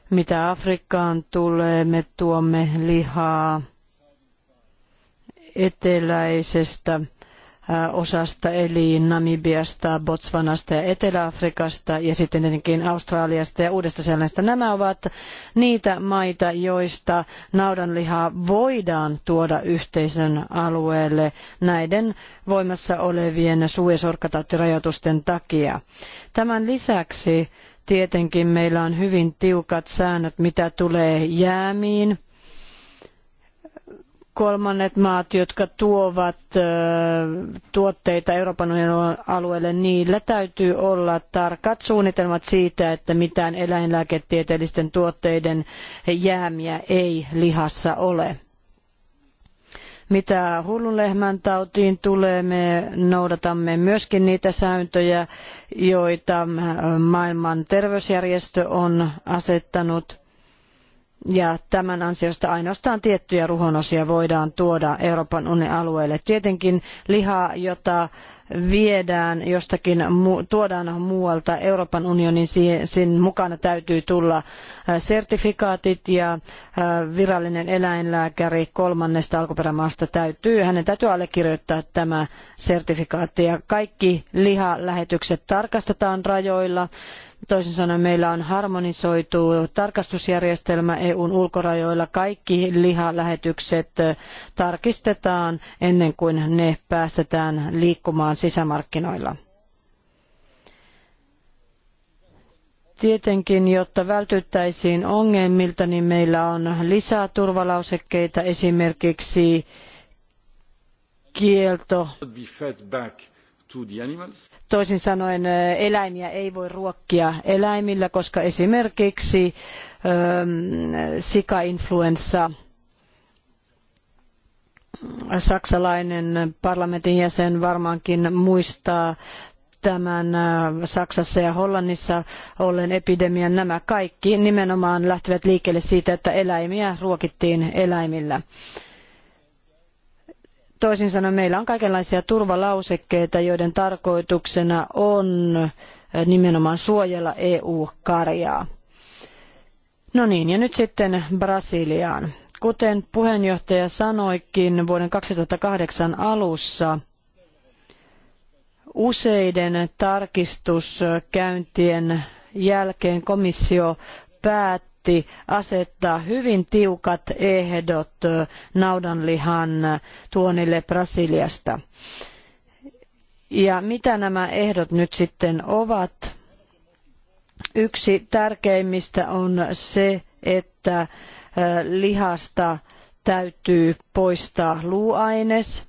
Mitä Afrikkaan tulee, me tuomme lihaa eteläisestä osasta, eli Namibiasta, Botswanasta ja Etelä-Afrikasta ja sitten tietenkin Australiasta ja Uudesta-Seelannista. Nämä ovat niitä maita, joista naudanlihaa voidaan tuoda yhteisön alueelle näiden voimassa olevien suu- ja sorkkatautirajoitusten takia. Tämän lisäksi tietenkin meillä on hyvin tiukat säännöt, mitä tulee jäämiin kolmannet maat, jotka tuovat tuotteita Euroopan unionin alueelle, niillä täytyy olla tarkat suunnitelmat siitä, että mitään eläinlääketieteellisten tuotteiden jäämiä ei lihassa ole. Mitä hullunlehmän tautiin tulee, me noudatamme myöskin niitä sääntöjä, joita maailman terveysjärjestö on asettanut ja tämän ansiosta ainoastaan tiettyjä ruhonosia voidaan tuoda Euroopan unionin alueelle. Tietenkin lihaa, jota viedään jostakin, tuodaan muualta Euroopan unionin, sen mukana täytyy tulla äh, sertifikaatit ja äh, virallinen eläinlääkäri kolmannesta alkuperämaasta täytyy, hänen täytyy allekirjoittaa tämä sertifikaatti ja kaikki lihalähetykset tarkastetaan rajoilla Toisin sanoen meillä on harmonisoitu tarkastusjärjestelmä EUn ulkorajoilla. Kaikki lihalähetykset tarkistetaan ennen kuin ne päästetään liikkumaan sisämarkkinoilla. Tietenkin, jotta vältyttäisiin ongelmilta, niin meillä on lisää turvalausekkeita, esimerkiksi kielto. Toisin sanoen eläimiä ei voi ruokkia eläimillä, koska esimerkiksi sikainfluenssa saksalainen parlamentin jäsen varmaankin muistaa tämän Saksassa ja Hollannissa olleen epidemian. Nämä kaikki nimenomaan lähtivät liikkeelle siitä, että eläimiä ruokittiin eläimillä. Toisin sanoen meillä on kaikenlaisia turvalausekkeita, joiden tarkoituksena on eh, nimenomaan suojella EU-karjaa. No niin, ja nyt sitten Brasiliaan. Kuten puheenjohtaja sanoikin vuoden 2008 alussa, useiden tarkistuskäyntien jälkeen komissio päätti, piti asettaa hyvin tiukat ehdot naudanlihan tuonille Brasiliasta. Ja mitä nämä ehdot nyt sitten ovat? Yksi tärkeimmistä on se, että lihasta täytyy poistaa luuaines.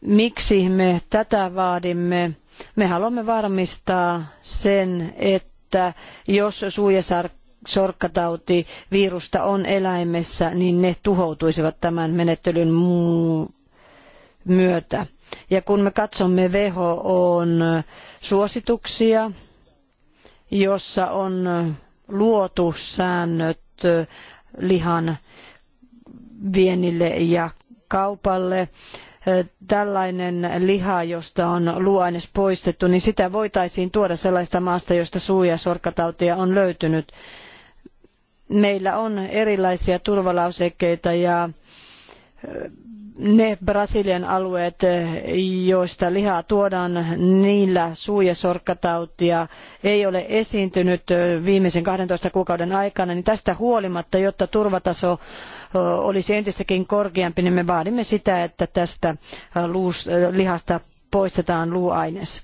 Miksi me tätä vaadimme? Me haluamme varmistaa sen, että jos suojasarkka sorkkatauti virusta on eläimessä, niin ne tuhoutuisivat tämän menettelyn myötä. Ja kun me katsomme WHOn suosituksia, jossa on luotu säännöt lihan vienille ja kaupalle, tällainen liha, josta on luuaines poistettu, niin sitä voitaisiin tuoda sellaista maasta, josta suu- ja sorkkatautia on löytynyt meillä on erilaisia turvalausekkeita ja ne Brasilian alueet, joista lihaa tuodaan, niillä suu- ja sorkkatautia ei ole esiintynyt viimeisen 12 kuukauden aikana, niin tästä huolimatta, jotta turvataso olisi entistäkin korkeampi, niin me vaadimme sitä, että tästä lihasta poistetaan luuaines.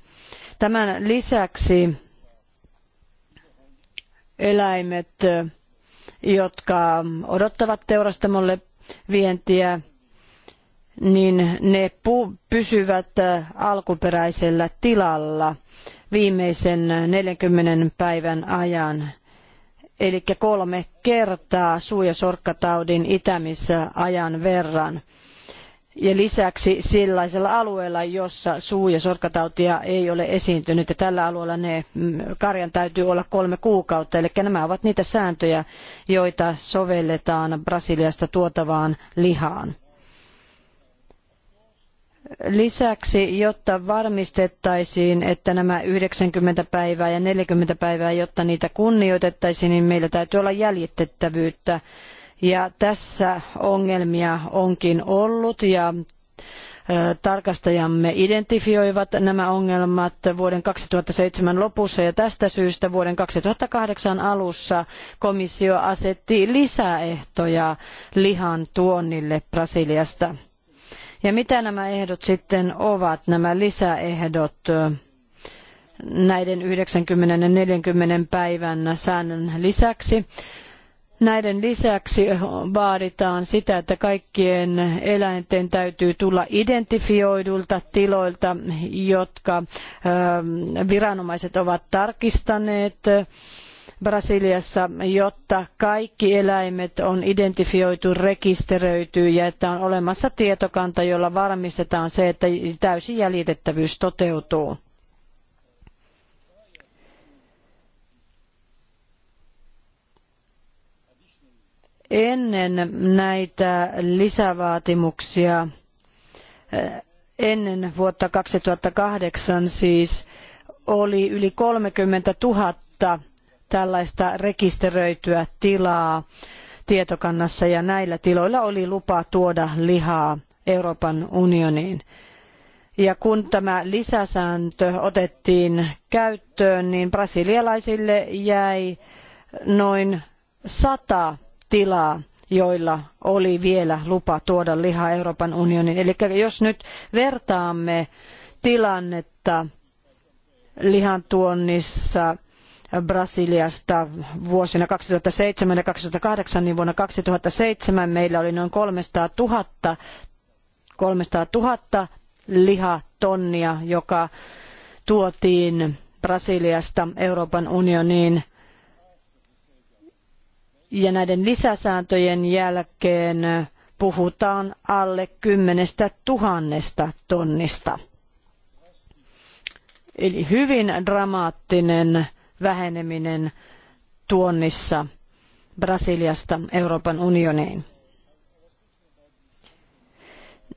Tämän lisäksi eläimet jotka odottavat teurastamolle vientiä, niin ne pysyvät äh, alkuperäisellä tilalla viimeisen 40 päivän ajan. Eli kolme kertaa suu- ja sorkkataudin itämisajan verran ja lisäksi sellaisella alueella, jossa suu- ja sorkatautia ei ole esiintynyt. Ja tällä alueella ne mm, karjan täytyy olla kolme kuukautta. Eli nämä ovat niitä sääntöjä, joita sovelletaan Brasiliasta tuotavaan lihaan. Lisäksi, jotta varmistettaisiin, että nämä 90 päivää ja 40 päivää, jotta niitä kunnioitettaisiin, niin meillä täytyy olla jäljitettävyyttä ja tässä ongelmia onkin ollut ja tarkastajamme identifioivat nämä ongelmat vuoden 2007 lopussa ja tästä syystä vuoden 2008 alussa komissio asetti lisäehtoja lihan tuonnille Brasiliasta. Ja mitä nämä ehdot sitten ovat, nämä lisäehdot näiden 90 40 päivän säännön lisäksi? Näiden lisäksi vaaditaan sitä, että kaikkien eläinten täytyy tulla identifioidulta tiloilta, jotka ähm, viranomaiset ovat tarkistaneet. Brasiliassa, jotta kaikki eläimet on identifioitu, rekisteröity ja että on olemassa tietokanta, jolla varmistetaan se, että täysi jäljitettävyys toteutuu. ennen näitä lisävaatimuksia, eh, ennen vuotta 2008 siis, oli yli 30 000 tällaista rekisteröityä tilaa tietokannassa ja näillä tiloilla oli lupa tuoda lihaa Euroopan unioniin. Ja kun tämä lisäsääntö otettiin käyttöön, niin brasilialaisille jäi noin sata tilaa joilla oli vielä lupa tuoda liha Euroopan unionin. Eli jos nyt vertaamme tilannetta lihantuonnissa Brasiliasta vuosina 2007 ja 2008, niin vuonna 2007 meillä oli noin 300 000, 300 000 lihatonnia, joka tuotiin Brasiliasta Euroopan unioniin ja näiden lisäsääntöjen jälkeen puhutaan alle kymmenestä tuhannesta tonnista. Eli hyvin dramaattinen väheneminen tuonnissa Brasiliasta Euroopan unioniin.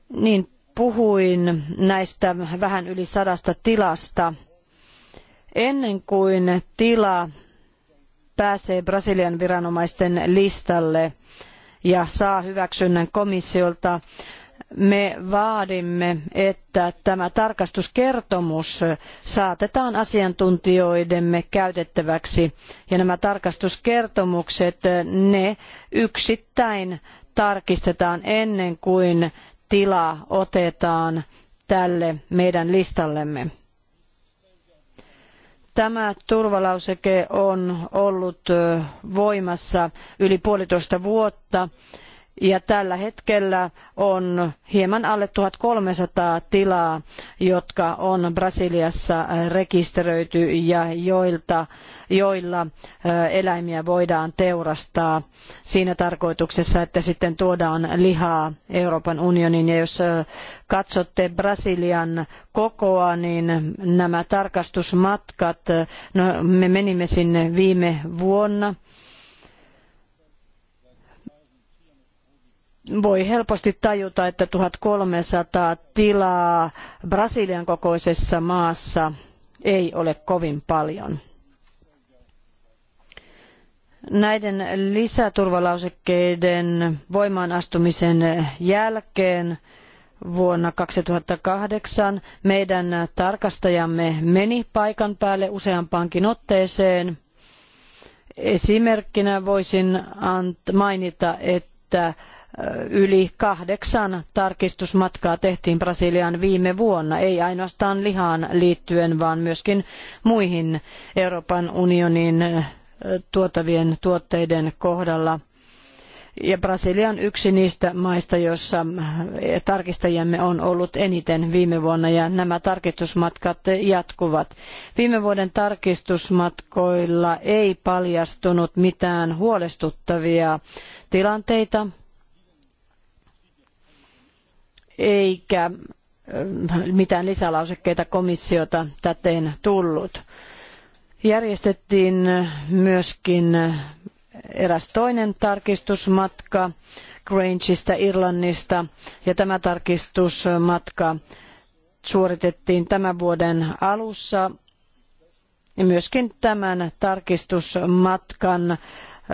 Niin puhuin näistä vähän yli sadasta tilasta. Ennen kuin tila pääsee Brasilian viranomaisten listalle ja saa hyväksynnän komissiolta, me vaadimme, että tämä tarkastuskertomus saatetaan asiantuntijoidemme käytettäväksi ja nämä tarkastuskertomukset ne yksittäin tarkistetaan ennen kuin tila otetaan tälle meidän listallemme. Tämä turvalauseke on ollut voimassa yli puolitoista vuotta ja tällä hetkellä on hieman alle 1300 tilaa, jotka on Brasiliassa rekisteröity ja joilta, joilla eh, eläimiä voidaan teurastaa siinä tarkoituksessa, että sitten tuodaan lihaa Euroopan unioniin. Ja jos eh, katsotte Brasilian kokoa, niin nämä tarkastusmatkat, eh, no, me menimme sinne viime vuonna – voi helposti tajuta, että 1300 tilaa Brasilian kokoisessa maassa ei ole kovin paljon. Näiden lisäturvalausekkeiden voimaanastumisen jälkeen vuonna 2008 meidän tarkastajamme meni paikan päälle useampaankin otteeseen. Esimerkkinä voisin mainita, että yli kahdeksan tarkistusmatkaa tehtiin Brasiliaan viime vuonna, ei ainoastaan lihaan liittyen, vaan myöskin muihin Euroopan unionin tuotavien tuotteiden kohdalla. Ja Brasilia on yksi niistä maista, joissa tarkistajiamme on ollut eniten viime vuonna ja nämä tarkistusmatkat jatkuvat. Viime vuoden tarkistusmatkoilla ei paljastunut mitään huolestuttavia tilanteita eikä äh, mitään lisälausekkeita komissiota täten tullut. Järjestettiin myöskin eräs toinen tarkistusmatka Grangeista Irlannista ja tämä tarkistusmatka suoritettiin tämän vuoden alussa ja myöskin tämän tarkistusmatkan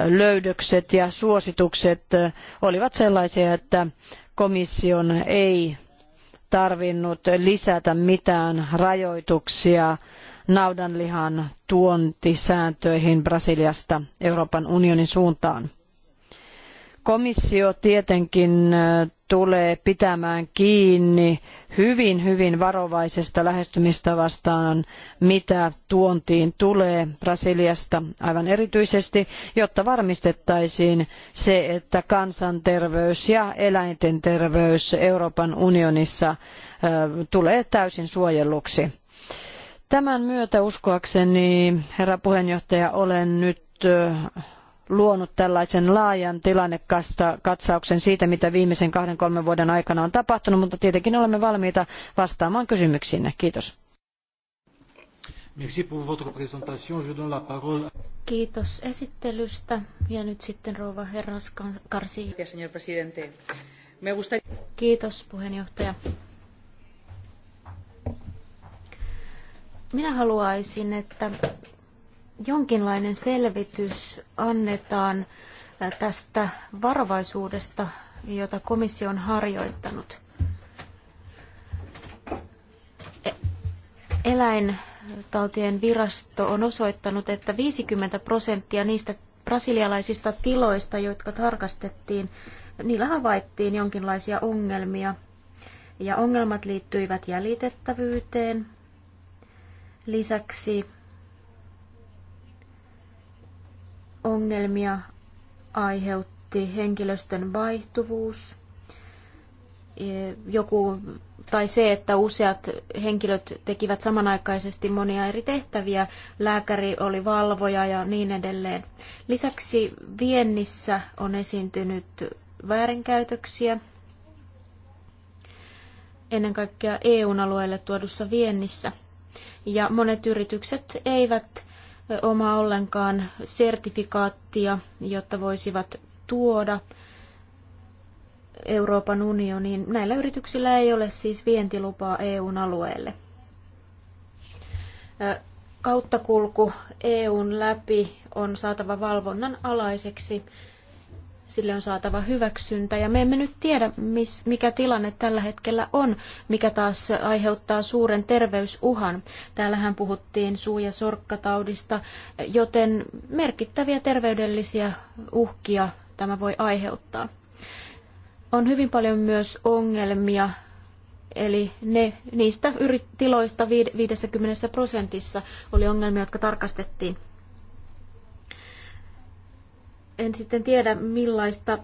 löydökset ja suositukset olivat sellaisia, että komission ei tarvinnut lisätä mitään rajoituksia naudanlihan tuontisääntöihin Brasiliasta Euroopan unionin suuntaan. Komissio tietenkin tulee pitämään kiinni hyvin, hyvin varovaisesta lähestymistavastaan, mitä tuontiin tulee Brasiliasta aivan erityisesti, jotta varmistettaisiin se, että kansanterveys ja eläinten terveys Euroopan unionissa tulee täysin suojelluksi. Tämän myötä uskoakseni, herra puheenjohtaja, olen nyt luonut tällaisen laajan tilannekatsauksen siitä, mitä viimeisen kahden kolmen vuoden aikana on tapahtunut, mutta tietenkin olemme valmiita vastaamaan kysymyksiinne. Kiitos. Kiitos esittelystä. Ja nyt sitten rouva Herras Karsi. Kiitos puheenjohtaja. Minä haluaisin, että jonkinlainen selvitys annetaan tästä varovaisuudesta, jota komissio on harjoittanut. E, eläintautien virasto on osoittanut, että 50 prosenttia niistä brasilialaisista tiloista, jotka tarkastettiin, niillä havaittiin jonkinlaisia ongelmia. Ja ongelmat liittyivät jäljitettävyyteen. Lisäksi ongelmia aiheutti henkilöstön vaihtuvuus, e, joku, tai se, että useat henkilöt tekivät samanaikaisesti monia eri tehtäviä, lääkäri oli valvoja ja niin edelleen. Lisäksi viennissä on esiintynyt väärinkäytöksiä, ennen kaikkea eu alueelle tuodussa viennissä. Ja monet yritykset eivät omaa ollenkaan sertifikaattia, jotta voisivat tuoda Euroopan unioniin. Näillä yrityksillä ei ole siis vientilupaa EUn alueelle. Kauttakulku EUn läpi on saatava valvonnan alaiseksi sille on saatava hyväksyntä. Ja me emme nyt tiedä, mis, mikä tilanne tällä hetkellä on, mikä taas aiheuttaa suuren terveysuhan. Täällähän puhuttiin suu- ja sorkkataudista, joten merkittäviä terveydellisiä uhkia tämä voi aiheuttaa. On hyvin paljon myös ongelmia Eli ne, niistä yrit, tiloista 50 prosentissa oli ongelmia, jotka tarkastettiin en sitten tiedä millaista,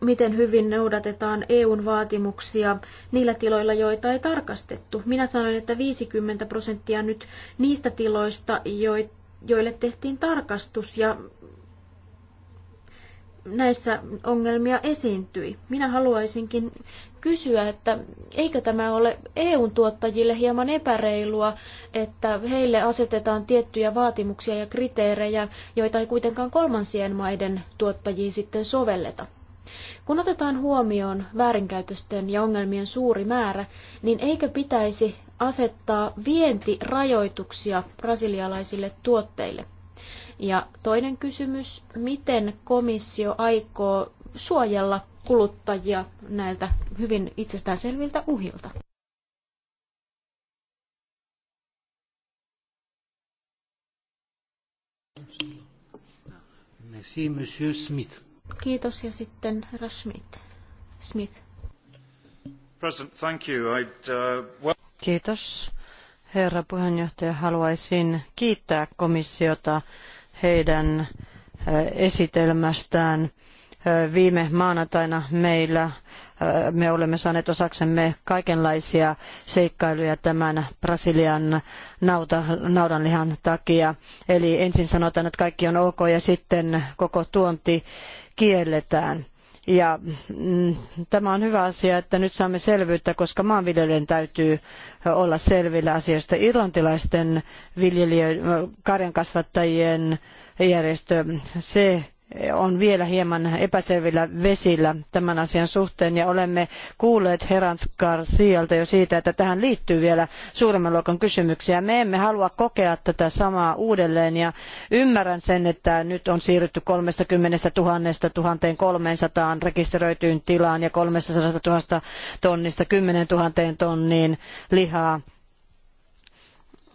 miten hyvin noudatetaan EUn vaatimuksia niillä tiloilla, joita ei tarkastettu. Minä sanoin, että 50 prosenttia nyt niistä tiloista, joille tehtiin tarkastus ja näissä ongelmia esiintyi. Minä haluaisinkin kysyä, että eikö tämä ole EU-tuottajille hieman epäreilua, että heille asetetaan tiettyjä vaatimuksia ja kriteerejä, joita ei kuitenkaan kolmansien maiden tuottajiin sitten sovelleta. Kun otetaan huomioon väärinkäytösten ja ongelmien suuri määrä, niin eikö pitäisi asettaa vientirajoituksia brasilialaisille tuotteille? Ja toinen kysymys, miten komissio aikoo suojella kuluttajia näiltä hyvin itsestäänselviltä uhilta. Merci, Monsieur Smith. Kiitos ja sitten herra Smith. Smith. President, thank you. I'd, uh, well... Kiitos. Herra puheenjohtaja, haluaisin kiittää komissiota heidän uh, esitelmästään. Viime maanantaina meillä me olemme saaneet osaksemme kaikenlaisia seikkailuja tämän Brasilian nauta, naudanlihan takia. Eli ensin sanotaan, että kaikki on ok ja sitten koko tuonti kielletään. Ja mm, tämä on hyvä asia, että nyt saamme selvyyttä, koska maanviljelijöiden täytyy olla selvillä asioista. Irlantilaisten viljelijöiden, karjankasvattajien järjestö, se on vielä hieman epäselvillä vesillä tämän asian suhteen ja olemme kuulleet Herans Garcialta jo siitä, että tähän liittyy vielä suuremman luokan kysymyksiä. Me emme halua kokea tätä samaa uudelleen ja ymmärrän sen, että nyt on siirrytty 30 000 1300 rekisteröityyn tilaan ja 300 000 tonnista 10 000 tonniin lihaa.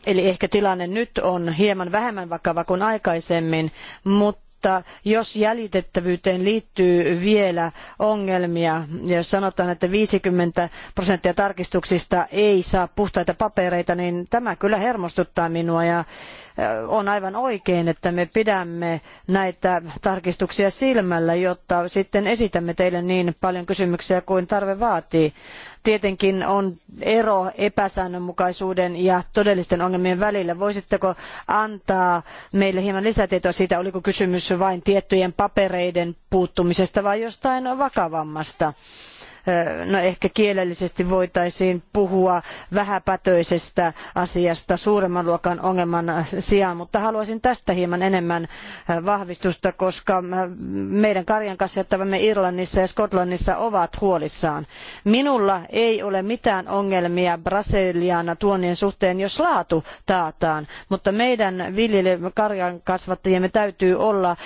Eli ehkä tilanne nyt on hieman vähemmän vakava kuin aikaisemmin, mutta mutta jos jäljitettävyyteen liittyy vielä ongelmia ja sanotaan, että 50 prosenttia tarkistuksista ei saa puhtaita papereita, niin tämä kyllä hermostuttaa minua ja on aivan oikein, että me pidämme näitä tarkistuksia silmällä, jotta sitten esitämme teille niin paljon kysymyksiä kuin tarve vaatii tietenkin on ero epäsäännönmukaisuuden ja todellisten ongelmien välillä. Voisitteko antaa meille hieman lisätietoa siitä, oliko kysymys vain tiettyjen papereiden puuttumisesta vai jostain vakavammasta? no ehkä kielellisesti voitaisiin puhua vähäpätöisestä asiasta suuremman luokan ongelman sijaan, mutta haluaisin tästä hieman enemmän vahvistusta, koska meidän karjan kasvattavamme Irlannissa ja Skotlannissa ovat huolissaan. Minulla ei ole mitään ongelmia brasiliana tuonien suhteen, jos laatu taataan, mutta meidän viljelijöiden karjan kasvattajiemme täytyy olla,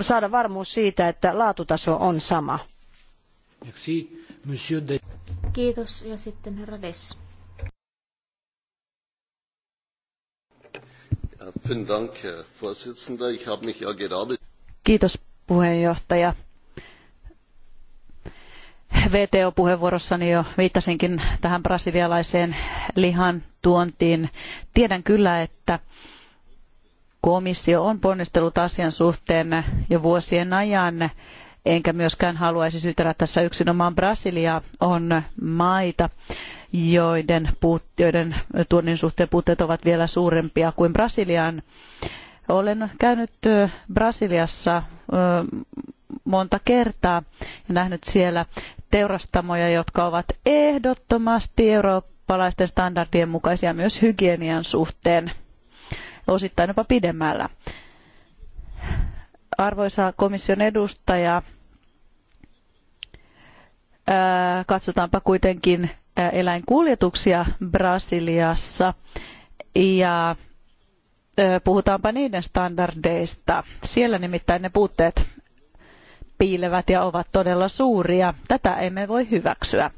saada varmuus siitä, että laatutaso on sama. Merci, Monsieur de... Kiitos ja sitten herra Des. Kiitos puheenjohtaja. VTO-puheenvuorossani jo viittasinkin tähän brasilialaiseen lihan tuontiin. Tiedän kyllä, että komissio on ponnistellut asian suhteen jo vuosien ajan enkä myöskään haluaisi syytellä tässä yksinomaan Brasiliaa, on maita, joiden, puut, joiden tuonnin suhteen puutteet ovat vielä suurempia kuin Brasilian. Olen käynyt Brasiliassa monta kertaa ja nähnyt siellä teurastamoja, jotka ovat ehdottomasti eurooppalaisten standardien mukaisia myös hygienian suhteen, osittain jopa pidemmällä. Arvoisa komission edustaja, Äh, katsotaanpa kuitenkin äh, eläinkuljetuksia Brasiliassa ja äh, puhutaanpa niiden standardeista. Siellä nimittäin ne puutteet piilevät ja ovat todella suuria. Tätä emme voi hyväksyä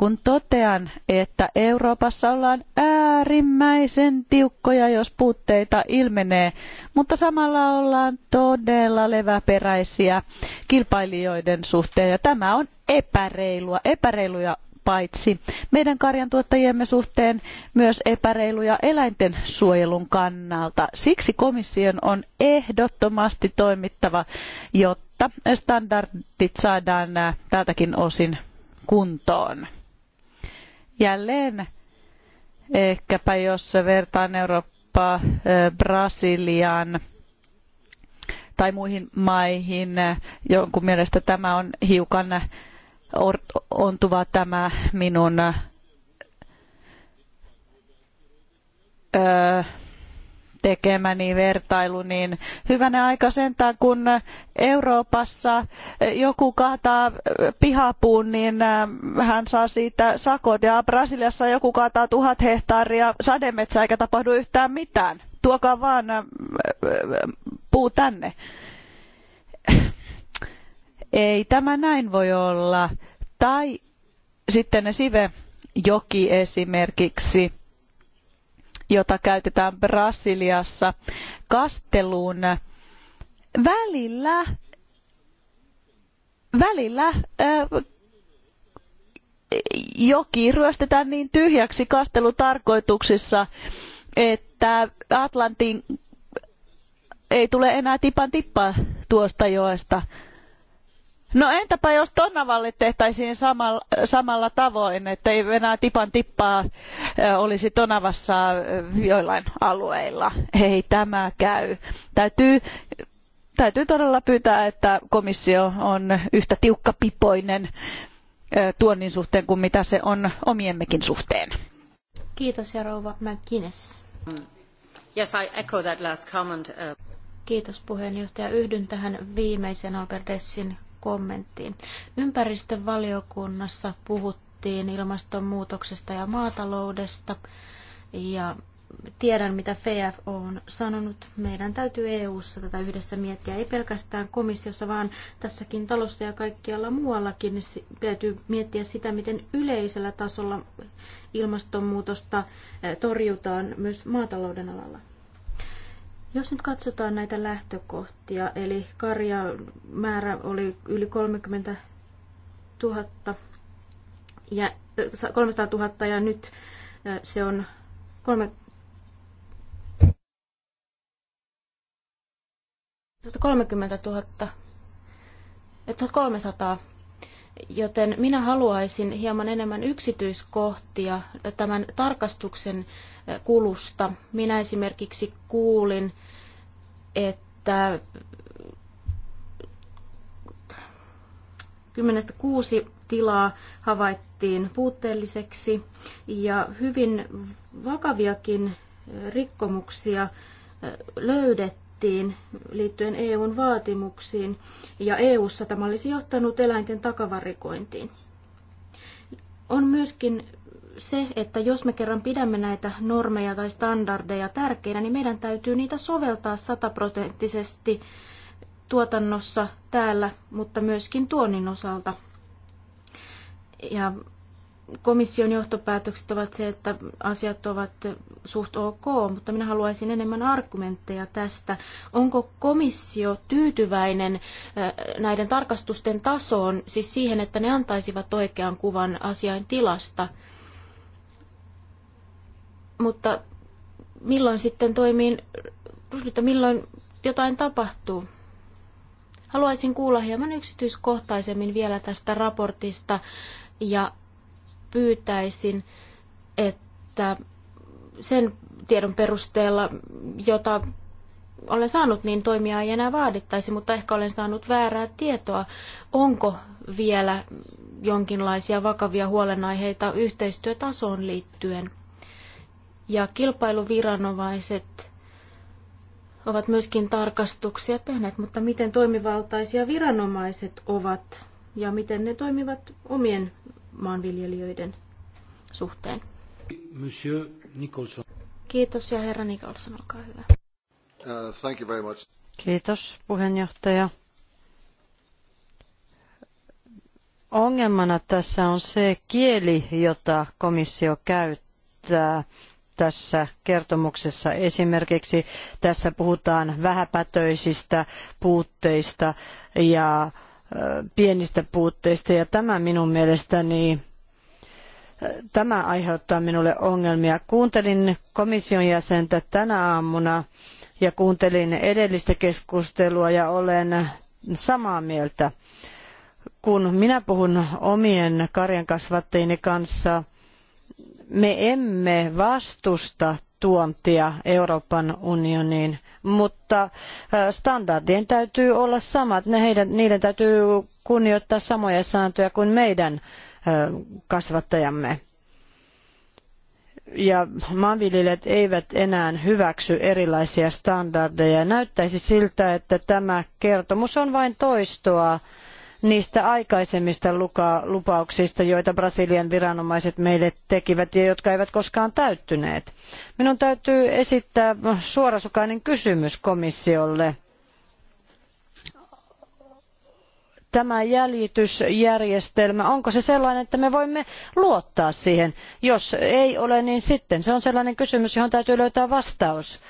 kun totean, että Euroopassa ollaan äärimmäisen tiukkoja, jos puutteita ilmenee, mutta samalla ollaan todella leväperäisiä kilpailijoiden suhteen. Ja tämä on epäreilua, epäreiluja paitsi meidän karjantuottajiemme suhteen myös epäreiluja eläinten suojelun kannalta. Siksi komission on ehdottomasti toimittava, jotta standardit saadaan tältäkin osin kuntoon jälleen ehkäpä jos vertaan Eurooppaa eh, Brasiliaan tai muihin maihin, eh, jonkun mielestä tämä on hiukan ontuva tämä minun eh, tekemäni vertailu, niin hyvänä aika sentään, kun Euroopassa joku kaataa pihapuun, niin äh, hän saa siitä sakot. Ja Brasiliassa joku kaataa tuhat hehtaaria sademetsää eikä tapahdu yhtään mitään. Tuokaa vaan äh, äh, puu tänne. Ei tämä näin voi olla. Tai sitten ne sive joki esimerkiksi jota käytetään Brasiliassa kasteluun, välillä, välillä joki ryöstetään niin tyhjäksi kastelutarkoituksissa, että Atlantin ei tule enää tipan tippaa tuosta joesta No entäpä jos tonnavalle tehtäisiin samalla, samalla tavoin, ettei enää tipan tippaa olisi tonavassa joillain alueilla. Ei tämä käy. Täytyy, täytyy todella pyytää, että komissio on yhtä tiukkapipoinen tuonnin suhteen kuin mitä se on omiemmekin suhteen. Kiitos ja rouva McGuinness. Mm. Yes, I echo that last comment. Uh, Kiitos puheenjohtaja. Yhdyn tähän viimeisen Albert Dessin kommenttiin. Ympäristövaliokunnassa puhuttiin ilmastonmuutoksesta ja maataloudesta ja tiedän, mitä FF e on sanonut. Meidän täytyy EU-ssa tätä yhdessä miettiä, ei pelkästään komissiossa, vaan tässäkin talossa ja kaikkialla muuallakin täytyy miettiä sitä, miten yleisellä tasolla ilmastonmuutosta eh, torjutaan myös maatalouden alalla. Jos nyt katsotaan näitä lähtökohtia, eli karja määrä oli yli 30 000 ja 300 äh, 000 ja nyt äh, se on 30 000, 1300 joten minä haluaisin hieman enemmän yksityiskohtia tämän tarkastuksen kulusta. Minä esimerkiksi kuulin, että 10-6 tilaa havaittiin puutteelliseksi ja hyvin vakaviakin rikkomuksia löydettiin liittyen EUn vaatimuksiin ja EUssa tämä olisi johtanut eläinten takavarikointiin. On myöskin se, että jos me kerran pidämme näitä normeja tai standardeja tärkeinä, niin meidän täytyy niitä soveltaa sataprosenttisesti tuotannossa täällä, mutta myöskin tuonnin osalta. Ja komission johtopäätökset ovat se, että asiat ovat suht ok, mutta minä haluaisin enemmän argumentteja tästä. Onko komissio tyytyväinen näiden tarkastusten tasoon, siis siihen, että ne antaisivat oikean kuvan asian tilasta? Mutta milloin sitten toimiin, että milloin jotain tapahtuu? Haluaisin kuulla hieman yksityiskohtaisemmin vielä tästä raportista ja pyytäisin, että sen tiedon perusteella, jota olen saanut, niin toimia ei enää vaadittaisi, mutta ehkä olen saanut väärää tietoa. Onko vielä jonkinlaisia vakavia huolenaiheita yhteistyötasoon liittyen? ja kilpailuviranomaiset ovat myöskin tarkastuksia tehneet, mutta miten toimivaltaisia viranomaiset ovat ja miten ne toimivat omien maanviljelijöiden suhteen? Monsieur Nicholson. Kiitos ja herra Nicholson, olkaa hyvä. Uh, thank you very much. Kiitos puheenjohtaja. Ongelmana tässä on se kieli, jota komissio käyttää tässä kertomuksessa. Esimerkiksi tässä puhutaan vähäpätöisistä puutteista ja pienistä puutteista ja tämä minun mielestäni Tämä aiheuttaa minulle ongelmia. Kuuntelin komission jäsentä tänä aamuna ja kuuntelin edellistä keskustelua ja olen samaa mieltä. Kun minä puhun omien karjankasvattajini kanssa, me emme vastusta tuontia Euroopan unioniin, mutta äh, standardien täytyy olla samat. Ne heidän, niiden täytyy kunnioittaa samoja sääntöjä kuin meidän äh, kasvattajamme. Ja maanviljelijät eivät enää hyväksy erilaisia standardeja. Näyttäisi siltä, että tämä kertomus on vain toistoa niistä aikaisemmista lupauksista, joita Brasilian viranomaiset meille tekivät ja jotka eivät koskaan täyttyneet. Minun täytyy esittää suorasukainen kysymys komissiolle. tämä jäljitysjärjestelmä, onko se sellainen, että me voimme luottaa siihen? Jos ei ole, niin sitten se on sellainen kysymys, johon täytyy löytää vastaus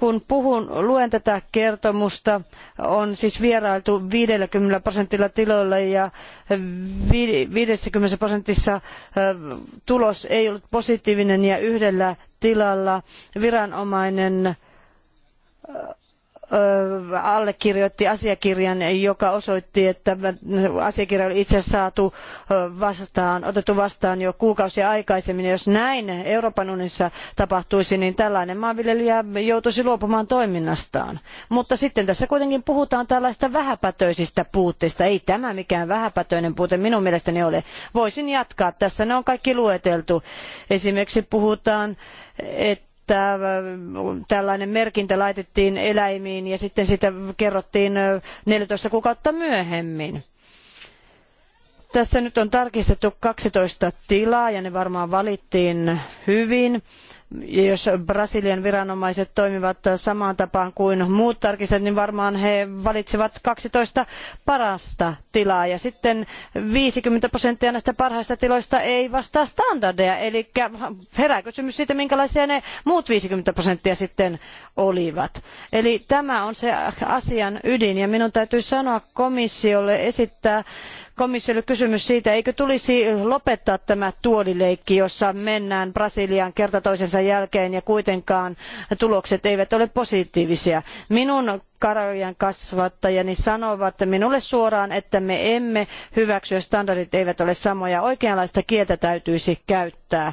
kun puhun, luen tätä kertomusta, on siis vierailtu 50 prosentilla tiloilla ja 50 prosentissa tulos ei ollut positiivinen ja yhdellä tilalla viranomainen allekirjoitti asiakirjan, joka osoitti, että asiakirja oli itse saatu vastaan, otettu vastaan jo kuukausia aikaisemmin. jos näin Euroopan unionissa tapahtuisi, niin tällainen maanviljelijä joutuisi luopumaan toiminnastaan. Mutta sitten tässä kuitenkin puhutaan tällaista vähäpätöisistä puutteista. Ei tämä mikään vähäpätöinen puute minun mielestäni ole. Voisin jatkaa. Tässä ne on kaikki lueteltu. Esimerkiksi puhutaan, että että äh, tällainen merkintä laitettiin eläimiin ja sitten sitä kerrottiin 14 äh, kuukautta myöhemmin. Tässä nyt on tarkistettu 12 tilaa ja ne varmaan valittiin hyvin. Ja jos Brasilian viranomaiset toimivat samaan tapaan kuin muut tarkistajat, niin varmaan he valitsevat 12 parasta tilaa. Ja sitten 50 prosenttia näistä parhaista tiloista ei vastaa standardeja. Eli herää kysymys siitä, minkälaisia ne muut 50 prosenttia sitten olivat. Eli tämä on se asian ydin ja minun täytyy sanoa komissiolle esittää komissiolle kysymys siitä, eikö tulisi lopettaa tämä tuolileikki, jossa mennään Brasiliaan kerta toisensa jälkeen ja kuitenkaan tulokset eivät ole positiivisia. Minun karjojen kasvattajani sanovat minulle suoraan, että me emme hyväksy, standardit eivät ole samoja. Oikeanlaista kieltä täytyisi käyttää.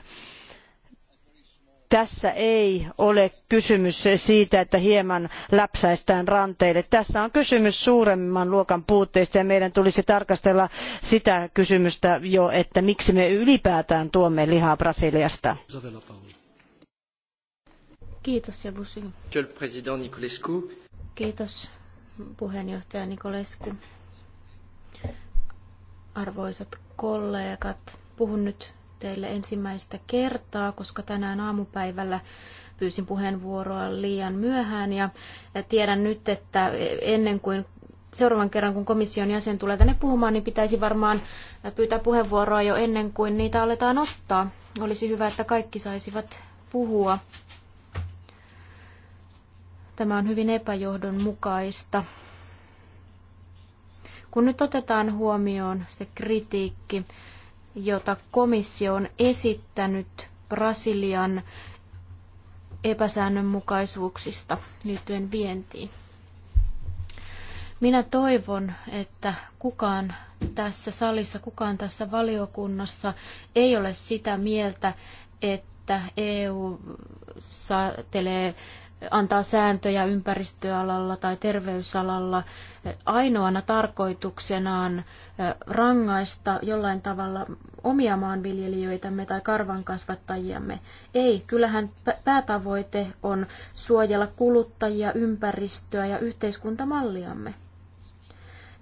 Tässä ei ole kysymys siitä, että hieman läpsäistään ranteille. Tässä on kysymys suuremman luokan puutteista ja meidän tulisi tarkastella sitä kysymystä jo, että miksi me ylipäätään tuomme lihaa Brasiliasta. Kiitos ja Kiitos puheenjohtaja Nikolescu. Arvoisat kollegat, puhun nyt teille ensimmäistä kertaa, koska tänään aamupäivällä pyysin puheenvuoroa liian myöhään ja tiedän nyt, että ennen kuin seuraavan kerran, kun komission jäsen tulee tänne puhumaan, niin pitäisi varmaan pyytää puheenvuoroa jo ennen kuin niitä aletaan ottaa. Olisi hyvä, että kaikki saisivat puhua. Tämä on hyvin epäjohdonmukaista. Kun nyt otetaan huomioon se kritiikki, jota komissio on esittänyt Brasilian epäsäännönmukaisuuksista liittyen vientiin. Minä toivon, että kukaan tässä salissa, kukaan tässä valiokunnassa ei ole sitä mieltä, että EU saatelee antaa sääntöjä ympäristöalalla tai terveysalalla ainoana tarkoituksenaan rangaista jollain tavalla omia maanviljelijöitämme tai karvankasvattajiamme. Ei, kyllähän päätavoite on suojella kuluttajia, ympäristöä ja yhteiskuntamalliamme.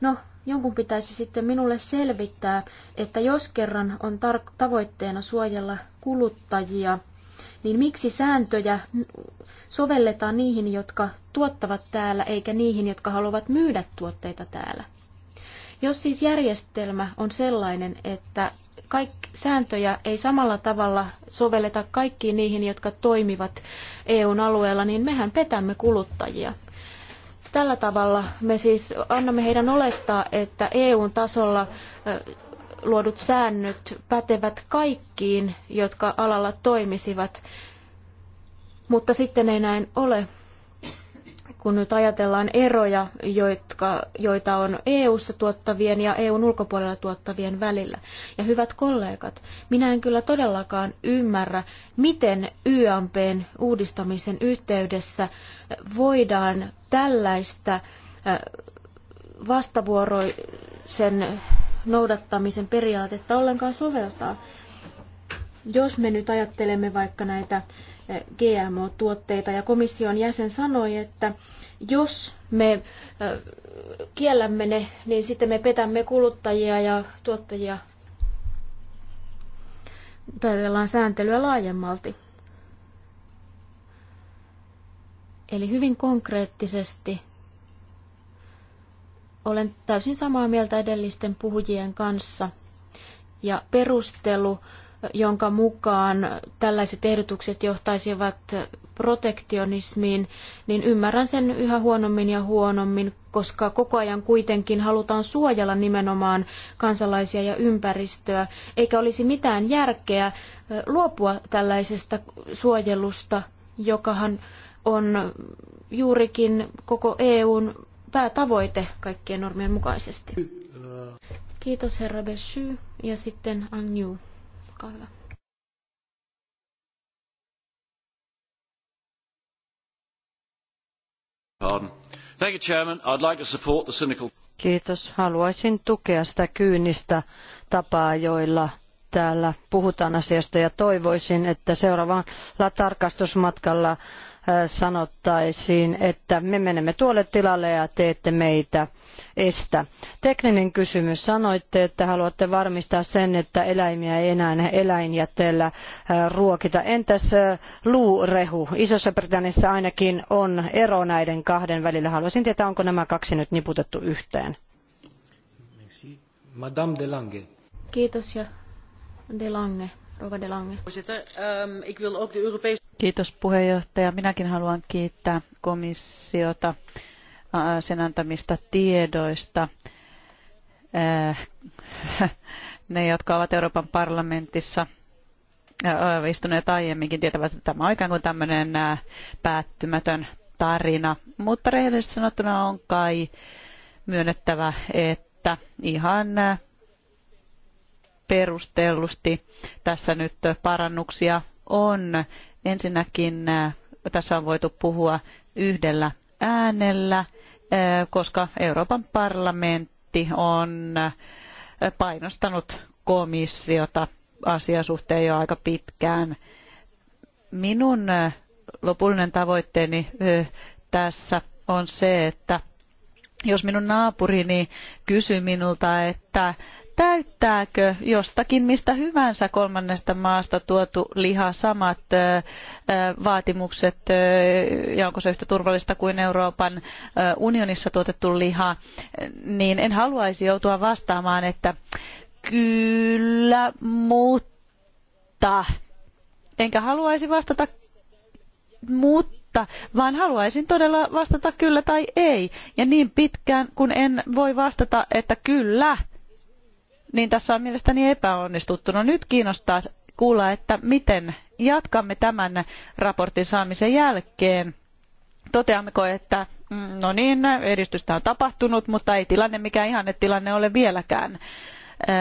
No, jonkun pitäisi sitten minulle selvittää, että jos kerran on tavoitteena suojella kuluttajia, niin miksi sääntöjä sovelletaan niihin, jotka tuottavat täällä, eikä niihin, jotka haluavat myydä tuotteita täällä. Jos siis järjestelmä on sellainen, että kaikki sääntöjä ei samalla tavalla sovelleta kaikkiin niihin, jotka toimivat EUn alueella, niin mehän petämme kuluttajia. Tällä tavalla me siis annamme heidän olettaa, että EUn tasolla luodut säännöt pätevät kaikkiin, jotka alalla toimisivat, mutta sitten ei näin ole, kun nyt ajatellaan eroja, jotka, joita on EU-ssa tuottavien ja EUn ulkopuolella tuottavien välillä. Ja hyvät kollegat, minä en kyllä todellakaan ymmärrä, miten YMPn uudistamisen yhteydessä voidaan tällaista vastavuoroisen noudattamisen periaatetta ollenkaan soveltaa. Jos me nyt ajattelemme vaikka näitä GMO-tuotteita ja komission jäsen sanoi, että jos me kiellämme ne, niin sitten me petämme kuluttajia ja tuottajia. Tarjotellaan sääntelyä laajemmalti. Eli hyvin konkreettisesti olen täysin samaa mieltä edellisten puhujien kanssa. Ja perustelu jonka mukaan tällaiset ehdotukset johtaisivat protektionismiin, niin ymmärrän sen yhä huonommin ja huonommin, koska koko ajan kuitenkin halutaan suojella nimenomaan kansalaisia ja ympäristöä, eikä olisi mitään järkeä luopua tällaisesta suojelusta, jokahan on juurikin koko EUn päätavoite kaikkien normien mukaisesti. Kiitos herra ja sitten Agnew olkaa hyvä. Thank you, Chairman. I'd like to support the cynical... Kiitos. Haluaisin tukea sitä kyynistä tapaa, joilla täällä puhutaan asiasta ja toivoisin, että seuraavalla tarkastusmatkalla sanottaisiin, että me menemme tuolle tilalle ja te ette meitä estä. Tekninen kysymys. Sanoitte, että haluatte varmistaa sen, että eläimiä ei enää eläinjätteellä ruokita. Entäs luurehu? Isossa Britanniassa ainakin on ero näiden kahden välillä. Haluaisin tietää, onko nämä kaksi nyt niputettu yhteen. Madame de Lange. Kiitos ja de Lange. Rova Voorzitter, ehm, ik wil ook de Europese Kiitos puheenjohtaja. Minäkin haluan kiittää komissiota sen antamista tiedoista. <laughs> Ne, jotka ovat Euroopan parlamentissa istuneet aiemminkin, tietävät, että tämä on ikään kuin tämmöinen päättymätön tarina. Mutta rehellisesti sanottuna on kai myönnettävä, että ihan perustellusti tässä nyt parannuksia on Ensinnäkin äh, tässä on voitu puhua yhdellä äänellä, äh, koska Euroopan parlamentti on äh, painostanut komissiota asiasuhteen jo aika pitkään. Minun lopullinen tavoitteeni tässä on se, että jos minun naapurini niin kysyy minulta, että täyttääkö jostakin mistä hyvänsä kolmannesta maasta tuotu liha samat vaatimukset ja onko se yhtä turvallista kuin Euroopan unionissa tuotettu liha, niin en haluaisi joutua vastaamaan, että kyllä, mutta. Enkä haluaisi vastata, mutta vaan haluaisin todella vastata kyllä tai ei. Ja niin pitkään, kun en voi vastata, että kyllä niin tässä on mielestäni epäonnistuttu. No nyt kiinnostaa kuulla, että miten jatkamme tämän raportin saamisen jälkeen. Toteammeko, että mm, no niin, edistystä on tapahtunut, mutta ei tilanne mikään ihanne tilanne ole vieläkään. Öö,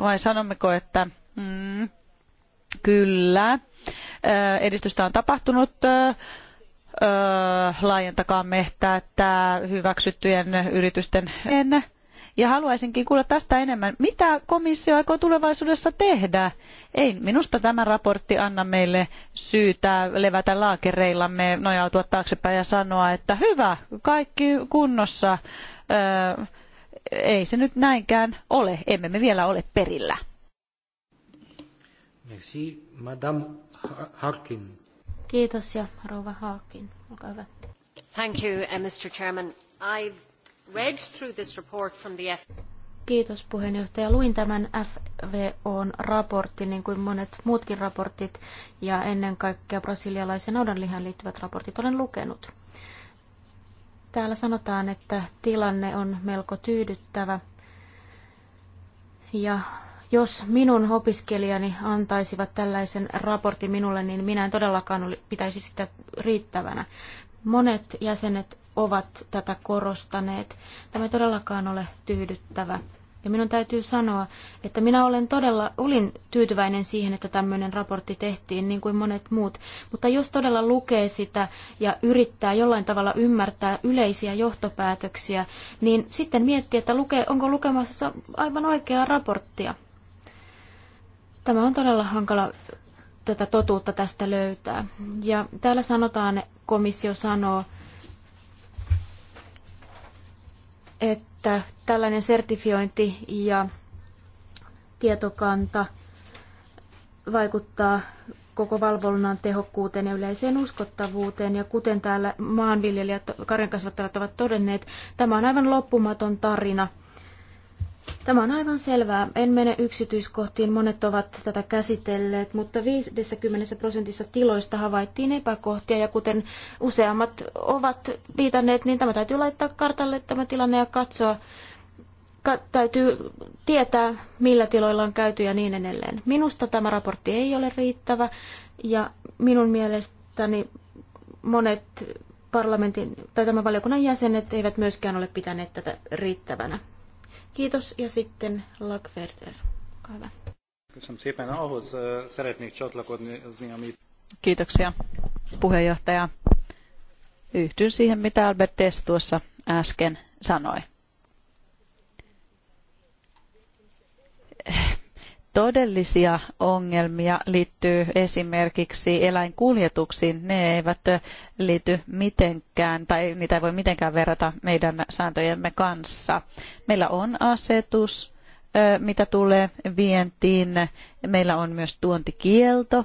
vai sanommeko, että mm, kyllä, öö, edistystä on tapahtunut, öö, laajentakaamme tätä hyväksyttyjen yritysten en ja haluaisinkin kuulla tästä enemmän. Mitä komissio aikoo tulevaisuudessa tehdä? Ei minusta tämä raportti anna meille syytä levätä laakereillamme, nojautua taaksepäin ja sanoa, että hyvä, kaikki kunnossa. Öö, ei se nyt näinkään ole. Emme me vielä ole perillä. Merci, Madame Harkin. Kiitos ja rouva Harkin. Olkaa hyvä. Thank you, uh, Mr. Chairman. I've read through this report from the F Kiitos puheenjohtaja. Luin tämän FVOn raportin, niin kuin monet muutkin raportit, ja ennen kaikkea brasilialaisen naudanlihan liittyvät raportit olen lukenut. Täällä sanotaan, että tilanne on melko tyydyttävä. Ja jos minun opiskelijani antaisivat tällaisen raportin minulle, niin minä en todellakaan pitäisi sitä riittävänä. Monet jäsenet ovat tätä korostaneet. Tämä ei todellakaan ole tyydyttävä. Ja minun täytyy sanoa, että minä olen todella, olin tyytyväinen siihen, että tämmöinen raportti tehtiin, niin kuin monet muut. Mutta jos todella lukee sitä ja yrittää jollain tavalla ymmärtää yleisiä johtopäätöksiä, niin sitten miettii, että lukee, onko lukemassa aivan oikeaa raporttia. Tämä on todella hankala tätä totuutta tästä löytää. Ja täällä sanotaan, komissio sanoo, että tällainen sertifiointi ja tietokanta vaikuttaa koko valvonnan tehokkuuteen ja yleiseen uskottavuuteen. Ja kuten täällä maanviljelijät, karjankasvattajat ovat todenneet, tämä on aivan loppumaton tarina – Tämä on aivan selvää. En mene yksityiskohtiin, monet ovat tätä käsitelleet, mutta 50 prosentissa tiloista havaittiin epäkohtia ja kuten useammat ovat viitanneet, niin tämä täytyy laittaa kartalle tämä tilanne ja katsoa, ka- täytyy tietää, millä tiloilla on käyty ja niin edelleen. Minusta tämä raportti ei ole riittävä ja minun mielestäni monet parlamentin tai tämän valiokunnan jäsenet eivät myöskään ole pitäneet tätä riittävänä. Kiitos ja sitten Lackwerder. Olkaa hyvä. Kiitoksia puheenjohtaja. Yhdyn siihen, mitä Albert Tess tuossa äsken sanoi todellisia ongelmia liittyy esimerkiksi eläinkuljetuksiin. Ne eivät liity mitenkään tai niitä ei voi mitenkään verrata meidän sääntöjemme kanssa. Meillä on asetus, mitä tulee vientiin. Meillä on myös tuontikielto.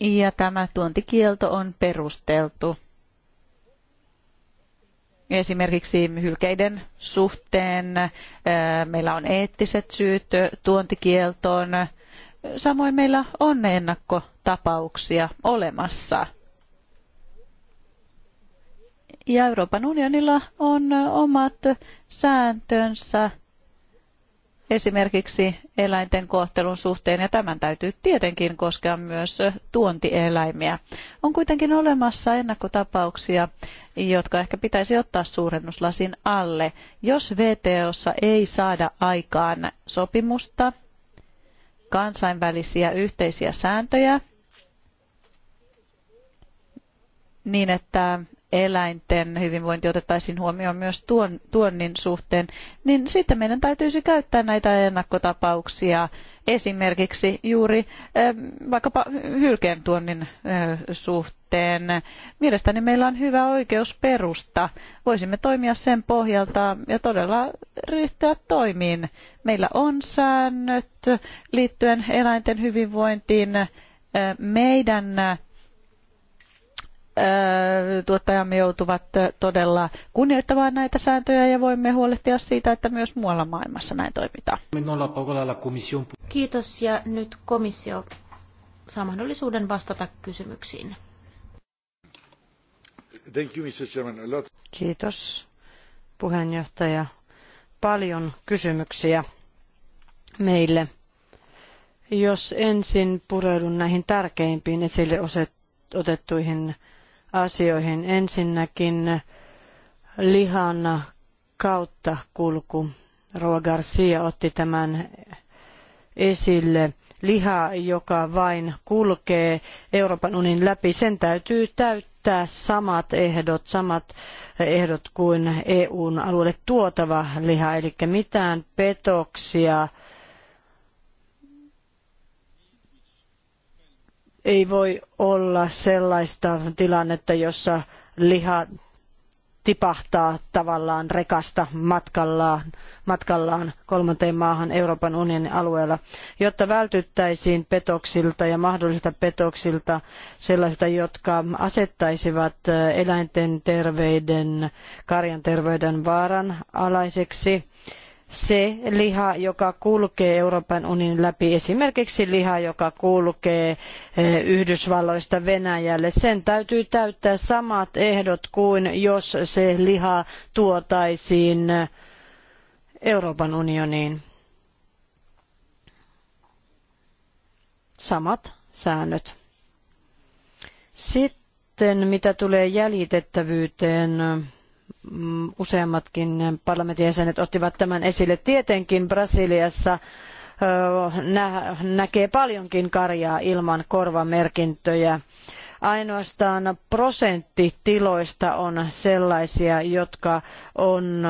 Ja tämä tuontikielto on perusteltu Esimerkiksi hylkeiden suhteen äh, meillä on eettiset syyt tuontikieltoon. Samoin meillä on ennakkotapauksia olemassa. Ja Euroopan unionilla on omat sääntönsä esimerkiksi eläinten kohtelun suhteen, ja tämän täytyy tietenkin koskea myös tuontieläimiä. On kuitenkin olemassa ennakkotapauksia jotka ehkä pitäisi ottaa suurennuslasin alle. Jos VTOssa ei saada aikaan sopimusta, kansainvälisiä yhteisiä sääntöjä, niin että eläinten hyvinvointi otettaisiin huomioon myös tuon, tuonnin suhteen, niin sitten meidän täytyisi käyttää näitä ennakkotapauksia esimerkiksi juuri vaikkapa hylkeen tuonnin suhteen. Mielestäni meillä on hyvä oikeusperusta. Voisimme toimia sen pohjalta ja todella ryhtyä toimiin. Meillä on säännöt liittyen eläinten hyvinvointiin meidän tuottajamme joutuvat todella kunnioittamaan näitä sääntöjä ja voimme huolehtia siitä, että myös muualla maailmassa näin toimitaan. Kiitos ja nyt komissio saa mahdollisuuden vastata kysymyksiin. Kiitos puheenjohtaja. Paljon kysymyksiä meille. Jos ensin pureudun näihin tärkeimpiin esille otettuihin asioihin. Ensinnäkin lihan kautta kulku. Roa Garcia otti tämän esille. Liha, joka vain kulkee Euroopan unin läpi, sen täytyy täyttää samat ehdot, samat ehdot kuin EUn alueelle tuotava liha, eli mitään petoksia Ei voi olla sellaista tilannetta, jossa liha tipahtaa tavallaan rekasta matkallaan, matkallaan kolmanteen maahan Euroopan unionin alueella, jotta vältyttäisiin petoksilta ja mahdollisilta petoksilta sellaisilta, jotka asettaisivat eh, eläinten terveyden, karjan terveyden vaaran alaiseksi se liha, joka kulkee Euroopan unionin läpi, esimerkiksi liha, joka kulkee eh, Yhdysvalloista Venäjälle, sen täytyy täyttää samat ehdot kuin jos se liha tuotaisiin eh, Euroopan unioniin. Samat säännöt. Sitten mitä tulee jäljitettävyyteen, Mm, useammatkin parlamentin jäsenet ottivat tämän esille. Tietenkin Brasiliassa näkee paljonkin karjaa ilman korvamerkintöjä. Ainoastaan prosentti tiloista on sellaisia, jotka on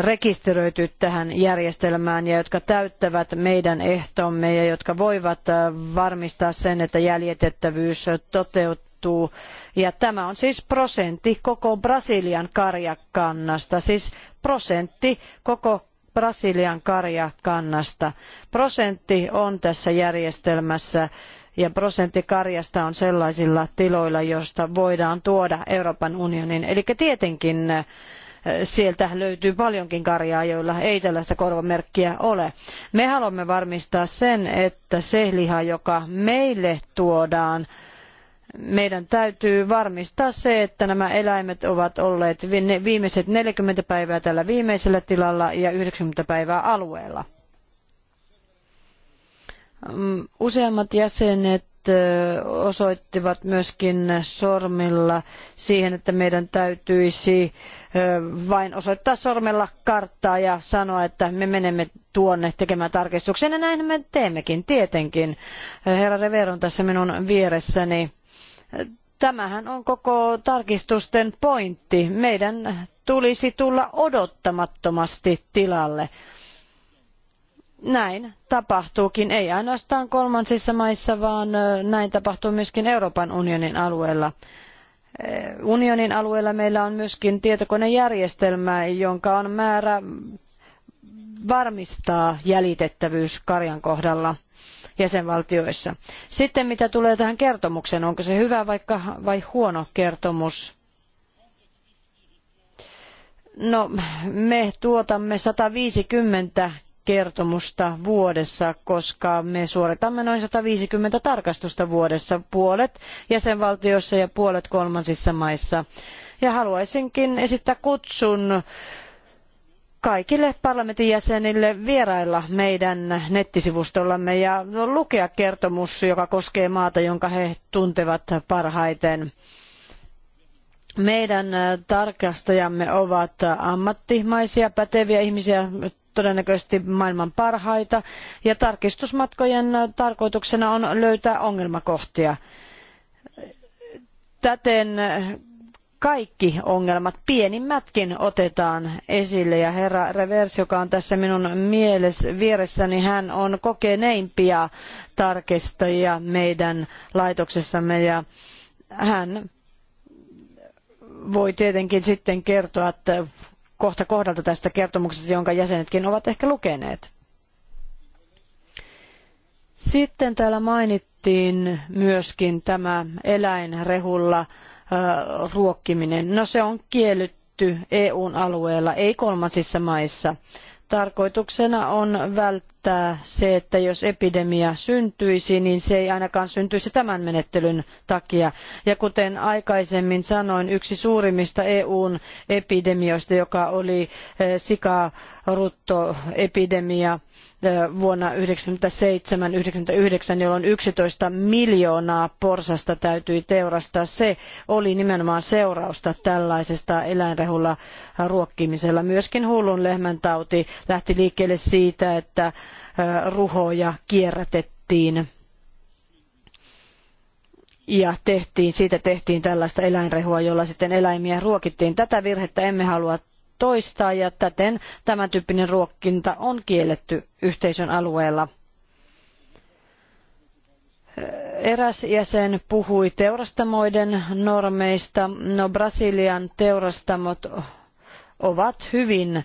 rekisteröity tähän järjestelmään ja jotka täyttävät meidän ehtomme ja jotka voivat varmistaa sen, että jäljitettävyys toteutuu puuttuu. Ja tämä on siis prosentti koko Brasilian karjakannasta, siis prosentti koko Brasilian karjakannasta. Prosentti on tässä järjestelmässä ja prosentti karjasta on sellaisilla tiloilla, joista voidaan tuoda Euroopan unionin. Eli tietenkin eh, sieltä löytyy paljonkin karjaa, joilla ei tällaista korvamerkkiä ole. Me haluamme varmistaa sen, että se liha, joka meille tuodaan, meidän täytyy varmistaa se, että nämä eläimet ovat olleet viimeiset 40 päivää tällä viimeisellä tilalla ja 90 päivää alueella. Mm, useammat jäsenet osoittivat myöskin sormilla siihen, että meidän täytyisi vain osoittaa sormella karttaa ja sanoa, että me menemme tuonne tekemään tarkistuksen. Ja näin me teemmekin, tietenkin. Herra Rever on tässä minun vieressäni. Tämähän on koko tarkistusten pointti. Meidän tulisi tulla odottamattomasti tilalle. Näin tapahtuukin, ei ainoastaan kolmansissa maissa, vaan näin tapahtuu myöskin Euroopan unionin alueella. Unionin alueella meillä on myöskin tietokonejärjestelmä, jonka on määrä varmistaa jäljitettävyys karjan kohdalla jäsenvaltioissa. Sitten mitä tulee tähän kertomukseen, onko se hyvä vaikka, vai huono kertomus? No, me tuotamme 150 kertomusta vuodessa, koska me suoritamme noin 150 tarkastusta vuodessa, puolet jäsenvaltioissa ja puolet kolmansissa maissa. Ja haluaisinkin esittää kutsun kaikille parlamentin jäsenille vierailla meidän nettisivustollamme ja lukea kertomus, joka koskee maata, jonka he tuntevat parhaiten. Meidän tarkastajamme ovat ammattimaisia, päteviä ihmisiä, todennäköisesti maailman parhaita, ja tarkistusmatkojen tarkoituksena on löytää ongelmakohtia. Täten kaikki ongelmat, pienimmätkin otetaan esille. Ja herra Revers, joka on tässä minun mielessä vieressäni, hän on kokeneimpia tarkistajia meidän laitoksessamme ja hän voi tietenkin sitten kertoa että kohta kohdalta tästä kertomuksesta, jonka jäsenetkin ovat ehkä lukeneet. Sitten täällä mainittiin myöskin tämä eläinrehulla ruokkiminen. No se on kielletty EUn alueella, ei kolmansissa maissa. Tarkoituksena on välttää välttää se, että jos epidemia syntyisi, niin se ei ainakaan syntyisi tämän menettelyn takia. Ja kuten aikaisemmin sanoin, yksi suurimmista EUn epidemioista, joka oli eh, sikaruttoepidemia eh, vuonna 1997-1999, jolloin 11 miljoonaa porsasta täytyi teurastaa, se oli nimenomaan seurausta tällaisesta eläinrehulla ruokkimisella. Myöskin hullun lehmän tauti lähti liikkeelle siitä, että ruhoja kierrätettiin ja tehtiin, siitä tehtiin tällaista eläinrehua, jolla sitten eläimiä ruokittiin. Tätä virhettä emme halua toistaa ja täten tämän tyyppinen ruokkinta on kielletty yhteisön alueella. Eräs jäsen puhui teurastamoiden normeista. No Brasilian teurastamot ovat hyvin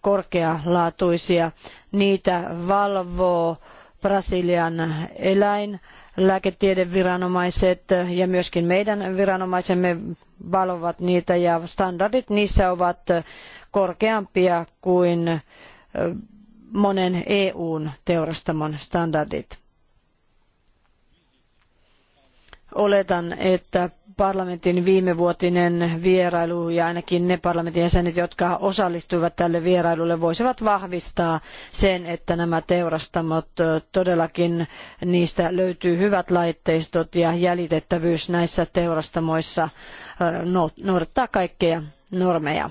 korkealaatuisia. Niitä valvoo Brasilian eläin lääketiedeviranomaiset ja myöskin meidän viranomaisemme valvovat niitä ja standardit niissä ovat korkeampia kuin monen EUn teurastamon standardit. Oletan, että parlamentin viimevuotinen vierailu ja ainakin ne parlamentin jäsenet, jotka osallistuivat tälle vierailulle, voisivat vahvistaa sen, että nämä teurastamot todellakin niistä löytyy hyvät laitteistot ja jäljitettävyys näissä teurastamoissa no, noudattaa kaikkea normeja.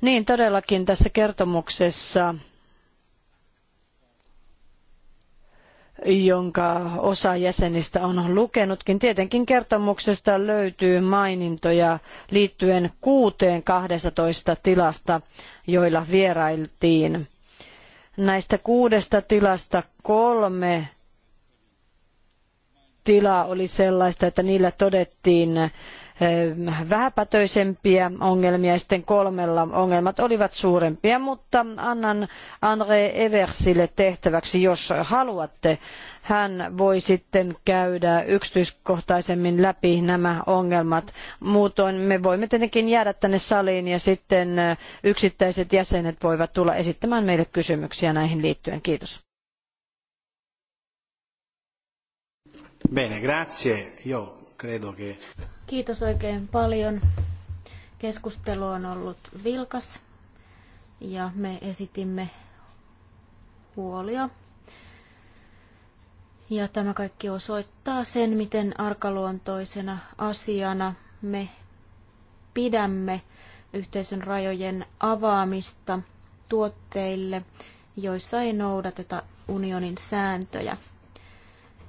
Niin todellakin tässä kertomuksessa jonka osa jäsenistä on lukenutkin. Tietenkin kertomuksesta löytyy mainintoja liittyen kuuteen 12 tilasta, joilla vierailtiin. Näistä kuudesta tilasta kolme tilaa oli sellaista, että niillä todettiin Äh, vähäpätöisempiä ongelmia. Sitten kolmella ongelmat olivat suurempia, mutta annan Andre Eversille tehtäväksi, jos haluatte. Hän voi sitten käydä yksityiskohtaisemmin läpi nämä ongelmat. Muutoin me voimme tietenkin jäädä tänne saliin ja sitten äh, yksittäiset jäsenet voivat tulla esittämään meille kysymyksiä näihin liittyen. Kiitos. Bene, grazie. Io credo che... Kiitos oikein paljon. Keskustelu on ollut vilkas ja me esitimme huolia. Ja tämä kaikki osoittaa sen, miten arkaluontoisena asiana me pidämme yhteisön rajojen avaamista tuotteille, joissa ei noudateta unionin sääntöjä.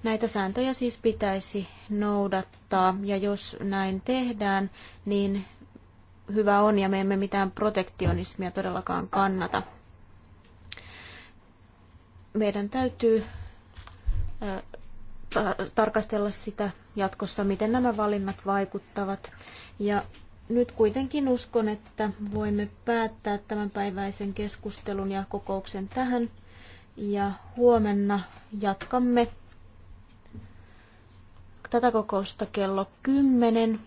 Näitä sääntöjä siis pitäisi noudattaa ja jos näin tehdään, niin hyvä on ja me emme mitään protektionismia todellakaan kannata. Meidän täytyy tarkastella sitä jatkossa, miten nämä valinnat vaikuttavat. Ja nyt kuitenkin uskon, että voimme päättää tämänpäiväisen keskustelun ja kokouksen tähän. Ja huomenna jatkamme tätä kokousta kello 10.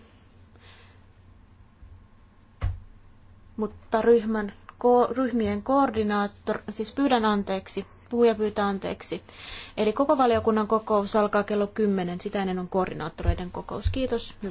Mutta ryhmän, ko, ryhmien koordinaattor, siis pyydän anteeksi, puhuja pyytää anteeksi. Eli koko valiokunnan kokous alkaa kello 10, sitä ennen on koordinaattoreiden kokous. Kiitos.